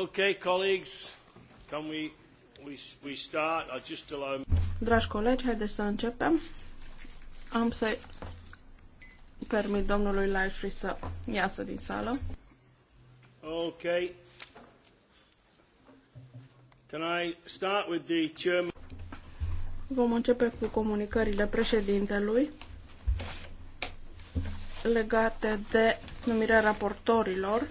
Okay, colleagues, can we, we, we start? I just allow... Um, Dragi colegi, haideți să începem. Am să permit domnului Lifree să iasă din sală. Okay. Can I start with the chairman? Vom începe cu comunicările președintelui legate de numirea raportorilor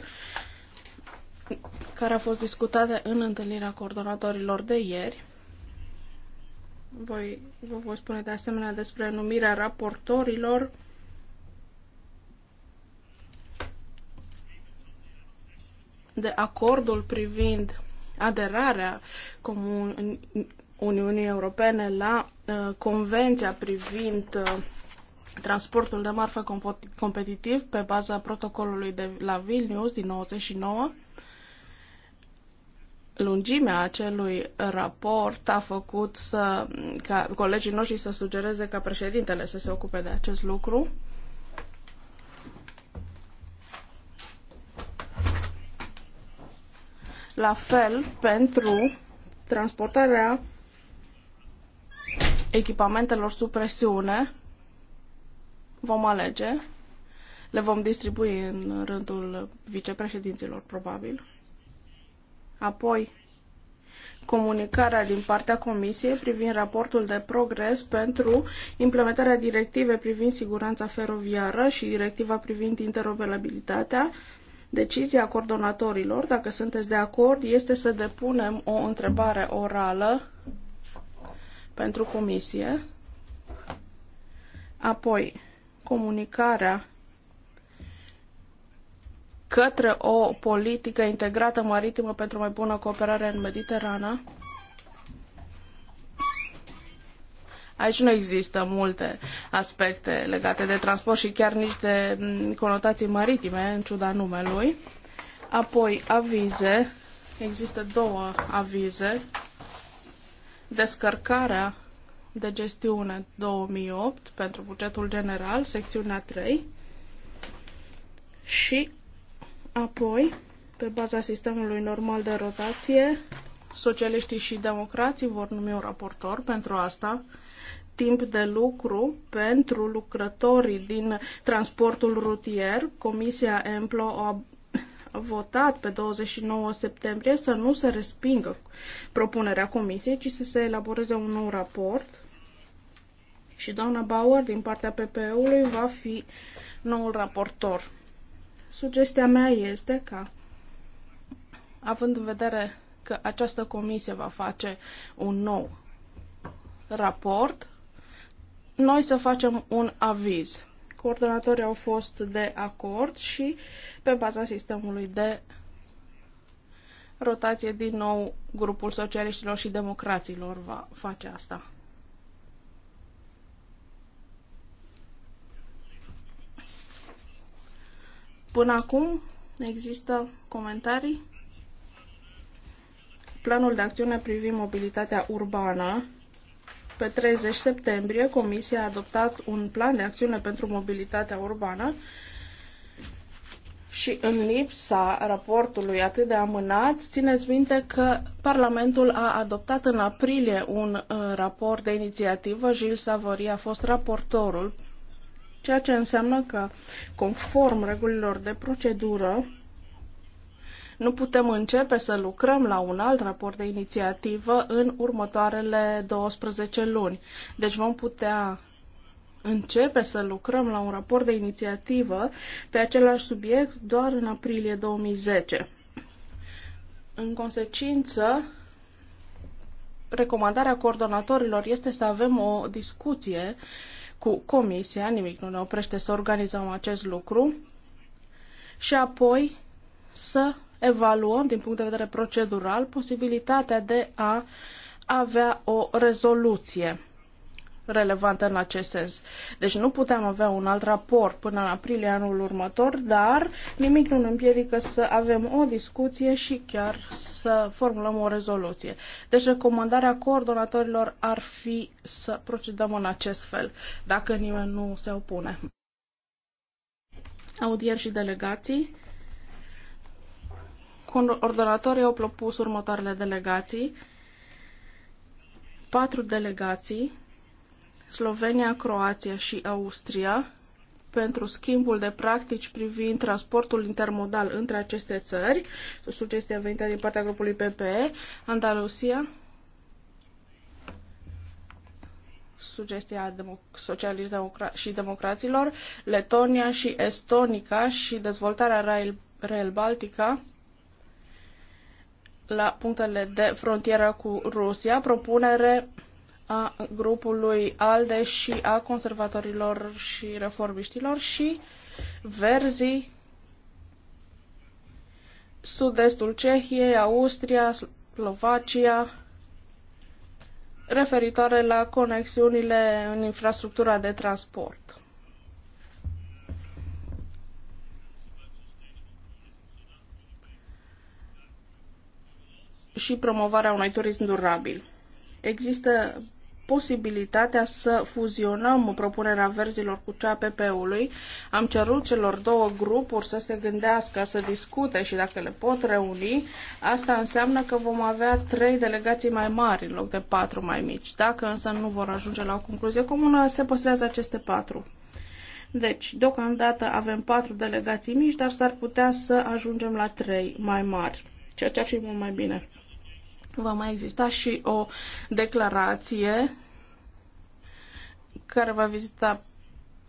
care a fost discutată în întâlnirea coordonatorilor de ieri. Voi, vă voi spune de asemenea despre numirea raportorilor. de acordul privind aderarea Uniunii Europene la uh, Convenția privind uh, transportul de marfă competitiv pe baza protocolului de la Vilnius din 99 lungimea acelui raport a făcut să, ca colegii noștri să sugereze ca președintele să se ocupe de acest lucru. La fel, pentru transportarea echipamentelor sub presiune, vom alege, le vom distribui în rândul vicepreședinților, probabil. Apoi, comunicarea din partea Comisiei privind raportul de progres pentru implementarea directivei privind siguranța feroviară și directiva privind interoperabilitatea. Decizia coordonatorilor, dacă sunteți de acord, este să depunem o întrebare orală pentru Comisie. Apoi, comunicarea către o politică integrată maritimă pentru mai bună cooperare în Mediterana. Aici nu există multe aspecte legate de transport și chiar nici de mm, conotații maritime, în ciuda numelui. Apoi, avize. Există două avize. Descărcarea de gestiune 2008 pentru bugetul general, secțiunea 3 și Apoi, pe baza sistemului normal de rotație, socialiștii și democrații vor numi un raportor pentru asta, timp de lucru pentru lucrătorii din transportul rutier. Comisia EMPLO a votat pe 29 septembrie să nu se respingă propunerea comisiei, ci să se elaboreze un nou raport. Și doamna Bauer, din partea PPE-ului, va fi noul raportor. Sugestia mea este ca, având în vedere că această comisie va face un nou raport, noi să facem un aviz. Coordonatorii au fost de acord și pe baza sistemului de rotație din nou grupul socialiștilor și democraților va face asta. Până acum există comentarii? Planul de acțiune privind mobilitatea urbană. Pe 30 septembrie, Comisia a adoptat un plan de acțiune pentru mobilitatea urbană și în lipsa raportului atât de amânat, țineți minte că Parlamentul a adoptat în aprilie un uh, raport de inițiativă. Gilles Savori a fost raportorul ceea ce înseamnă că, conform regulilor de procedură, nu putem începe să lucrăm la un alt raport de inițiativă în următoarele 12 luni. Deci vom putea începe să lucrăm la un raport de inițiativă pe același subiect doar în aprilie 2010. În consecință, recomandarea coordonatorilor este să avem o discuție uh, cu comisia, nimic nu ne oprește să organizăm acest lucru și apoi să evaluăm din punct de vedere procedural posibilitatea de a avea o rezoluție relevante în acest sens. Deci nu putem avea un alt raport până în aprilie anul următor, dar nimic nu ne împiedică să avem o discuție și chiar să formulăm o rezoluție. Deci recomandarea coordonatorilor ar fi să procedăm în acest fel, dacă nimeni nu se opune. Audieri și delegații. Coordonatorii au propus următoarele delegații. Patru delegații Slovenia, Croația și Austria pentru schimbul de practici privind transportul intermodal între aceste țări, o sugestie venită din partea grupului PPE, Andalusia, sugestia socialiști și democraților, Letonia și Estonica și dezvoltarea Rail, Rail Baltica la punctele de frontieră cu Rusia, propunere a grupului ALDE și a conservatorilor și reformiștilor și verzii sud-estul Cehiei, Austria, Slovacia, referitoare la conexiunile în infrastructura de transport. și promovarea unui turism durabil. Există posibilitatea să fuzionăm propunerea verzilor cu cea a PP-ului. Am cerut celor două grupuri să se gândească, să discute și dacă le pot reuni. Asta înseamnă că vom avea trei delegații mai mari în loc de patru mai mici. Dacă însă nu vor ajunge la o concluzie comună, se păstrează aceste patru. Deci, deocamdată avem patru delegații mici, dar s-ar putea să ajungem la trei mai mari, ceea ce ar fi mult mai bine va mai exista și o declarație care va vizita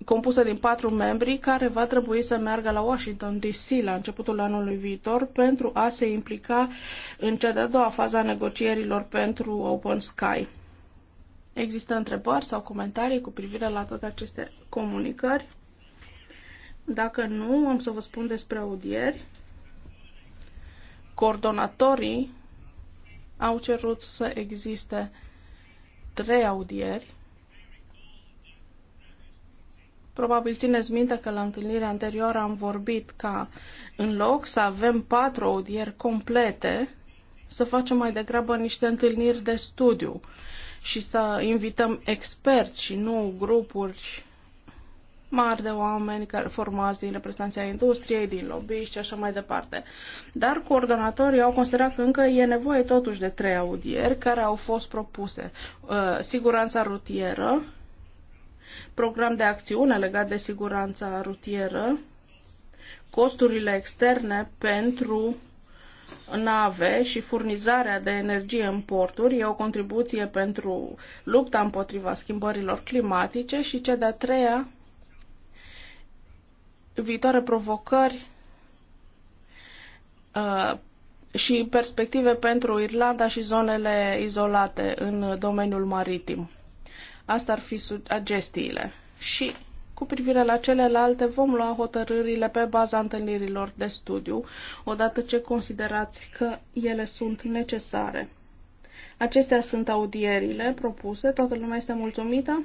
compusă din patru membri care va trebui să meargă la Washington DC la începutul anului viitor pentru a se implica în cea de-a doua fază a negocierilor pentru Open Sky. Există întrebări sau comentarii cu privire la toate aceste comunicări? Dacă nu, am să vă spun despre audieri. Coordonatorii au cerut să existe trei audieri. Probabil țineți minte că la întâlnirea anterioară am vorbit ca în loc să avem patru audieri complete, să facem mai degrabă niște întâlniri de studiu și să invităm experți și nu grupuri mari de oameni care formați din reprezentanții industriei, din lobbyiști și așa mai departe. Dar coordonatorii au considerat că încă e nevoie totuși de trei audieri care au fost propuse. Uh, siguranța rutieră, program de acțiune legat de siguranța rutieră, costurile externe pentru nave și furnizarea de energie în porturi e o contribuție pentru lupta împotriva schimbărilor climatice și cea de-a treia viitoare provocări uh, și perspective pentru Irlanda și zonele izolate în domeniul maritim. Asta ar fi sugestiile. Și cu privire la celelalte, vom lua hotărârile pe baza întâlnirilor de studiu, odată ce considerați că ele sunt necesare. Acestea sunt audierile propuse. Toată lumea este mulțumită?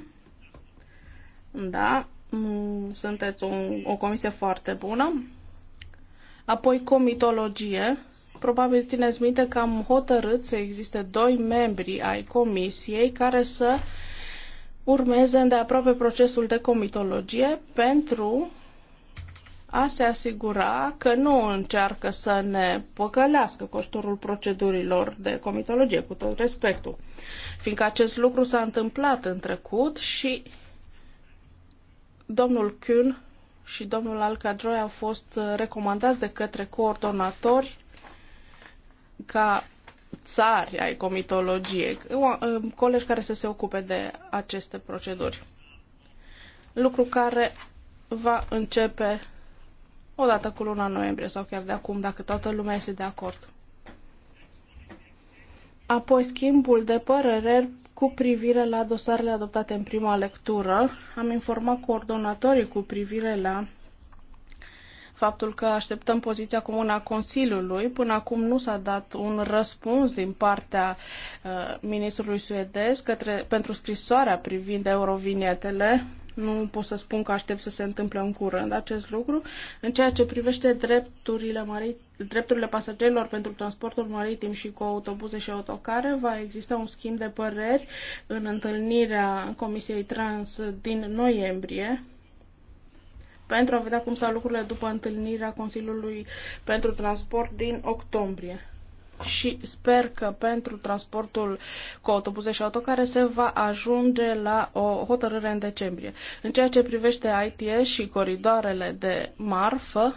Da, Mm, sunteți un, o comisie foarte bună. Apoi comitologie. Probabil țineți minte că am hotărât să existe doi membri ai comisiei care să urmeze îndeaproape procesul de comitologie pentru a se asigura că nu încearcă să ne păcălească costurul procedurilor de comitologie, cu tot respectul. Fiindcă acest lucru s-a întâmplat în trecut și Domnul Kuhn și domnul Alcadroi au fost uh, recomandați de către coordonatori ca țari ai comitologiei, uh, uh, colegi care să se ocupe de aceste proceduri. Lucru care va începe odată cu luna noiembrie sau chiar de acum, dacă toată lumea este de acord. Apoi schimbul de părere cu privire la dosarele adoptate în prima lectură, am informat coordonatorii cu privire la faptul că așteptăm poziția comună a Consiliului. Până acum nu s-a dat un răspuns din partea uh, ministrului suedez către, pentru scrisoarea privind eurovinetele nu pot să spun că aștept să se întâmple în curând acest lucru. În ceea ce privește drepturile, mari, drepturile pasagerilor pentru transportul maritim și cu autobuze și autocare, va exista un schimb de păreri în întâlnirea Comisiei Trans din noiembrie pentru a vedea cum stau lucrurile după întâlnirea Consiliului pentru Transport din octombrie și sper că pentru transportul cu autobuze și autocare se va ajunge la o hotărâre în decembrie. În ceea ce privește ITS și coridoarele de marfă,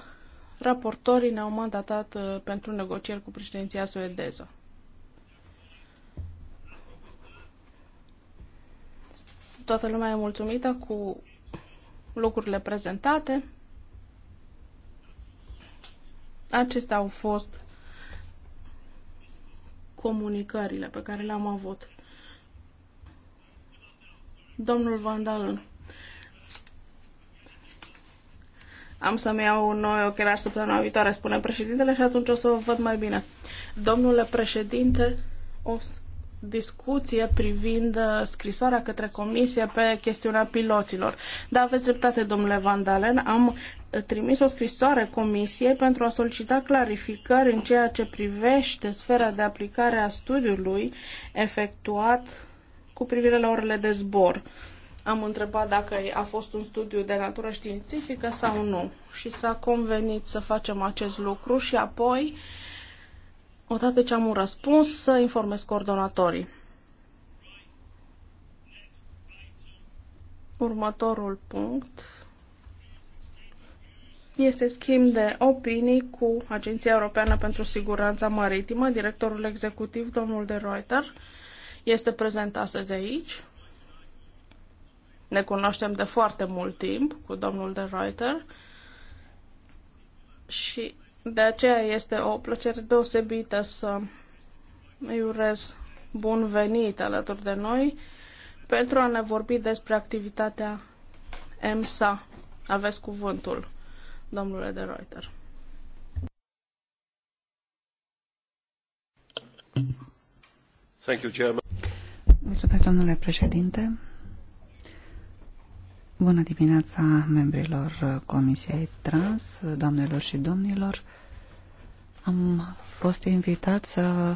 raportorii ne-au mandatat uh, pentru negocieri cu președinția suedeză. Toată lumea e mulțumită cu lucrurile prezentate. Acestea au fost comunicările pe care le-am avut. Domnul Van Am să-mi iau noi ochelar săptămâna viitoare, spune președintele, și atunci o să vă văd mai bine. Domnule președinte, o să discuție privind uh, scrisoarea către comisie pe chestiunea piloților. Da, aveți dreptate, domnule Vandalen, am uh, trimis o scrisoare comisiei pentru a solicita clarificări în ceea ce privește sfera de aplicare a studiului efectuat cu privire la orele de zbor. Am întrebat dacă a fost un studiu de natură științifică sau nu și s-a convenit să facem acest lucru și apoi uh, Odată ce am un răspuns, să informez coordonatorii. Următorul punct este schimb de opinii cu Agenția Europeană pentru Siguranța Maritimă. Directorul executiv, domnul de Reuter, este prezent astăzi aici. Ne cunoaștem de foarte mult timp cu domnul de Reuter și de aceea este o plăcere deosebită să îi urez bun venit alături de noi pentru a ne vorbi despre activitatea EMSA. Aveți cuvântul, domnule de Reuter. Thank you, Chairman. Mulțumesc, domnule președinte. Bună dimineața membrilor Comisiei Trans, doamnelor și domnilor. Am fost invitat să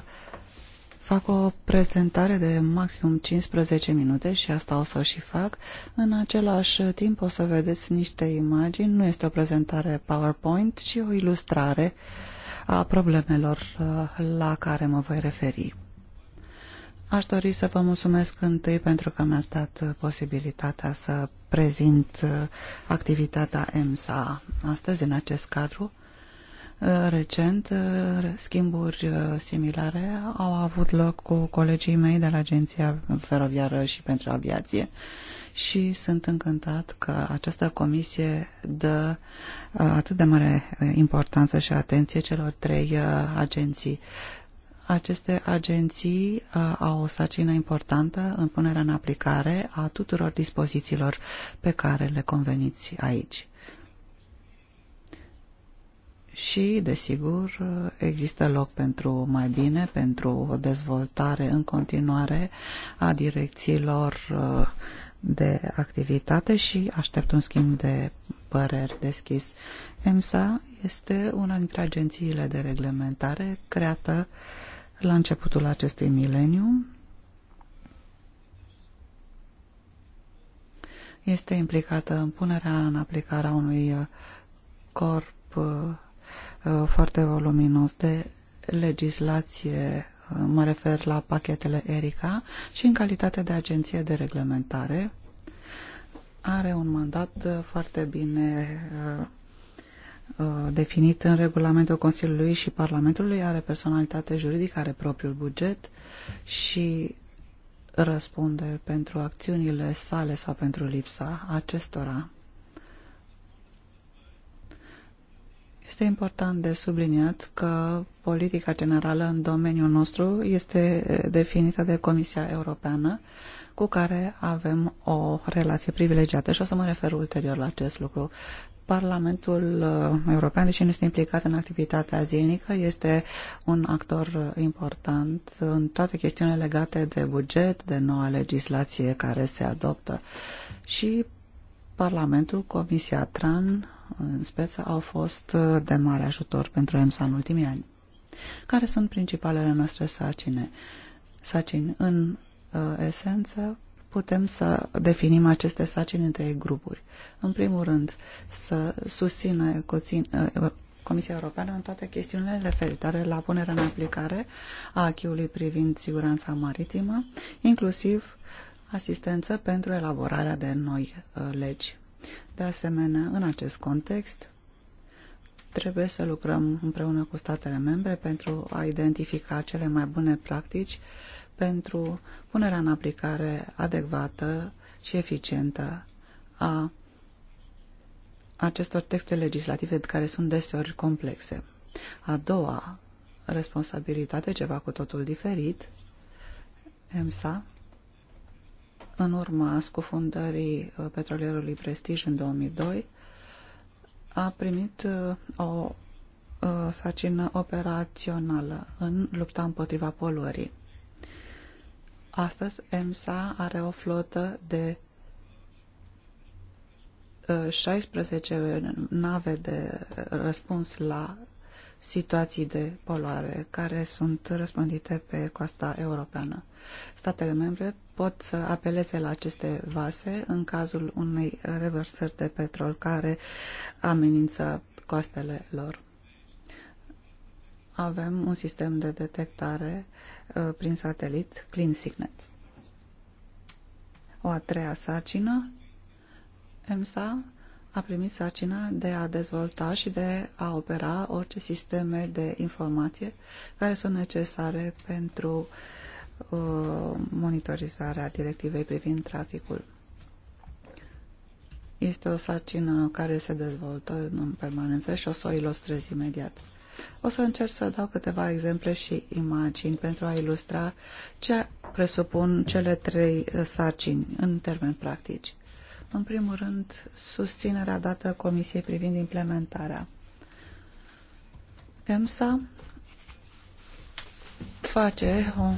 fac o prezentare de maximum 15 minute și asta o să o și fac. În același timp o să vedeți niște imagini, nu este o prezentare PowerPoint, ci o ilustrare a problemelor uh, la care mă voi referi. Aș dori să vă mulțumesc întâi pentru că mi-ați dat posibilitatea să prezint uh, activitatea EMSA astăzi în acest cadru. Recent, uh, schimburi uh, similare au avut loc cu colegii mei de la Agenția Feroviară și pentru Aviație și sunt încântat că această comisie dă uh, atât de mare importanță și atenție celor trei agenții. Aceste agenții au o sacină importantă în punerea în aplicare a tuturor dispozițiilor pe care le conveniți aici și, desigur, există loc pentru mai bine, pentru o dezvoltare în continuare a direcțiilor uh, de activitate și aștept un schimb de păreri deschis. EMSA este una dintre agențiile de reglementare creată la începutul acestui mileniu. Este implicată în punerea în aplicarea unui uh, corp uh, Uh, foarte voluminos de legislație, uh, mă refer la pachetele ERICA, și în calitate de agenție de reglementare are un mandat uh, foarte bine definit în regulamentul Consiliului și Parlamentului, are personalitate juridică, are propriul buget și răspunde pentru acțiunile sale sau pentru lipsa acestora. Este important de subliniat că politica generală în domeniul nostru este definită de Comisia Europeană, cu care avem o relație privilegiată și o să mă refer ulterior la acest lucru. Parlamentul uh, European, deși nu este implicat în activitatea zilnică, este un actor important în toate chestiunile legate de buget, de noua legislație care se adoptă. Și Parlamentul, Comisia TRAN, în speță au fost uh, de mare ajutor pentru EMSA în ultimii ani. Care sunt principalele noastre sarcine? Sarcini în uh, esență, putem să definim aceste sarcini în trei grupuri. În primul rând, să susțină coțin, uh, Comisia Europeană în toate chestiunile referitoare la punerea în aplicare a acquis privind siguranța maritimă, inclusiv asistență pentru elaborarea de noi legi. De asemenea, în acest context, trebuie să lucrăm împreună cu statele membre pentru a identifica cele mai bune practici pentru punerea în aplicare adecvată și eficientă a acestor texte legislative care sunt deseori complexe. A doua responsabilitate, ceva cu totul diferit, EMSA, în urma scufundării uh, petrolierului Prestige în 2002, a primit uh, o uh, sarcină operațională în lupta împotriva poluării. Astăzi, EMSA are o flotă de 16 nave de răspuns la situații de poluare care sunt răspândite pe coasta europeană. Statele membre pot să apeleze la aceste vase în cazul unei reversări de petrol care amenință coastele lor. Avem un sistem de detectare uh, prin satelit Clean Signet. O a treia sarcină, EMSA, a primit sarcina de a dezvolta și de a opera orice sisteme de informație care sunt necesare pentru uh, monitorizarea directivei privind traficul. Este o sarcină care se dezvoltă în permanență și o să o ilustrez imediat. O să încerc să dau câteva exemple și imagini pentru a ilustra ce presupun cele trei uh, sarcini în termeni practici. În primul rând, susținerea dată Comisiei privind implementarea. EMSA face o,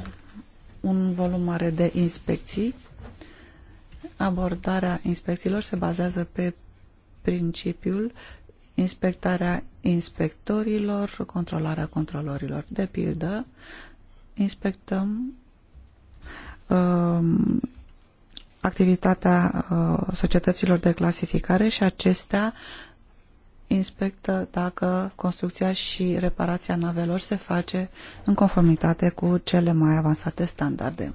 un volum mare de inspecții. Abordarea inspecțiilor se bazează pe principiul inspectarea inspectorilor, controlarea controlorilor. De pildă, inspectăm um, activitatea uh, societăților de clasificare și acestea inspectă dacă construcția și reparația navelor se face în conformitate cu cele mai avansate standarde.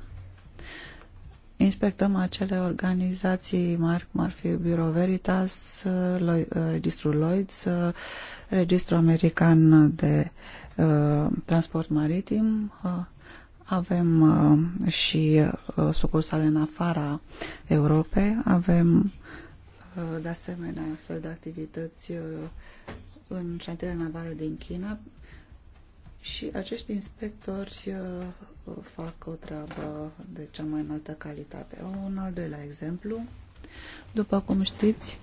Inspectăm acele organizații mari, cum ar fi Bureau Veritas, uh, Registrul Lloyds, uh, Registrul American de uh, Transport Maritim, uh, avem uh, și uh, sucursale în afara Europei, avem uh, de asemenea astfel de activități uh, în șantierele navale din China și acești inspectori uh, fac o treabă de cea mai înaltă calitate. Un al doilea exemplu, după cum știți,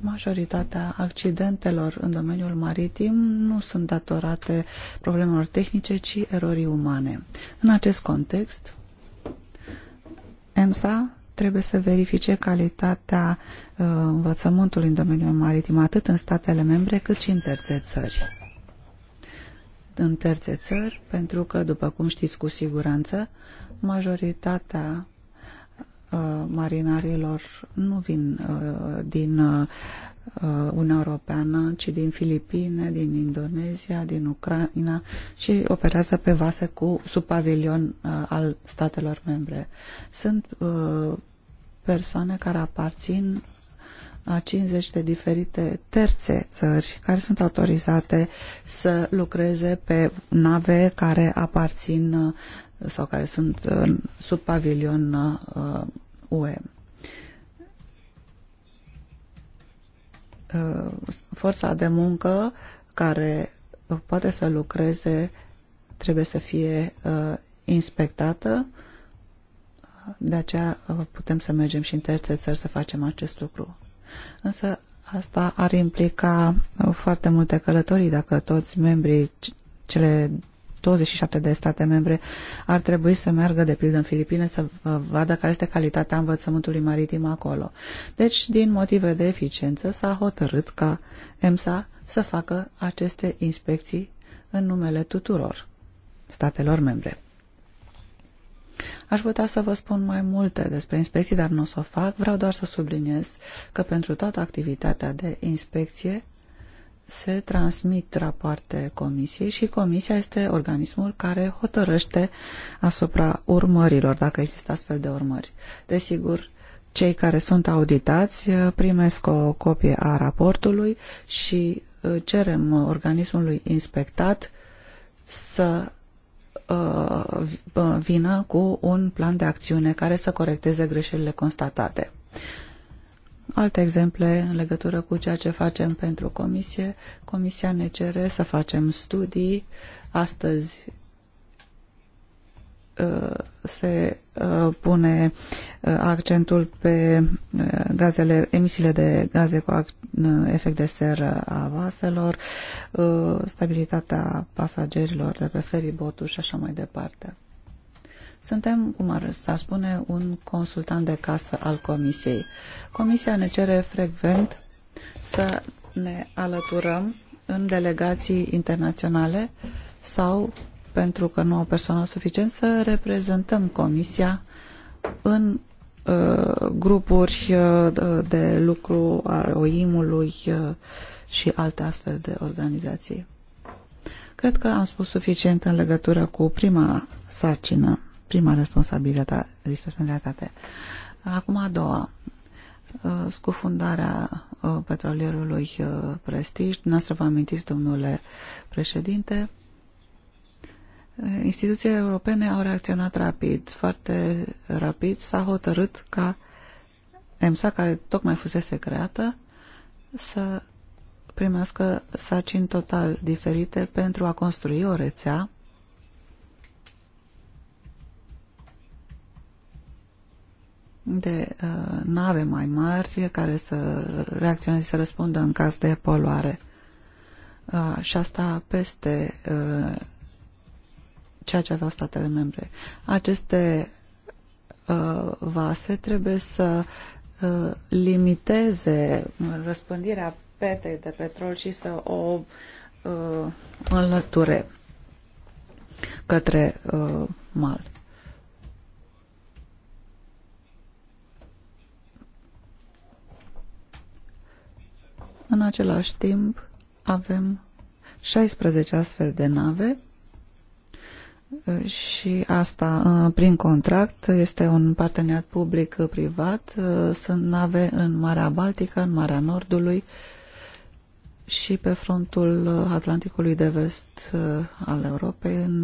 majoritatea accidentelor în domeniul maritim nu sunt datorate problemelor tehnice, ci erorii umane. În acest context, EMSA trebuie să verifice calitatea uh, învățământului în domeniul maritim, atât în statele membre, cât și în terțe țări. În terțe țări, pentru că, după cum știți cu siguranță, majoritatea Uh, marinarilor nu vin uh, din uh, Uniunea Europeană, ci din Filipine, din Indonezia, din Ucraina și operează pe vase cu sub pavilion al statelor membre. Sunt persoane care aparțin a 50 de diferite terțe țări care sunt autorizate să lucreze pe nave care aparțin sau care sunt sub pavilion UE. Uh, forța de muncă care poate să lucreze trebuie să fie uh, inspectată, de aceea uh, putem să mergem și în terțe țări să facem acest lucru. Însă asta ar implica foarte multe călătorii dacă toți membrii cele 27 de state membre ar trebui să meargă, de pildă, în Filipine să vadă care este calitatea învățământului maritim acolo. Deci, din motive de eficiență, s-a hotărât ca EMSA să facă aceste inspecții în numele tuturor statelor membre. Aș putea să vă spun mai multe despre inspecții, dar nu o să o fac. Vreau doar să subliniez că pentru toată activitatea de inspecție se transmit rapoarte comisiei și comisia este organismul care hotărăște asupra urmărilor, dacă există astfel de urmări. Desigur, cei care sunt auditați uh, primesc o copie a raportului și uh, cerem organismului inspectat să uh, vină cu un plan de acțiune care să corecteze greșelile constatate alte exemple în legătură cu ceea ce facem pentru comisie. Comisia ne cere să facem studii. Astăzi uh, se uh, pune uh, accentul pe gazele, emisiile de gaze cu efect de seră a vaselor, stabilitatea pasagerilor de pe feribotul și așa mai departe. Suntem, cum ar să spune, un consultant de casă al Comisiei. Comisia ne cere frecvent să ne alăturăm în delegații internaționale sau, pentru că nu au personal suficient, să reprezentăm Comisia în uh, grupuri uh, de lucru al OIM-ului uh, și alte astfel de organizații. Cred că am spus suficient în legătură cu prima sarcină prima responsabilitate. responsabilitate. Acum a doua, uh, scufundarea uh, petrolierului uh, Prestige. Noastră vă amintiți, domnule președinte, instituțiile europene au reacționat rapid, foarte rapid. S-a hotărât ca EMSA, care tocmai fusese creată, să primească sacini total diferite pentru a construi o rețea de uh, nave mai mari care să reacționeze și să răspundă în caz de poluare. Uh, și asta peste uh, ceea ce aveau statele membre. Aceste uh, vase trebuie să uh, limiteze răspândirea petei de petrol și să o uh, înlăture către uh, mal. În același timp avem 16 astfel de nave și asta uh, prin contract este un parteneriat public-privat. Uh, sunt nave în Marea Baltică, în Marea Nordului și pe frontul Atlanticului de vest uh, al Europei, în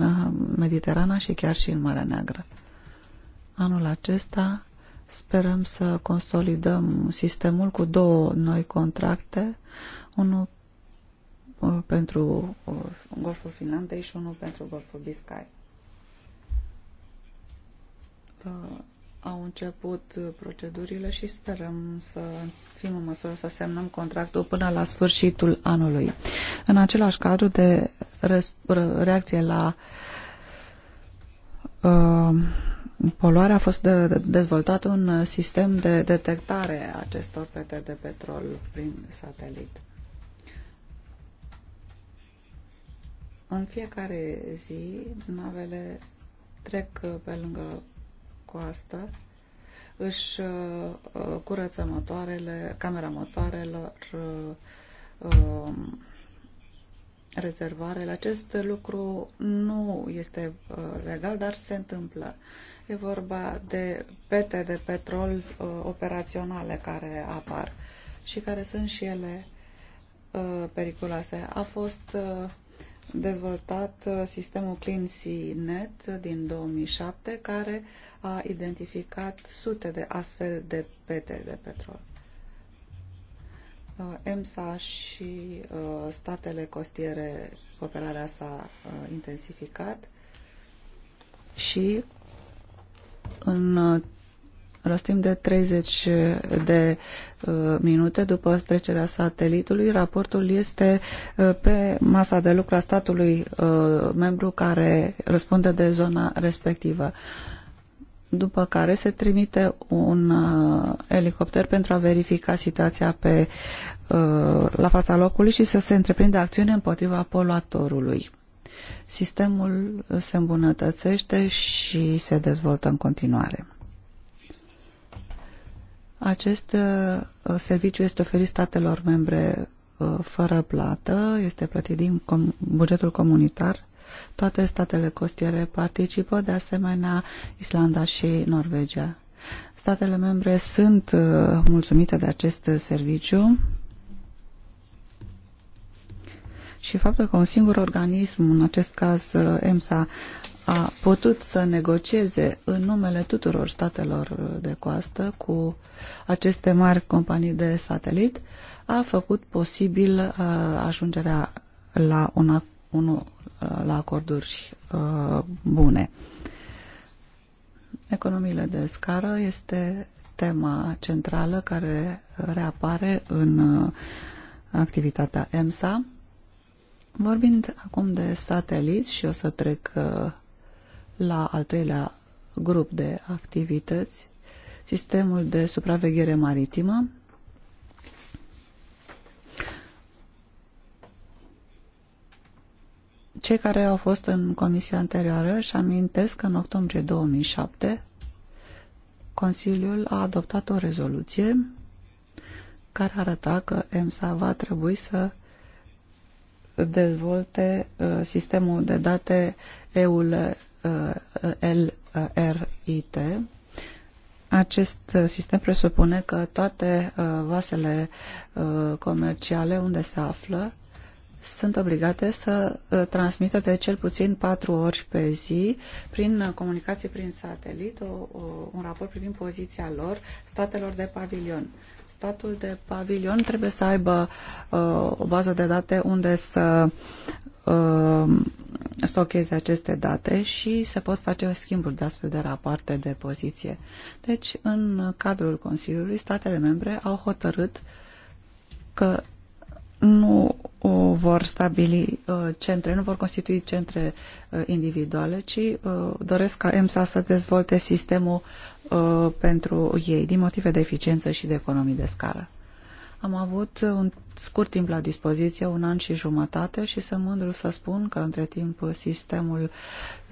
Mediterana și chiar și în Marea Neagră. Anul acesta Sperăm să consolidăm sistemul cu două noi contracte, unul uh, pentru uh, Golful Finlandei și unul pentru Golful Biscay. Uh, au început procedurile și sperăm să fim în măsură să semnăm contractul până la sfârșitul anului. În același cadru de reacție la uh, poluare a fost de, de, dezvoltat un sistem de detectare a acestor pete de petrol prin satelit. În fiecare zi, navele trec pe lângă coastă, își uh, curăță motoarele, camera motoarelor, uh, um, rezervarele. Acest lucru nu este uh, legal, dar se întâmplă este vorba de pete de petrol uh, operaționale care apar și care sunt și ele uh, periculoase. A fost uh, dezvoltat uh, sistemul Clean Sea Net din 2007 care a identificat sute de astfel de pete de petrol. EMSA uh, și uh, statele costiere, cooperarea s-a intensificat și în uh, răstim de 30 de uh, minute după trecerea satelitului. Raportul este uh, pe masa de lucru a statului membru care răspunde de zona respectivă după care se trimite un uh, elicopter pentru a verifica situația pe, uh, la fața locului și să se întreprinde acțiune împotriva poluatorului. Sistemul se îmbunătățește și se dezvoltă în continuare. Acest uh, serviciu este oferit statelor membre uh, fără plată, este plătit din com bugetul comunitar. Toate statele costiere participă, de asemenea Islanda și Norvegia. Statele membre sunt uh, mulțumite de acest serviciu și faptul că un singur organism, în acest caz uh, EMSA, a putut să negocieze în numele tuturor statelor de coastă cu aceste mari companii de satelit, a făcut posibil uh, ajungerea la, un, un, uh, la acorduri uh, bune. Economiile de scară este tema centrală care reapare în activitatea EMSA Vorbind acum de sateliți și o să trec uh, la al treilea grup de activități, sistemul de supraveghere maritimă. Cei care au fost în comisia anterioară își amintesc că în octombrie 2007 Consiliul a adoptat o rezoluție care arăta că EMSA va trebui să dezvolte uh, sistemul de date EUL uh, LRIT. Uh, Acest sistem presupune că toate vasele comerciale unde se află sunt obligate să transmită de cel puțin patru ori pe zi prin comunicații prin satelit o, o, un raport privind poziția lor statelor de pavilion. Uh, statul de pavilion trebuie să aibă uh, o bază de date unde să uh, stocheze aceste date și se pot face schimburi de astfel de rapoarte de poziție. Deci, în cadrul Consiliului, statele membre au hotărât că nu vor stabili uh, centre, nu vor constitui centre uh, individuale, ci uh, doresc ca EMSA să dezvolte sistemul Uh, pentru ei, din motive de eficiență și de economii de scală. Am avut un scurt timp la dispoziție, un an și jumătate și sunt mândru să spun că între timp sistemul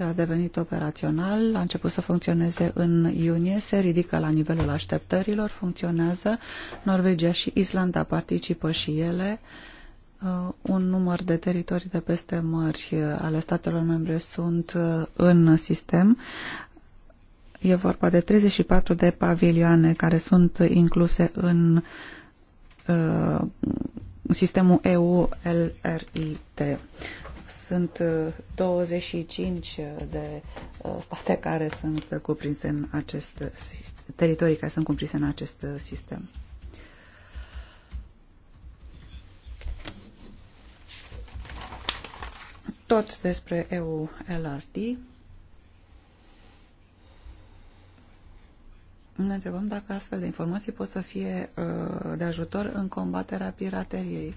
a devenit operațional, a început să funcționeze în iunie, se ridică la nivelul așteptărilor, funcționează. Norvegia și Islanda participă și ele. Uh, un număr de teritorii de peste mări uh, ale statelor membre sunt în sistem. E vorba de 34 de pavilioane care sunt incluse în uh, sistemul EU-LRIT. Sunt 25 uh, de uh, state care sunt cuprinse în acest teritorii care sunt cuprinse în acest sistem. Tot despre EU-LRT. Ne întrebăm dacă astfel de informații pot să fie uh, de ajutor în combaterea pirateriei.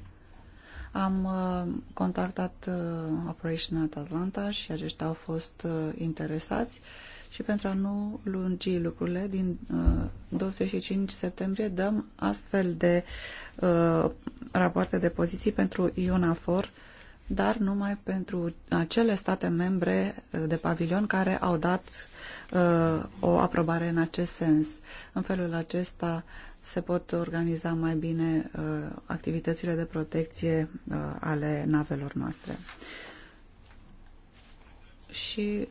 Am uh, contactat uh, Operation at Atlanta și aceștia au fost interesați și pentru a nu lungi lucrurile, din 25 septembrie dăm astfel de rapoarte de poziții pentru IONAFOR dar numai pentru acele state membre eh, de pavilion care au dat uh, o aprobare în acest sens. În felul acesta se pot organiza mai bine uh, activitățile de protecție uh, ale navelor noastre. Și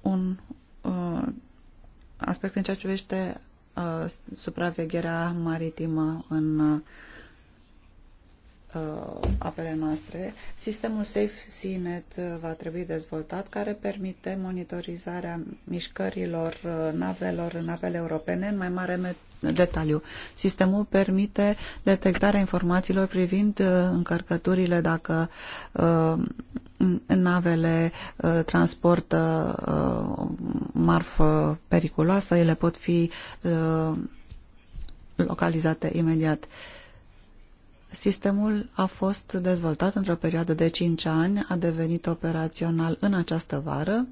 un uh, aspect în ceea ce privește uh, supravegherea maritimă în uh, uh, apele noastre. Sistemul Safe SeaNet uh, va trebui dezvoltat, care permite monitorizarea mișcărilor uh, navelor în apele europene în mai mare detaliu. Sistemul permite detectarea informațiilor privind uh, încărcăturile dacă uh, navele uh, transportă uh, marfă periculoasă, ele pot fi uh, localizate imediat. Uh, Sistemul a fost dezvoltat într-o perioadă de 5 ani, a devenit operațional în această vară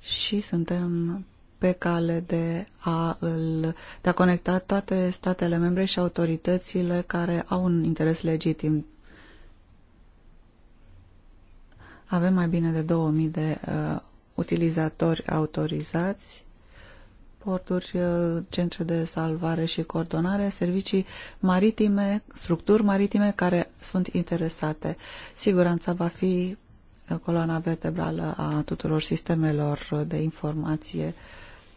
și suntem pe cale de a, îl, de a conecta toate statele membre și autoritățile care au un interes legitim. Avem mai bine de 2000 de uh, utilizatori autorizați porturi, uh, centre de salvare și coordonare, servicii maritime, structuri maritime care sunt interesate. Siguranța va fi uh, coloana vertebrală a tuturor sistemelor de informație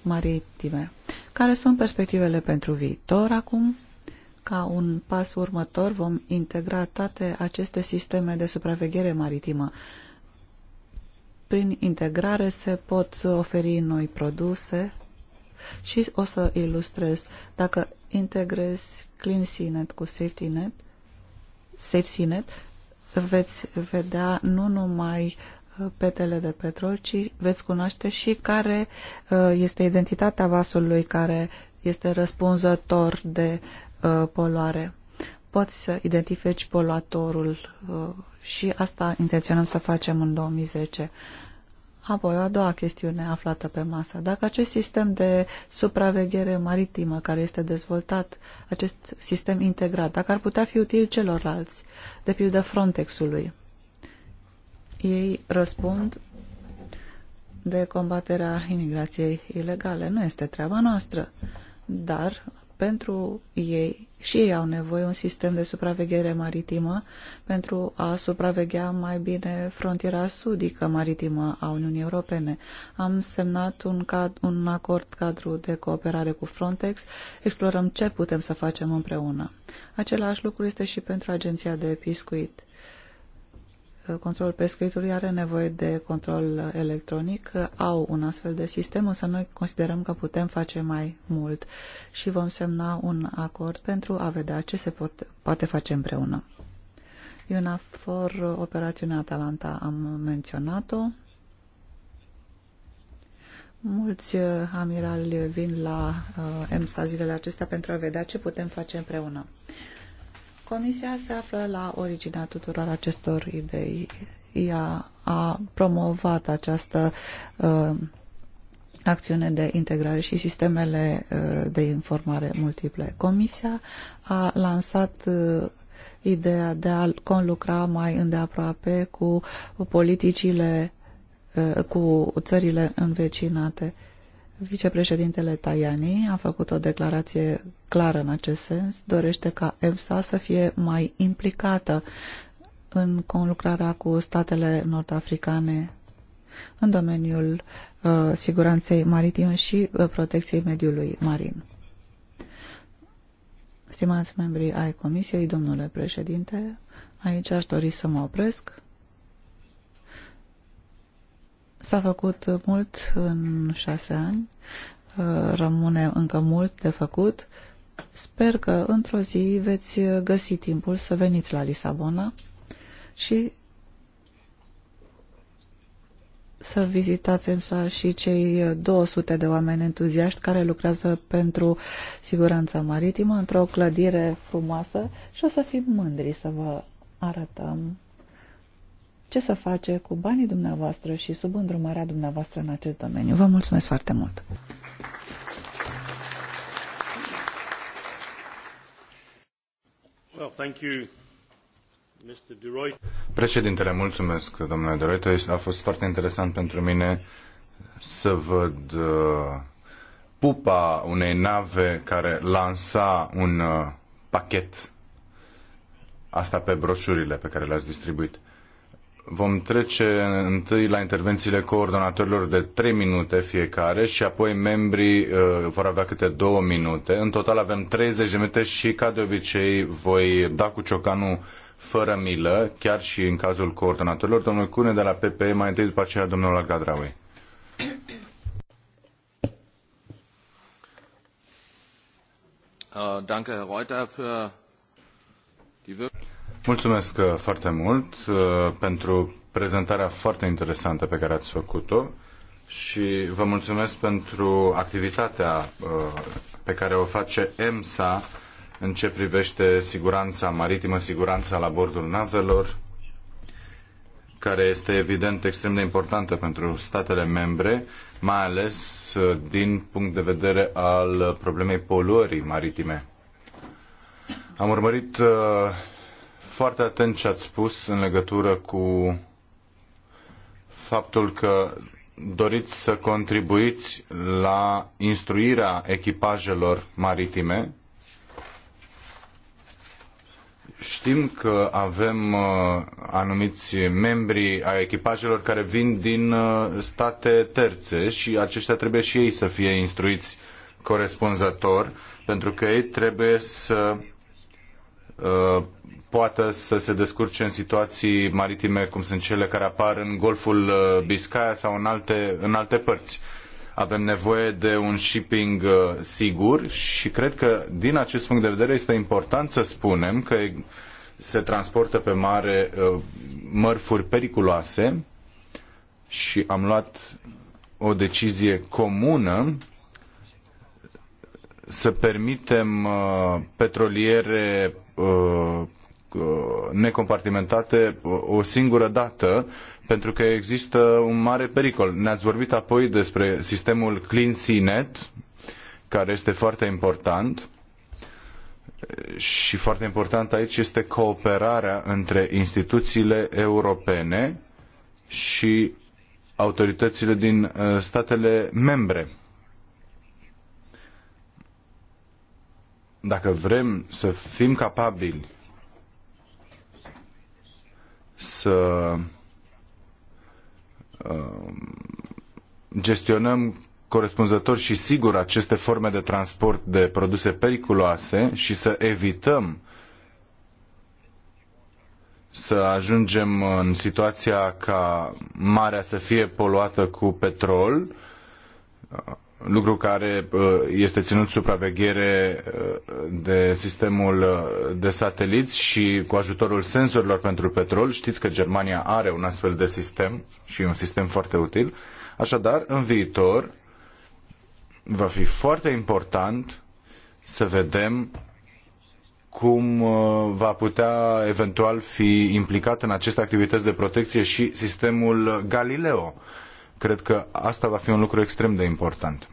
maritime. Care sunt perspectivele pentru viitor acum? Ca un pas următor vom integra toate aceste sisteme de supraveghere maritimă. Prin integrare se pot oferi noi produse, și o să ilustrez. Dacă integrezi sinet cu safety net, safe sinet veți vedea nu numai uh, petele de petrol, ci veți cunoaște și care uh, este identitatea vasului care este răspunzător de uh, poluare. Poți să identifici poluatorul și asta intenționăm să facem în 2010. Apoi, o a doua chestiune aflată pe masă. Dacă acest sistem de supraveghere maritimă care este dezvoltat, acest sistem integrat, dacă ar putea fi util celorlalți, de pildă Frontexului, ei răspund de combaterea imigrației ilegale. Nu este treaba noastră, dar pentru ei și ei au nevoie un sistem de supraveghere maritimă pentru a supraveghea mai bine frontiera sudică maritimă a Uniunii Europene. Am semnat un, cad, un acord cadru de cooperare cu Frontex, explorăm ce putem să facem împreună. Același lucru este și pentru Agenția de Pescuit. Uh, controlul pescuitului are nevoie de control electronic, uh, au un astfel de sistem, însă noi considerăm că putem face mai mult și vom semna un acord pentru a vedea ce se pot, poate face împreună. UNAFOR, operațiunea Atalanta, am menționat-o. Mulți uh, amirali vin la EMSA zilele acestea pentru a vedea ce putem face împreună. Comisia se află la originea tuturor acestor idei. Ea a promovat această uh, acțiune de integrare și sistemele uh, de informare multiple. Comisia a lansat uh, ideea de a conlucra mai îndeaproape cu politicile, uh, cu țările învecinate Vicepreședintele Tajani a făcut o declarație clară în acest sens, dorește ca EFSA să fie mai implicată în conlucrarea cu statele nord-africane în domeniul uh, siguranței maritime și uh, protecției mediului marin. Stimați membrii ai Comisiei, domnule președinte, aici aș dori să mă opresc S-a făcut mult în șase ani, uh, rămâne încă mult de făcut. Sper că într-o zi veți găsi timpul să veniți la Lisabona și să vizitați însă și cei 200 de oameni entuziaști care lucrează pentru siguranța maritimă într-o clădire frumoasă și o să fim mândri să vă arătăm ce să face cu banii dumneavoastră și sub îndrumarea dumneavoastră în acest domeniu. Vă mulțumesc foarte mult! Well, thank you. Mr. Președintele, mulțumesc, domnule De Reuter. A fost foarte interesant pentru mine să văd uh, pupa unei nave care lansa un uh, pachet. Asta pe broșurile pe care le-ați distribuit. Vom trece întâi la intervențiile coordonatorilor de 3 minute fiecare și apoi membrii uh, vor avea câte 2 minute. În total avem 30 de minute și, ca de obicei, voi da cu ciocanul fără milă, chiar și în cazul coordonatorilor. Domnul Cune de la PPE, mai întâi după aceea domnul Alcadraui. Uh, danke, Herr Reuter, für die Mulțumesc uh, foarte mult uh, pentru prezentarea foarte interesantă pe care ați făcut-o și vă mulțumesc pentru activitatea uh, pe care o face EMSA în ce privește siguranța maritimă, siguranța la bordul navelor, care este evident extrem de importantă pentru statele membre, mai ales din punct de vedere al problemei poluării maritime. Am urmărit foarte atent ce ați spus în legătură cu faptul că doriți să contribuiți la instruirea echipajelor maritime. Știm că avem uh, anumiți membri ai echipajelor care vin din uh, state terțe și aceștia trebuie și ei să fie instruiți corespunzător, pentru că ei trebuie să uh, poată să se descurce în situații maritime cum sunt cele care apar în Golful uh, Biscaya sau în alte, în alte părți. Avem nevoie de un shipping uh, sigur și cred că din acest punct de vedere este important să spunem că se transportă pe mare uh, mărfuri periculoase și am luat o decizie comună să permitem petroliere Uh, necompartimentate uh, o singură dată, pentru că există un mare pericol. Ne-ați vorbit apoi despre sistemul Clean CNET, care este foarte important și foarte important aici este cooperarea între instituțiile europene și autoritățile din uh, statele membre. Dacă vrem să fim capabili să um, gestionăm corespunzător și sigur aceste forme de transport de produse periculoase și să evităm să ajungem în situația ca marea să fie poluată cu petrol lucru care uh, este ținut supraveghere uh, de sistemul uh, de sateliți și cu ajutorul senzorilor pentru petrol. Știți că Germania are un astfel de sistem și un sistem foarte util. Așadar, în viitor va fi foarte important să vedem cum va putea eventual fi implicat în aceste activități de protecție și sistemul Galileo Cred că asta va fi un lucru extrem de important.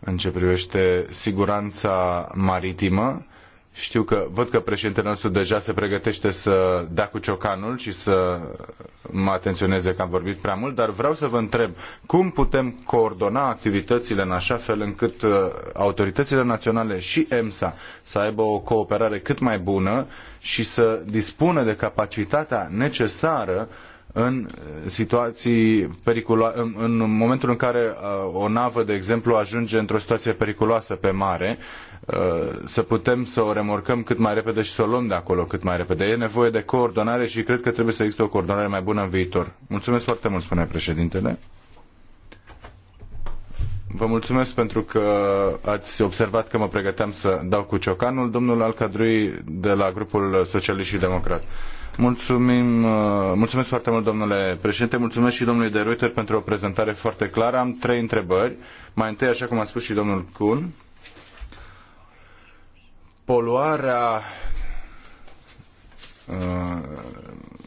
În ce privește siguranța maritimă, știu că văd că președintele nostru deja se pregătește să dea cu ciocanul și să mă atenționeze că am vorbit prea mult, dar vreau să vă întreb cum putem coordona activitățile în așa fel încât uh, autoritățile naționale și EMSA să aibă o cooperare cât mai bună și să dispună de capacitatea necesară uh, în eh, situații periculoase, în, în momentul în care uh, o navă, de exemplu, ajunge într-o situație periculoasă pe mare, eh, să putem să o remorcăm cât mai repede și să o luăm de acolo cât mai repede. E nevoie de coordonare și cred că trebuie să existe o coordonare mai bună în viitor. Mulțumesc foarte mult, spune președintele. Vă mulțumesc pentru că ați observat că mă pregăteam să dau cu ciocanul domnul Alcadrui de la grupul Socialist și Democrat. Mulțumim, uh, mulțumesc foarte mult, domnule președinte. Mulțumesc și domnului de Reuter pentru o prezentare foarte clară. Am trei întrebări. Mai întâi, așa cum a spus și domnul Kuhn, poluarea uh,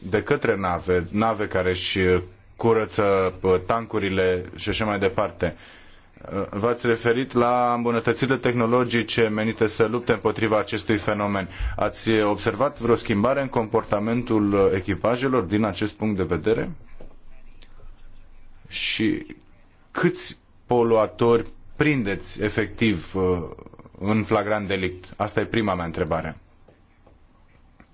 de către nave, nave care își curăță uh, tancurile și așa mai departe. Uh, v-ați referit la îmbunătățirile tehnologice menite să lupte împotriva acestui fenomen. Ați observat vreo schimbare în comportamentul echipajelor din acest punct de vedere? Și câți poluatori prindeți efectiv uh, în flagrant delict? Asta e prima mea întrebare.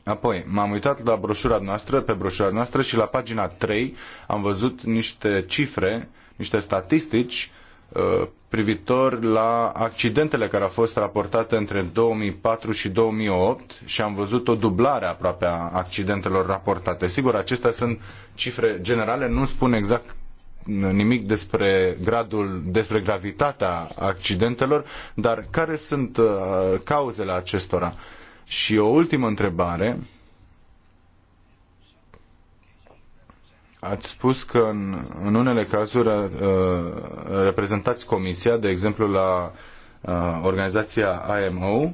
Apoi, m-am uitat la broșura noastră, pe broșura noastră și la pagina 3 am văzut niște cifre, niște statistici Uh, privitor la accidentele care au fost raportate între 2004 și 2008 și am văzut o dublare aproape a accidentelor raportate. Sigur, acestea sunt cifre generale, nu spun exact nimic despre gradul, despre gravitatea accidentelor, dar care sunt uh, cauzele acestora? Și o ultimă întrebare, Ați spus că în, în unele cazuri uh, reprezentați comisia, de exemplu la uh, organizația IMO,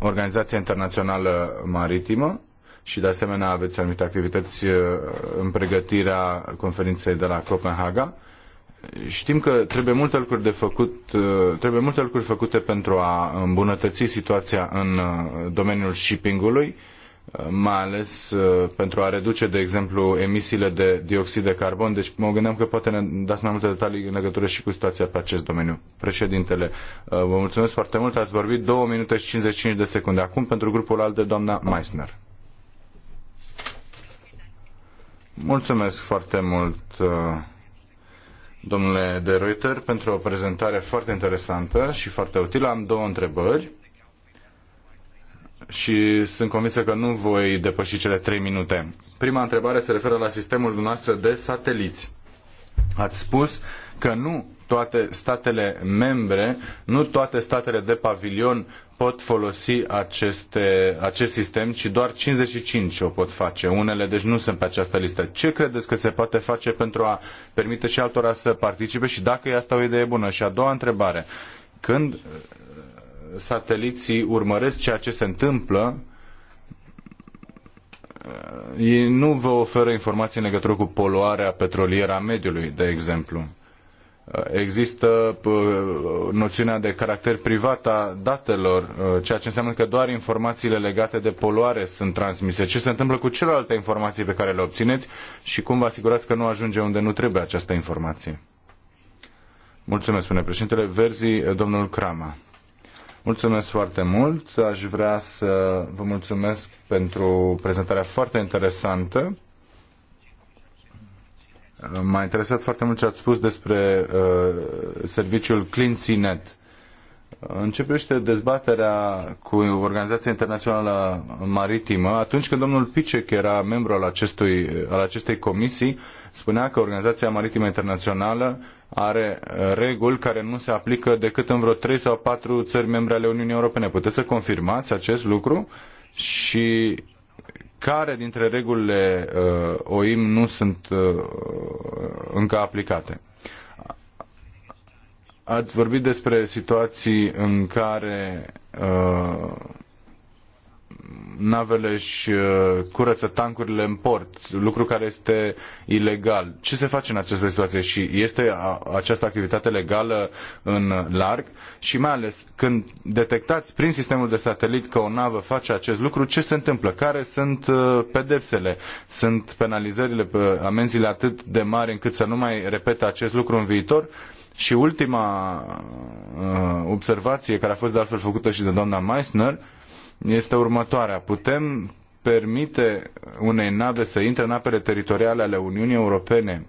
Organizația Internațională Maritimă, și de asemenea aveți anumite activități uh, în pregătirea conferinței de la Copenhaga. Știm că trebuie multe lucruri de făcut, uh, trebuie multe lucruri făcute pentru a îmbunătăți situația în uh, domeniul shippingului. ului mai ales uh, pentru a reduce, de exemplu, emisiile de dioxid de carbon. Deci mă gândeam că poate ne dați mai multe detalii în legătură și cu situația pe acest domeniu. Președintele, uh, vă mulțumesc foarte mult. Ați vorbit 2 minute și 55 de secunde. Acum pentru grupul al de doamna Meissner. Mulțumesc foarte mult, uh, domnule de Reuter, pentru o prezentare foarte interesantă și foarte utilă. Am două întrebări și sunt convinsă că nu voi depăși cele trei minute. Prima întrebare se referă la sistemul dumneavoastră de sateliți. Ați spus că nu toate statele membre, nu toate statele de pavilion pot folosi aceste, acest sistem, ci doar 55 o pot face. Unele, deci, nu sunt pe această listă. Ce credeți că se poate face pentru a permite și altora să participe și dacă e asta o idee bună? Și a doua întrebare. Când sateliții urmăresc ceea ce se întâmplă, eh, ei nu vă oferă informații în legătură cu poluarea petrolieră a mediului, de exemplu. Eh, există eh, noțiunea de caracter privat a datelor, ceea ce înseamnă că doar informațiile legate de poluare sunt transmise. Ce se întâmplă cu celelalte informații pe care le obțineți și cum vă asigurați că nu ajunge unde nu trebuie această informație? Mulțumesc, spune președintele. Verzii, domnul Crama. Mulțumesc foarte mult. Aș vrea să vă mulțumesc pentru prezentarea foarte interesantă. M-a interesat foarte mult ce ați spus despre uh, serviciul CleanSeaNet. Începește dezbaterea cu Organizația Internațională Maritimă. Atunci când domnul Picek era membru al, acestui, al acestei comisii, spunea că Organizația Maritimă Internațională are uh, reguli care nu se aplică decât în vreo trei sau patru țări membre ale Uniunii Europene. Puteți să confirmați acest lucru? Și care dintre regulile uh, OIM nu sunt uh, încă aplicate? Ați vorbit despre situații în care navele își uh, curăță tancurile în port, lucru care este ilegal. Ce se face în această situație și este această activitate legală în larg? Și mai ales când detectați prin sistemul de satelit că o navă face acest lucru, ce se întâmplă? Care sunt uh, pedepsele? Sunt penalizările, uh, amenziile atât de mari încât să nu mai repete acest lucru în viitor? Și ultima observație care a fost de altfel făcută și de doamna Meissner, este următoarea. Putem permite unei nave să intre în apele teritoriale ale Uniunii Europene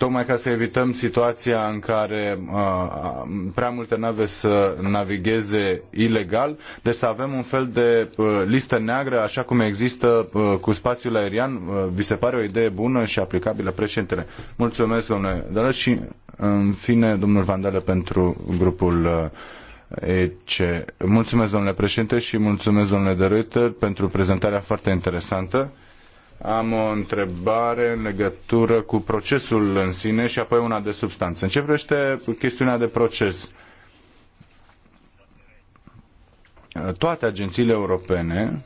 tocmai ca să evităm situația în care uh, prea multe nave să navigheze ilegal, deci să avem un fel de uh, listă neagră, așa cum există uh, cu spațiul aerian. Uh, vi se pare o idee bună și aplicabilă președintele? Mulțumesc, domnule Dar și în fine, domnul Vandale, pentru grupul uh, EC. Mulțumesc, domnule președinte, și mulțumesc, domnule de Reuter, pentru prezentarea foarte interesantă. Am o întrebare în legătură cu procesul în sine și apoi una de substanță. În ce privește chestiunea de proces? Toate agențiile europene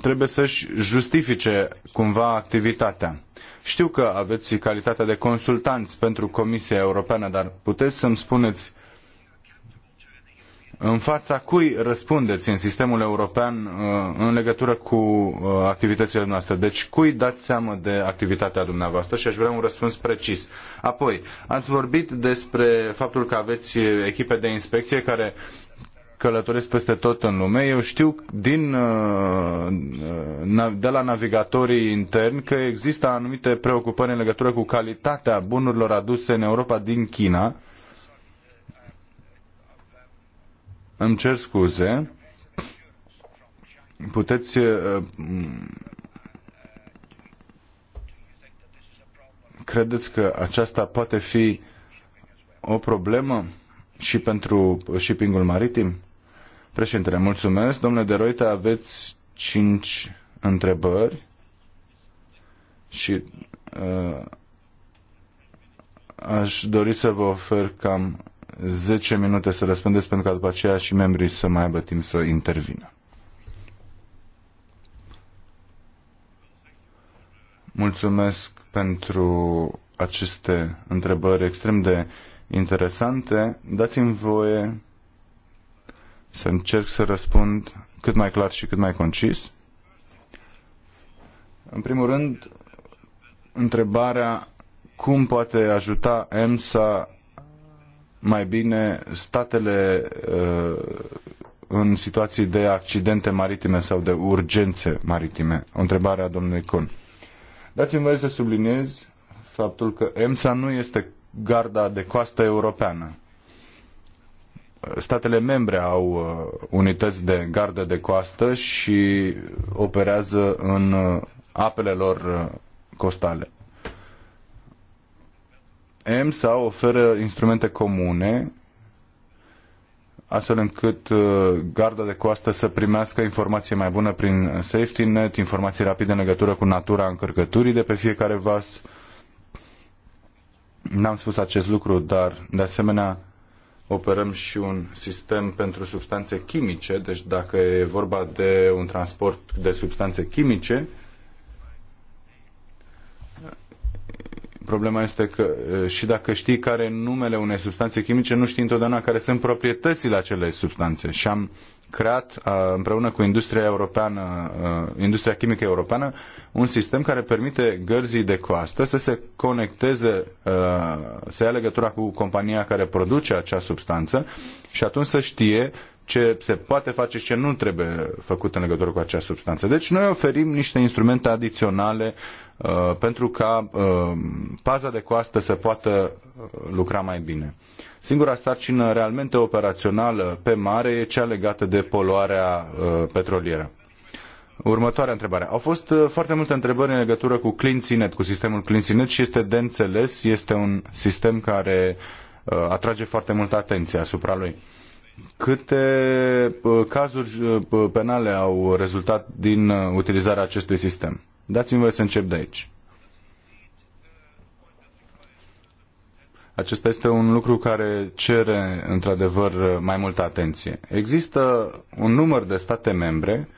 trebuie să-și justifice cumva activitatea. Știu că aveți calitatea de consultanți pentru Comisia Europeană, dar puteți să-mi spuneți în fața cui răspundeți în sistemul european uh, în legătură cu uh, activitățile noastre? Deci cui dați seama de activitatea dumneavoastră și aș vrea un răspuns precis. Apoi, ați vorbit despre faptul că aveți echipe de inspecție care călătoresc peste tot în lume. Eu știu din, uh, de la navigatorii interni că există anumite preocupări în legătură cu calitatea bunurilor aduse în Europa din China Îmi cer scuze. Puteți uh, credeți că aceasta poate fi o problemă și pentru shippingul maritim? Președintele, mulțumesc. Domnule de Roita, aveți cinci întrebări și uh, aș dori să vă ofer cam 10 minute să răspundeți pentru ca după aceea și membrii să mai aibă timp să intervină. Mulțumesc pentru aceste întrebări extrem de interesante. Dați-mi voie să încerc să răspund cât mai clar și cât mai concis. În primul rând, întrebarea cum poate ajuta EMSA mai bine statele uh, în situații de accidente maritime sau de urgențe maritime? O întrebare a domnului Con. Dați-mi voie să subliniez faptul că EMSA nu este garda de coastă europeană. Statele membre au uh, unități de gardă de coastă și operează în uh, apele lor costale. EMSA oferă instrumente comune astfel încât uh, garda de coastă să primească informație mai bună prin safety net, informații rapide în legătură cu natura încărcăturii de pe fiecare vas. N-am spus acest lucru, dar de asemenea operăm și un sistem pentru substanțe chimice, deci dacă e vorba de un transport de substanțe chimice, Problema este că și dacă știi care numele unei substanțe chimice, nu știi întotdeauna care sunt proprietățile acelei substanțe. Și am creat împreună cu industria europeană, industria chimică europeană, un sistem care permite gărzii de coastă să se conecteze, să ia legătura cu compania care produce acea substanță și atunci să știe ce se poate face și ce nu trebuie făcut în legătură cu acea substanță. Deci noi oferim niște instrumente adiționale Uh, pentru ca uh, paza de coastă să poată uh, lucra mai bine. Singura sarcină realmente operațională pe mare e cea legată de poluarea petrolieră. Următoarea întrebare. Au fost foarte multe întrebări în legătură cu Sinet, cu sistemul Sinet și este de înțeles, este un sistem care atrage foarte multă atenție asupra lui. Câte cazuri penale au rezultat din utilizarea acestui sistem? Dați-mi voi să încep de aici. Acesta este un lucru care cere, într-adevăr, mai multă atenție. Există un număr de state membre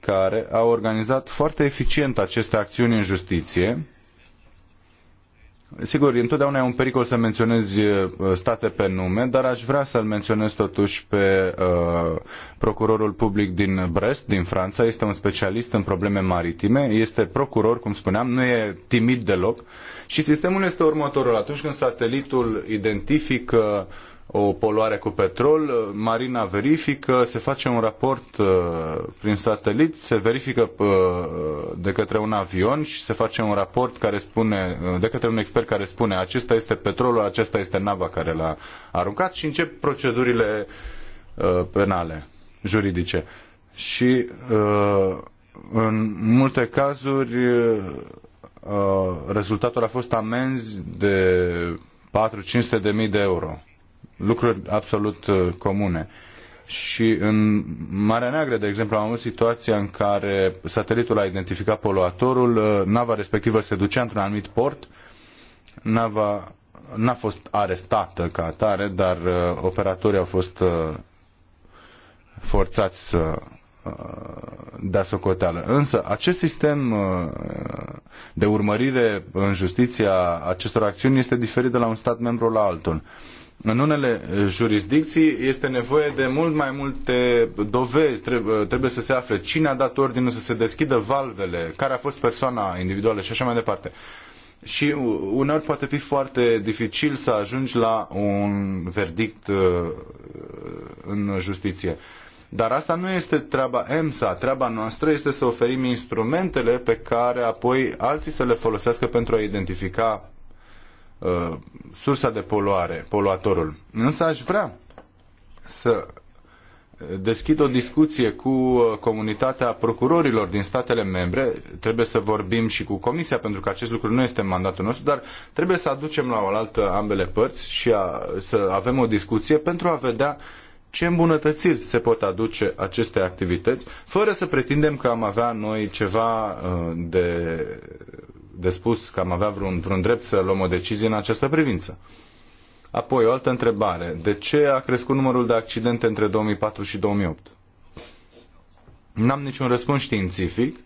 care au organizat foarte eficient aceste acțiuni în justiție, Sigur, întotdeauna e un pericol să menționezi uh, state pe nume, dar aș vrea să-l menționez totuși pe uh, procurorul public din Brest, din Franța. Este un specialist în probleme maritime, este procuror, cum spuneam, nu e timid deloc. Și sistemul este următorul. Atunci când satelitul identifică uh, o poluare cu petrol, Marina verifică, se face un raport uh, prin satelit, se verifică uh, de către un avion și se face un raport care spune, uh, de către un expert care spune acesta este petrolul, acesta este nava care l-a aruncat și încep procedurile uh, penale, juridice. Și uh, în multe cazuri uh, rezultatul a fost amenzi de 4-500 de mii de euro lucruri absolut uh, comune. Și în Marea Neagră, de exemplu, am avut situația în care satelitul a identificat poluatorul, uh, nava respectivă se ducea într-un anumit port, nava n-a fost arestată ca atare, dar uh, operatorii au fost uh, forțați să uh, dea socoteală. Însă, acest sistem uh, de urmărire în justiția acestor acțiuni este diferit de la un stat membru la altul. Uh, în unele eh, jurisdicții este nevoie de mult mai multe dovezi, trebuie, eh, trebuie să se afle cine a dat ordinul să se deschidă valvele, care a fost persoana individuală și așa mai departe. Și uneori poate fi foarte dificil să ajungi la un verdict eh, în justiție. Dar asta nu este treaba EMSA, treaba noastră este să oferim instrumentele pe care apoi alții să le folosească pentru a identifica uh, sursa de poluare, poluatorul. Însă aș vrea să deschid o discuție cu uh, comunitatea procurorilor din statele membre. Trebuie să vorbim și cu Comisia, pentru că acest lucru nu este în mandatul nostru, dar trebuie să aducem la oaltă ambele părți și a, să avem o discuție pentru a vedea ce îmbunătățiri se pot aduce aceste activități, fără să pretindem că am avea noi ceva uh, de de spus că am avea vreun, vreun drept să luăm o decizie în această privință. Apoi, o altă întrebare. De ce a crescut numărul de accidente între 2004 și 2008? N-am niciun răspuns științific,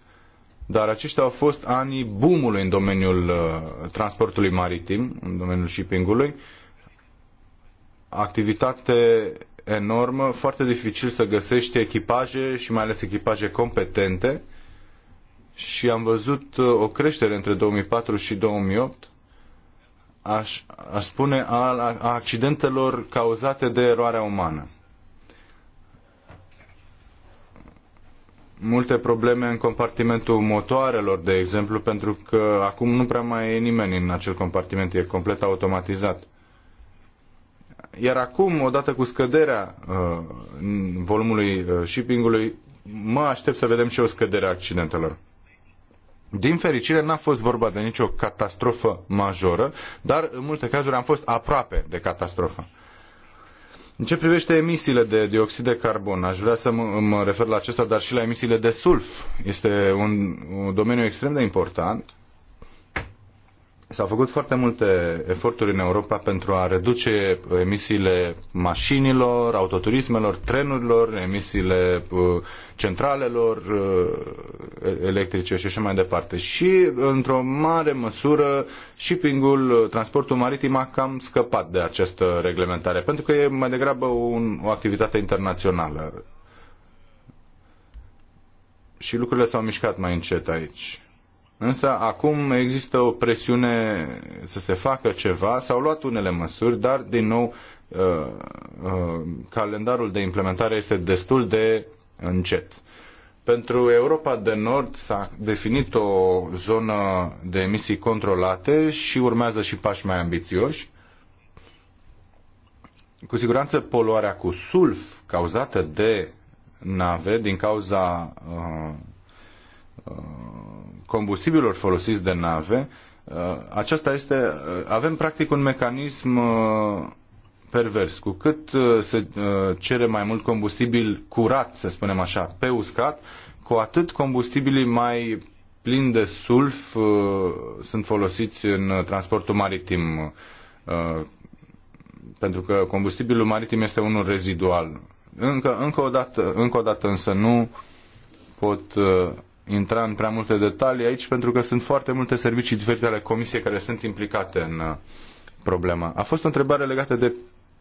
dar aceștia au fost anii boomului în domeniul uh, transportului maritim, în domeniul shippingului. Activitate enormă, foarte dificil să găsești echipaje și mai ales echipaje competente și am văzut uh, o creștere între 2004 și 2008 aș, aș spune, a, a accidentelor cauzate de eroarea umană. Multe probleme în compartimentul motoarelor, de exemplu, pentru că acum nu prea mai e nimeni în acel compartiment, e complet automatizat. Iar acum, odată cu scăderea uh, volumului uh, shipping-ului, mă aștept să vedem și o scădere a accidentelor. Din fericire, n-a fost vorba de nicio catastrofă majoră, dar în multe cazuri am fost aproape de catastrofă. În ce privește emisiile de dioxid de carbon, aș vrea să mă refer la acesta, dar și la emisiile de sulf. Este un, un domeniu extrem de important S-au făcut foarte multe eforturi în Europa pentru a reduce emisiile mașinilor, autoturismelor, trenurilor, emisiile uh, centralelor uh, electrice și așa mai departe. Și, într-o mare măsură, shippingul, transportul maritim a cam scăpat de această reglementare, pentru că e mai degrabă un, o activitate internațională. Și lucrurile s-au mișcat mai încet aici. Însă acum există o presiune să se facă ceva, s-au luat unele măsuri, dar din nou uh, uh, calendarul de implementare este destul de încet. Pentru Europa de Nord s-a definit o zonă de emisii controlate și urmează și pași mai ambițioși. Cu siguranță poluarea cu sulf cauzată de nave din cauza uh, uh, combustibilor folosiți de nave, uh, aceasta este, uh, avem practic un mecanism uh, pervers. Cu cât se cere mai mult combustibil curat, să spunem așa, pe uscat, cu atât combustibilii mai plini de sulf sunt folosiți în transportul maritim, pentru că combustibilul maritim este unul rezidual. Încă, încă, o, dată, încă o dată însă nu pot intra în prea multe detalii aici pentru că sunt foarte multe servicii diferite ale comisiei care sunt implicate în uh, problemă. A fost o întrebare legată de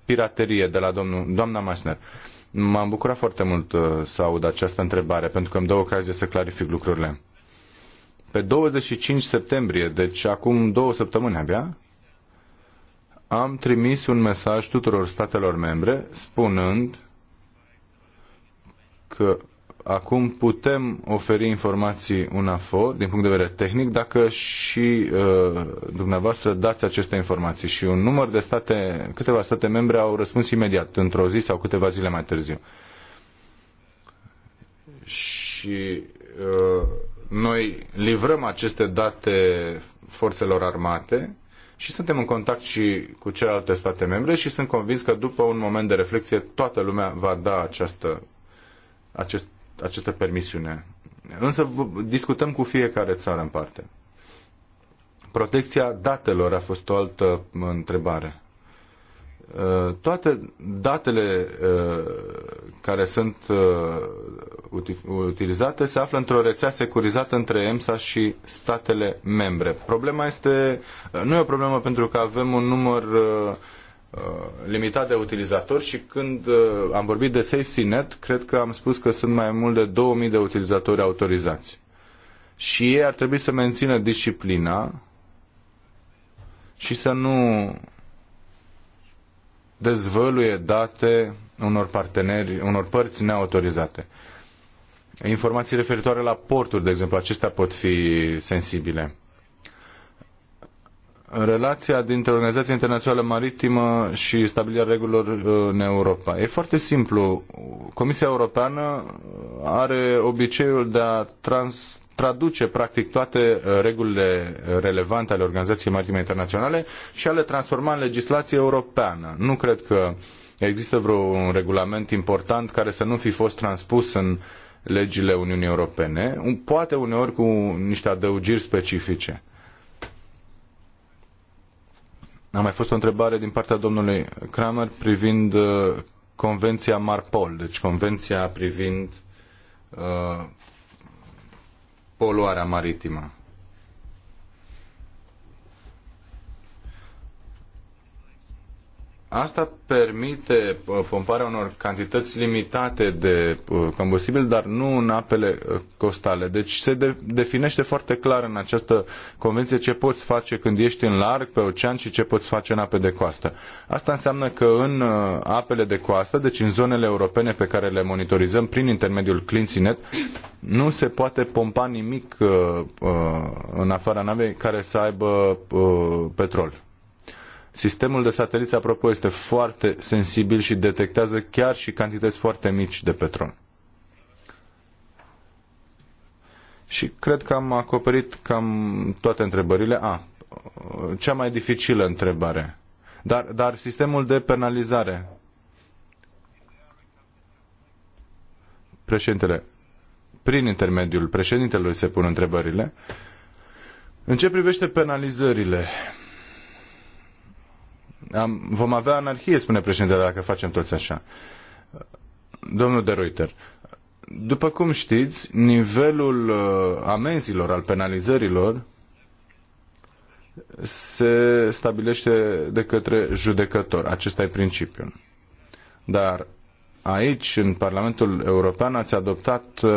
piraterie de la domnul, doamna Masner. M-am bucurat foarte mult uh, să aud această întrebare pentru că îmi dă ocazie să clarific lucrurile. Pe 25 septembrie, deci acum două săptămâni abia, am trimis un mesaj tuturor statelor membre spunând că acum putem oferi informații UNAFO din punct de vedere tehnic dacă și uh, dumneavoastră dați aceste informații și un număr de state, câteva state membre au răspuns imediat, într-o zi sau câteva zile mai târziu. Și uh, noi livrăm aceste date forțelor armate și suntem în contact și cu celelalte state membre și sunt convins că după un moment de reflexie toată lumea va da această acest această permisiune. Însă discutăm cu fiecare țară în parte. Protecția datelor a fost o altă întrebare. Uh, toate datele uh, care sunt uh, utilizate se află într-o rețea securizată între EMSA și statele membre. Problema este, nu e o problemă pentru că avem un număr Uh, limitat de utilizatori și când uh, am vorbit de SafetyNet, cred că am spus că sunt mai mult de 2000 de utilizatori autorizați. Și ei ar trebui să mențină disciplina și să nu dezvăluie date unor parteneri, unor părți neautorizate. Informații referitoare la porturi, de exemplu, acestea pot fi sensibile relația dintre Organizația Internațională Maritimă și stabilirea regulilor uh, în Europa. E foarte simplu. Comisia Europeană uh, are obiceiul de a trans, traduce practic toate uh, regulile relevante ale Organizației Maritime Internaționale și a le transforma în legislație europeană. Nu cred că există vreun regulament important care să nu fi fost transpus în legile Uniunii Europene, poate uneori cu niște adăugiri specifice. A mai fost o întrebare din partea domnului Kramer privind uh, Convenția Marpol, deci Convenția privind uh, poluarea maritimă. Asta permite uh, pomparea unor cantități limitate de uh, combustibil, dar nu în apele uh, costale. Deci se de- definește foarte clar în această convenție ce poți face când ești în larg pe ocean și ce poți face în ape de coastă. Asta înseamnă că în apele de coastă, deci în zonele europene pe care le monitorizăm prin intermediul CleanSeaNet, nu se poate pompa nimic în afara navei care să aibă petrol. Sistemul de sateliți, apropo, este foarte sensibil și detectează chiar și cantități foarte mici de petrol. Și cred că am acoperit cam toate întrebările. A, cea mai dificilă întrebare. Dar, dar sistemul de penalizare. Președintele, prin intermediul președintelui se pun întrebările. În ce privește penalizările, am, vom avea anarhie, spune președintele, dacă facem toți așa. Domnul de Reuter, după cum știți, nivelul uh, amenzilor, al penalizărilor, se stabilește de către judecător. Acesta e principiul. Dar aici, în Parlamentul European, ați adoptat uh,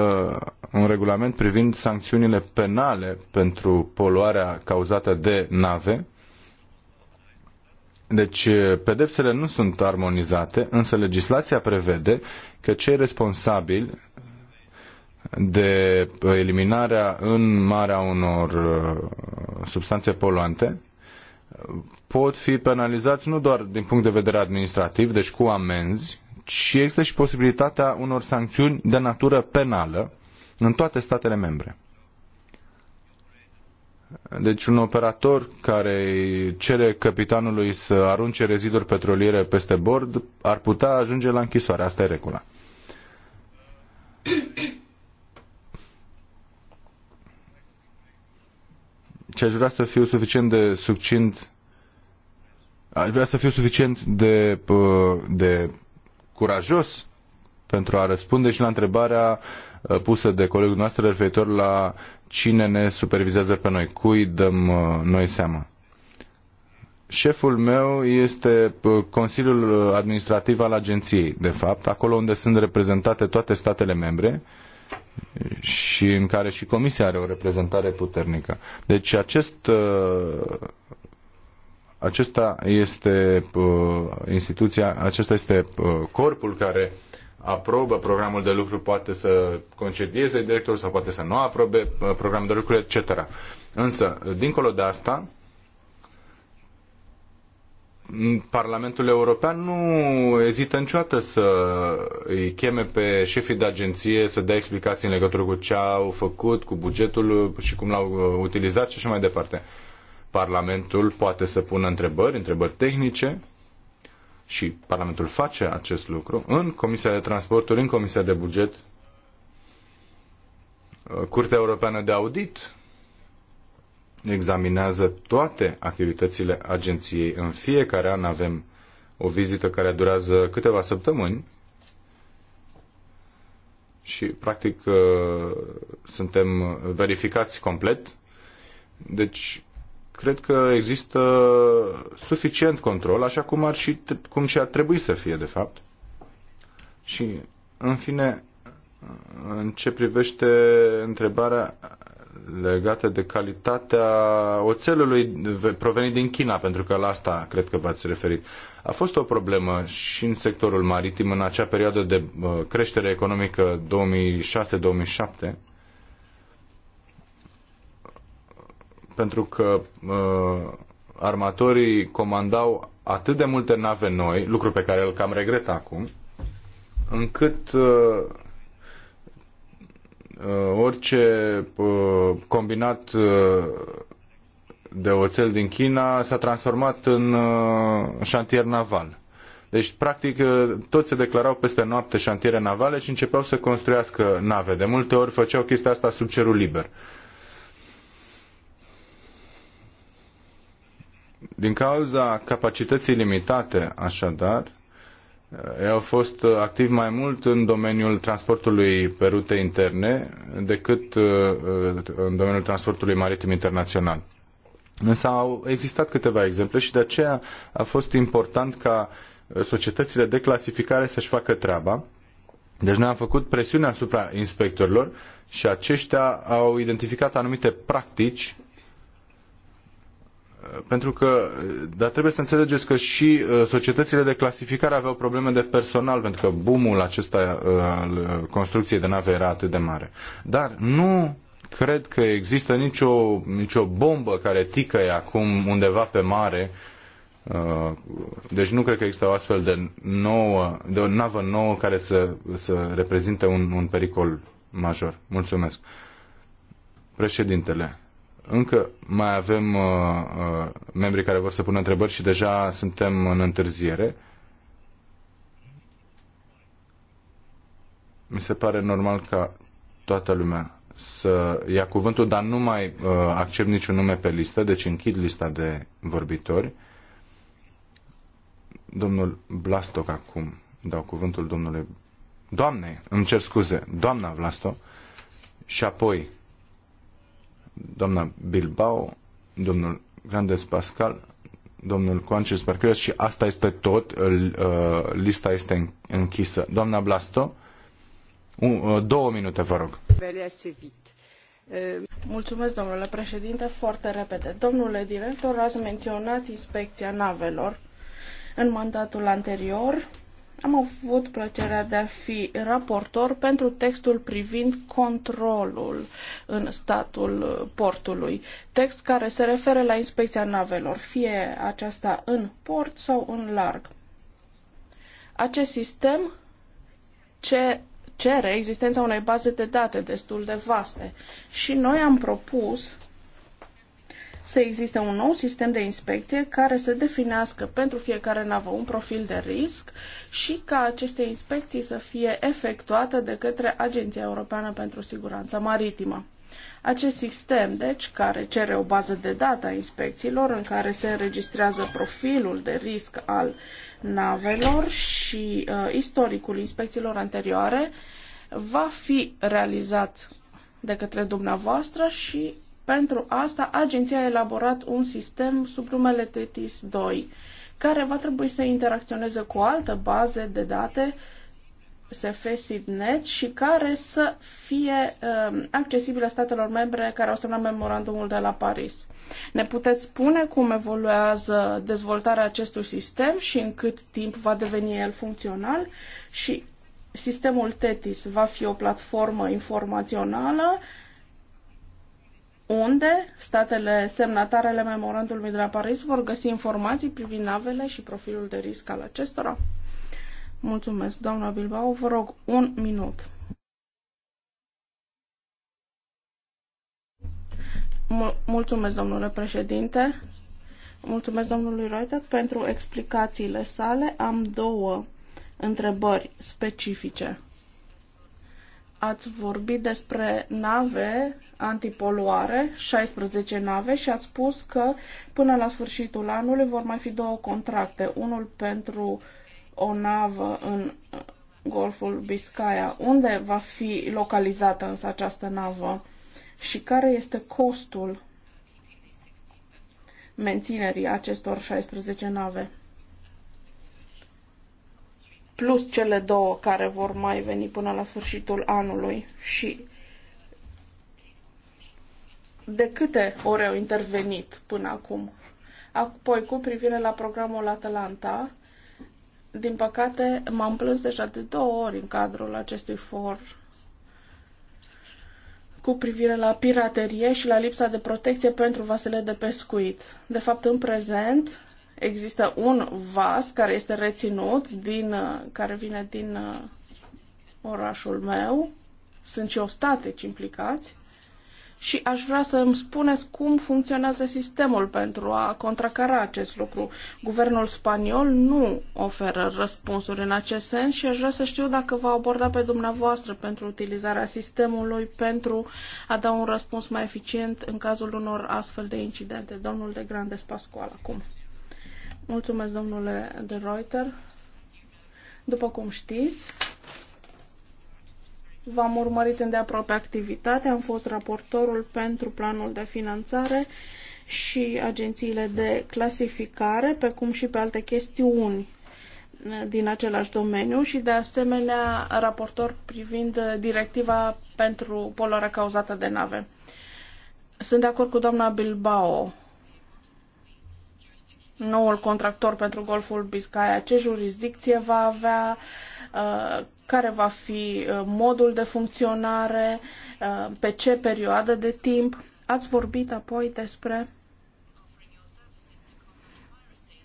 un regulament privind sancțiunile penale pentru poluarea cauzată de nave deci, pedepsele nu sunt armonizate, însă legislația prevede că cei responsabili de eliminarea în marea unor substanțe poluante pot fi penalizați nu doar din punct de vedere administrativ, deci cu amenzi, ci există și posibilitatea unor sancțiuni de natură penală în toate statele membre. Deci un operator care cere capitanului să arunce reziduri petroliere peste bord ar putea ajunge la închisoare. Asta e regula. Ce aș vrea să fiu suficient de succint aș vrea să fiu suficient de, de curajos pentru a răspunde și la întrebarea uh, pusă de colegul nostru referitor la cine ne supervizează pe noi, cui dăm uh, noi seama. Șeful meu este uh, Consiliul Administrativ al Agenției, de fapt, acolo unde sunt reprezentate toate statele membre și în care și Comisia are o reprezentare puternică. Deci acest, uh, acesta este instituția, acesta este corpul care aprobă programul de lucru poate să concedieze directorul sau poate să nu aprobe uh, programul de lucru, etc. Însă, dincolo de asta, Parlamentul European nu ezită niciodată să îi cheme pe șefii de agenție să dea explicații în legătură cu ce au făcut, cu bugetul și cum l-au uh, utilizat și așa mai departe. Parlamentul poate să pună întrebări, întrebări tehnice, și Parlamentul face acest lucru în Comisia de Transporturi, în Comisia de Buget, Curtea Europeană de Audit examinează toate activitățile agenției. În fiecare an avem o vizită care durează câteva săptămâni și practic ă, suntem verificați complet. Deci cred că există suficient control, așa cum, ar și, cum și ar trebui să fie, de fapt. Și, în fine, în ce privește întrebarea legată de calitatea oțelului provenit din China, pentru că la asta cred că v-ați referit. A fost o problemă și în sectorul maritim în acea perioadă de uh, creștere economică 2006-2007 pentru că uh, armatorii comandau atât de multe nave noi, lucru pe care îl cam regret acum, încât uh, uh orice uh, combinat uh, de oțel din China s-a transformat în uh, șantier naval. Deci, practic, uh, toți se declarau peste noapte șantiere navale și începeau să construiască nave. De multe ori făceau chestia asta sub cerul liber. Uh, Din cauza capacității limitate, așadar, ei eh, au fost eh, activ mai mult în domeniul transportului pe rute interne decât eh, în domeniul transportului maritim internațional. Însă au existat câteva exemple și de aceea a fost important ca societățile de clasificare să-și facă treaba. Deci noi am făcut presiune asupra inspectorilor și aceștia au identificat anumite practici pentru că, dar trebuie să înțelegeți că și uh, societățile de clasificare aveau probleme de personal, pentru că boomul acesta uh, al uh, construcției de nave era atât de mare. Dar nu cred că există nicio, nicio bombă care tică acum undeva pe mare. Deci nu cred că există o astfel de, nouă, de o navă nouă care să, să reprezinte un, un pericol major. Mulțumesc. Președintele, încă mai avem uh, uh, membrii care vor să pună întrebări și deja suntem în întârziere. Mi se pare normal ca toată lumea să ia cuvântul, dar nu mai uh, accept niciun nume pe listă, deci închid lista de vorbitori. Domnul Blastoc acum dau cuvântul domnului Doamne, îmi cer scuze, doamna Vlasto și apoi doamna Bilbao, domnul Grandes Pascal, domnul Conces Percăios și asta este tot, uh, lista este închisă. Doamna Blasto, uh, două minute, vă rog. Mulțumesc, domnule președinte, foarte repede. Domnule director, ați menționat inspecția navelor. În mandatul anterior, am avut plăcerea de a fi raportor pentru textul privind controlul în statul portului, text care se referă la inspecția navelor, fie aceasta în port sau în larg. Acest sistem ce cere existența unei baze de date destul de vaste și noi am propus să existe un nou sistem de inspecție care să definească pentru fiecare navă un profil de risc și ca aceste inspecții să fie efectuate de către Agenția Europeană pentru Siguranța Maritimă. Acest sistem, deci, care cere o bază de dată a inspecțiilor în care se înregistrează profilul de risc al navelor și uh, istoricul inspecțiilor anterioare, va fi realizat de către dumneavoastră și pentru asta, agenția a elaborat un sistem sub numele TETIS 2, care va trebui să interacționeze cu altă bază de date SFSIDNet și care să fie um, accesibilă statelor membre care au semnat memorandumul de la Paris. Ne puteți spune cum evoluează dezvoltarea acestui sistem și în cât timp va deveni el funcțional și sistemul TETIS va fi o platformă informațională uh, unde statele semnatare ale memorandului de la Paris vor găsi informații privind navele și profilul de risc al acestora. Mulțumesc, doamna Bilbao. Vă rog un minut. Mulțumesc, domnule președinte. Mulțumesc domnului Reuter pentru explicațiile sale. Am două întrebări specifice. Ați vorbit despre nave antipoluare, 16 nave și ați spus că până la sfârșitul anului vor mai fi două contracte, unul pentru o navă în Golful Biscaya. Unde va fi localizată însă această navă și care este costul menținerii acestor 16 nave? plus cele două care vor mai veni până la sfârșitul anului și de câte ore au intervenit până acum. Apoi, cu privire la programul Atalanta, din păcate, m-am plâns deja de două ori în cadrul acestui for cu privire la piraterie și la lipsa de protecție pentru vasele de pescuit. De fapt, în prezent există un vas care este reținut, din, care vine din uh, orașul meu. Sunt și ostateci implicați și aș vrea să îmi spuneți cum funcționează sistemul pentru a contracara acest lucru. Guvernul spaniol nu oferă răspunsuri în acest sens și aș vrea să știu dacă va aborda pe dumneavoastră pentru utilizarea sistemului pentru a da un răspuns mai eficient în cazul unor astfel de incidente. Domnul de Grande Spascual acum. Mulțumesc, domnule de Reuter. După cum știți, V-am urmărit îndeaproape activitatea, am fost raportorul pentru planul de finanțare și agențiile de clasificare, pe cum și pe alte chestiuni eh, din același domeniu și de asemenea raportor privind directiva pentru poluarea cauzată de nave. Sunt de acord cu doamna Bilbao, noul contractor pentru Golful Biscaya. Ce jurisdicție va avea, eh, care va fi uh, modul de funcționare, uh, pe ce perioadă de timp. Ați vorbit apoi despre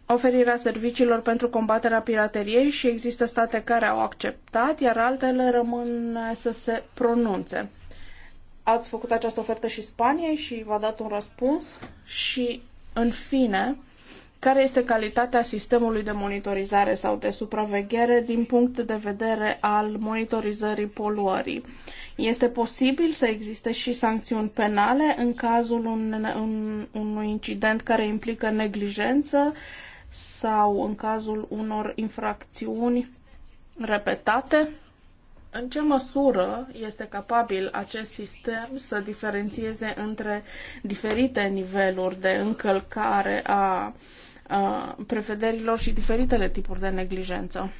oferirea serviciilor pentru combaterea pirateriei și există state care au acceptat, iar altele rămân să se pronunțe. Ați făcut această ofertă și Spaniei și v-a dat un răspuns și, în fine, care este calitatea sistemului de monitorizare sau de supraveghere din punct de vedere al monitorizării poluării. Este posibil să existe și sancțiuni penale în cazul un, un, unui incident care implică neglijență sau în cazul unor infracțiuni repetate? În ce măsură este capabil acest sistem să diferențieze între diferite niveluri de încălcare a uh, prevederilor și diferitele tipuri de neglijență.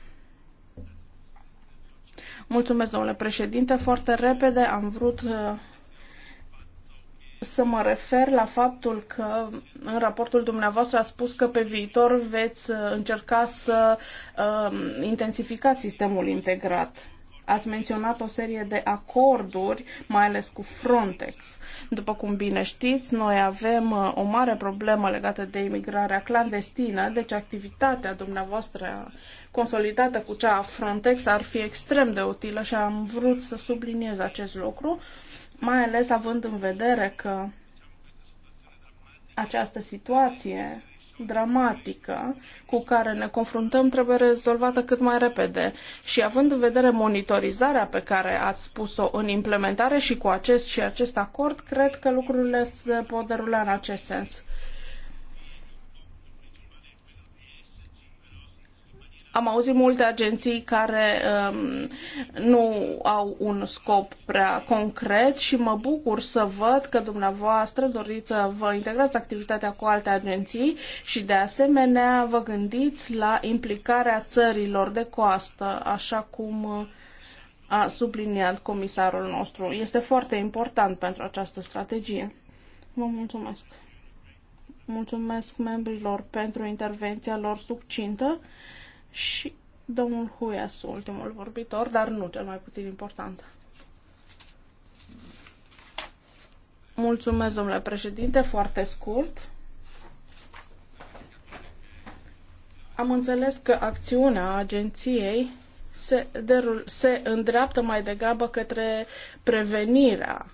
Mulțumesc, domnule președinte. Foarte repede am vrut uh, să mă refer la faptul că în raportul dumneavoastră a spus că pe viitor veți uh, încerca să uh, intensificați sistemul integrat Ați menționat o serie de acorduri, mai ales cu Frontex. După cum bine știți, noi avem uh, o mare problemă legată de imigrarea clandestină, deci activitatea dumneavoastră consolidată cu cea a Frontex ar fi extrem de utilă și am vrut să subliniez acest lucru, mai ales având în vedere că această situație dramatică cu care ne confruntăm trebuie rezolvată cât mai repede și având în vedere monitorizarea pe care ați spus-o în implementare și cu acest și acest acord, cred că lucrurile se pot derula în acest sens. Am auzit multe agenții care um, nu au un scop prea concret și mă bucur să văd că dumneavoastră doriți să vă integrați activitatea cu alte agenții și de asemenea vă gândiți la implicarea țărilor de coastă, așa cum a subliniat comisarul nostru. Este foarte important pentru această strategie. Vă mulțumesc! Mulțumesc membrilor pentru intervenția lor succintă și domnul Huias, ultimul vorbitor, dar nu cel mai puțin important. Mulțumesc, domnule președinte, foarte scurt. Am înțeles că acțiunea agenției se, derul, se îndreaptă mai degrabă către prevenirea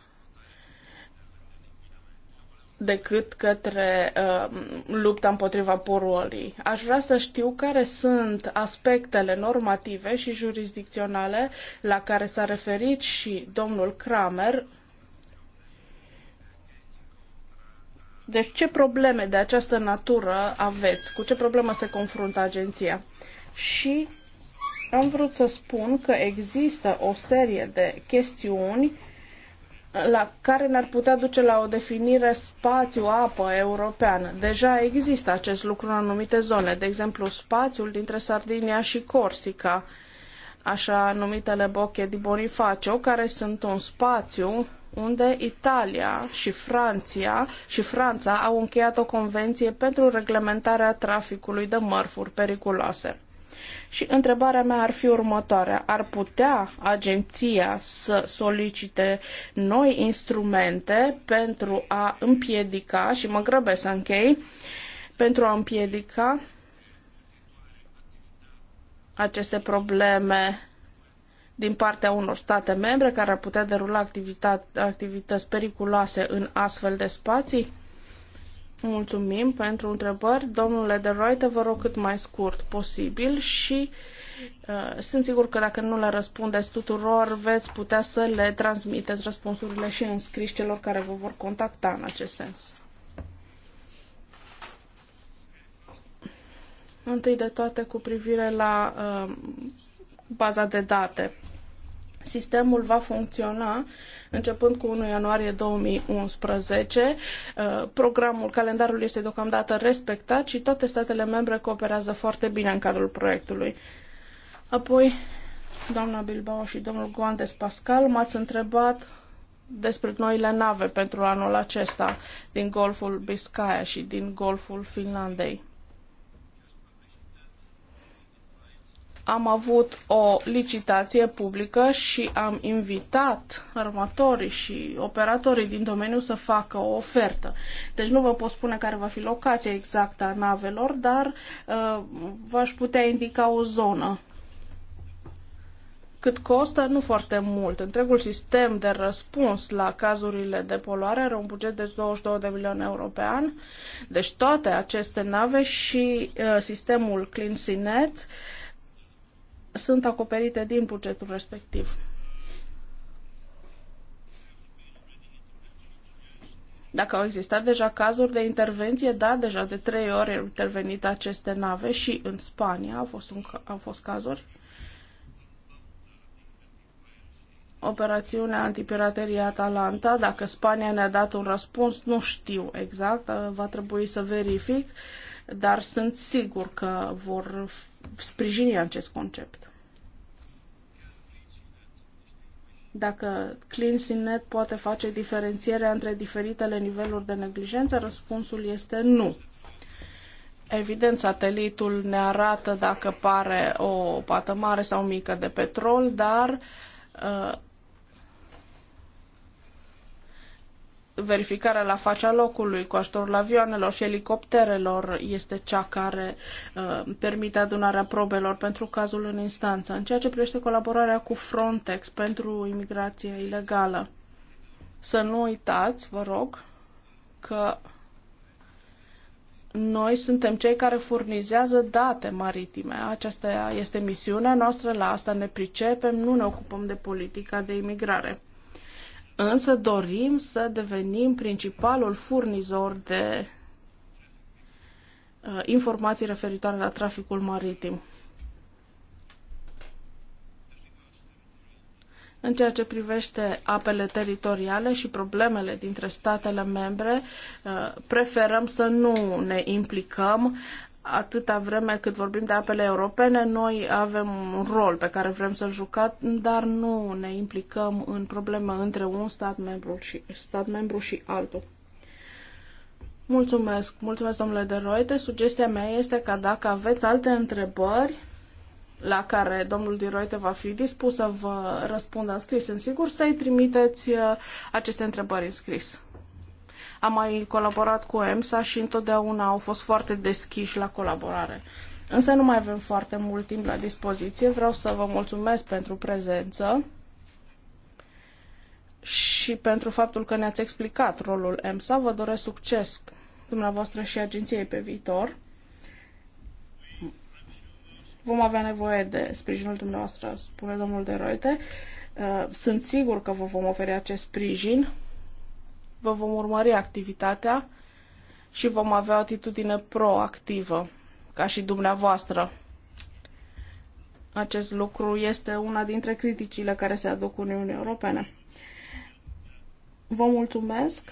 decât către uh, lupta împotriva poluării. Aș vrea să știu care sunt aspectele normative și jurisdicționale la care s-a referit și domnul Kramer. Deci ce probleme de această natură aveți? Cu ce problemă se confruntă agenția? Și am vrut să spun că există o serie de chestiuni la care ne-ar putea duce la o definire spațiu-apă europeană. Deja există acest lucru în anumite zone, de exemplu spațiul dintre Sardinia și Corsica, așa numitele boche di Bonifacio, care sunt un spațiu unde Italia și Franția și Franța au încheiat o convenție pentru reglementarea traficului de mărfuri periculoase. Și întrebarea mea ar fi următoarea. Ar putea agenția să solicite noi instrumente pentru a împiedica, și mă grăbesc să închei, pentru a împiedica aceste probleme din partea unor state membre care ar putea derula activități periculoase în astfel de spații? Mulțumim pentru întrebări. Domnule de Reuter, vă rog cât mai scurt posibil și uh, sunt sigur că dacă nu le răspundeți tuturor, veți putea să le transmiteți răspunsurile și în scris celor care vă vor contacta în acest sens. Întâi de toate cu privire la uh, baza de date. Sistemul va funcționa începând cu 1 ianuarie 2011. Uh, programul, calendarul este deocamdată respectat și toate statele membre cooperează foarte bine în cadrul proiectului. Apoi, doamna Bilbao și domnul Guandes Pascal m-ați întrebat despre noile nave pentru anul acesta din Golful Biscaya și din Golful Finlandei. am avut o licitație publică și am invitat armatorii și operatorii din domeniu să facă o ofertă. Deci nu vă pot spune care va fi locația exactă a navelor, dar uh, v-aș putea indica o zonă. Cât costă? Nu foarte mult. Întregul sistem de răspuns la cazurile de poluare are un buget de 22 de milioane euro pe an. Deci toate aceste nave și uh, sistemul CleanSeaNet uh, sunt acoperite din bugetul respectiv. Dacă au existat deja cazuri de intervenție, da, deja de trei ori au intervenit aceste nave și în Spania au fost, un, au fost cazuri. Operațiunea antipiraterie Atalanta, dacă Spania ne-a dat un răspuns, nu știu exact, va trebui să verific, dar sunt sigur că vor sprijini acest concept. Dacă Clean CleanSynet poate face diferențierea între diferitele niveluri de neglijență, răspunsul este nu. Evident, satelitul ne arată dacă pare o pată mare sau mică de petrol, dar uh, verificarea la fața locului cu ajutorul avioanelor și elicopterelor este cea care uh, permite adunarea probelor pentru cazul în instanță. În ceea ce privește colaborarea cu Frontex pentru imigrația ilegală, să nu uitați, vă rog, că noi suntem cei care furnizează date maritime. Aceasta este misiunea noastră, la asta ne pricepem, nu ne ocupăm de politica de imigrare. Însă dorim să devenim principalul furnizor de uh, informații referitoare la traficul maritim. În ceea ce privește apele teritoriale și problemele dintre statele membre, uh, preferăm să nu ne implicăm atâta vreme cât vorbim de apele europene, noi avem un rol pe care vrem să-l jucăm, dar nu ne implicăm în probleme între un stat membru și, stat membru și altul. Mulțumesc, mulțumesc domnule de Roite. Sugestia mea este că dacă aveți alte întrebări la care domnul de Roite va fi dispus să vă răspundă în scris, în sigur, să-i trimiteți uh, aceste întrebări în scris. Am mai colaborat cu EMSA și întotdeauna au fost foarte deschiși la colaborare. Însă nu mai avem foarte mult timp la dispoziție. Vreau să vă mulțumesc pentru prezență și pentru faptul că ne-ați explicat rolul EMSA. Vă doresc succes dumneavoastră și agenției pe viitor. Vom avea nevoie de sprijinul dumneavoastră, spune domnul de Roite. Uh, sunt sigur că vă vom oferi acest sprijin Vă vom urmări activitatea și vom avea o atitudine proactivă, ca și dumneavoastră. Acest lucru este una dintre criticile care se aduc Uniunii Europene. Vă mulțumesc!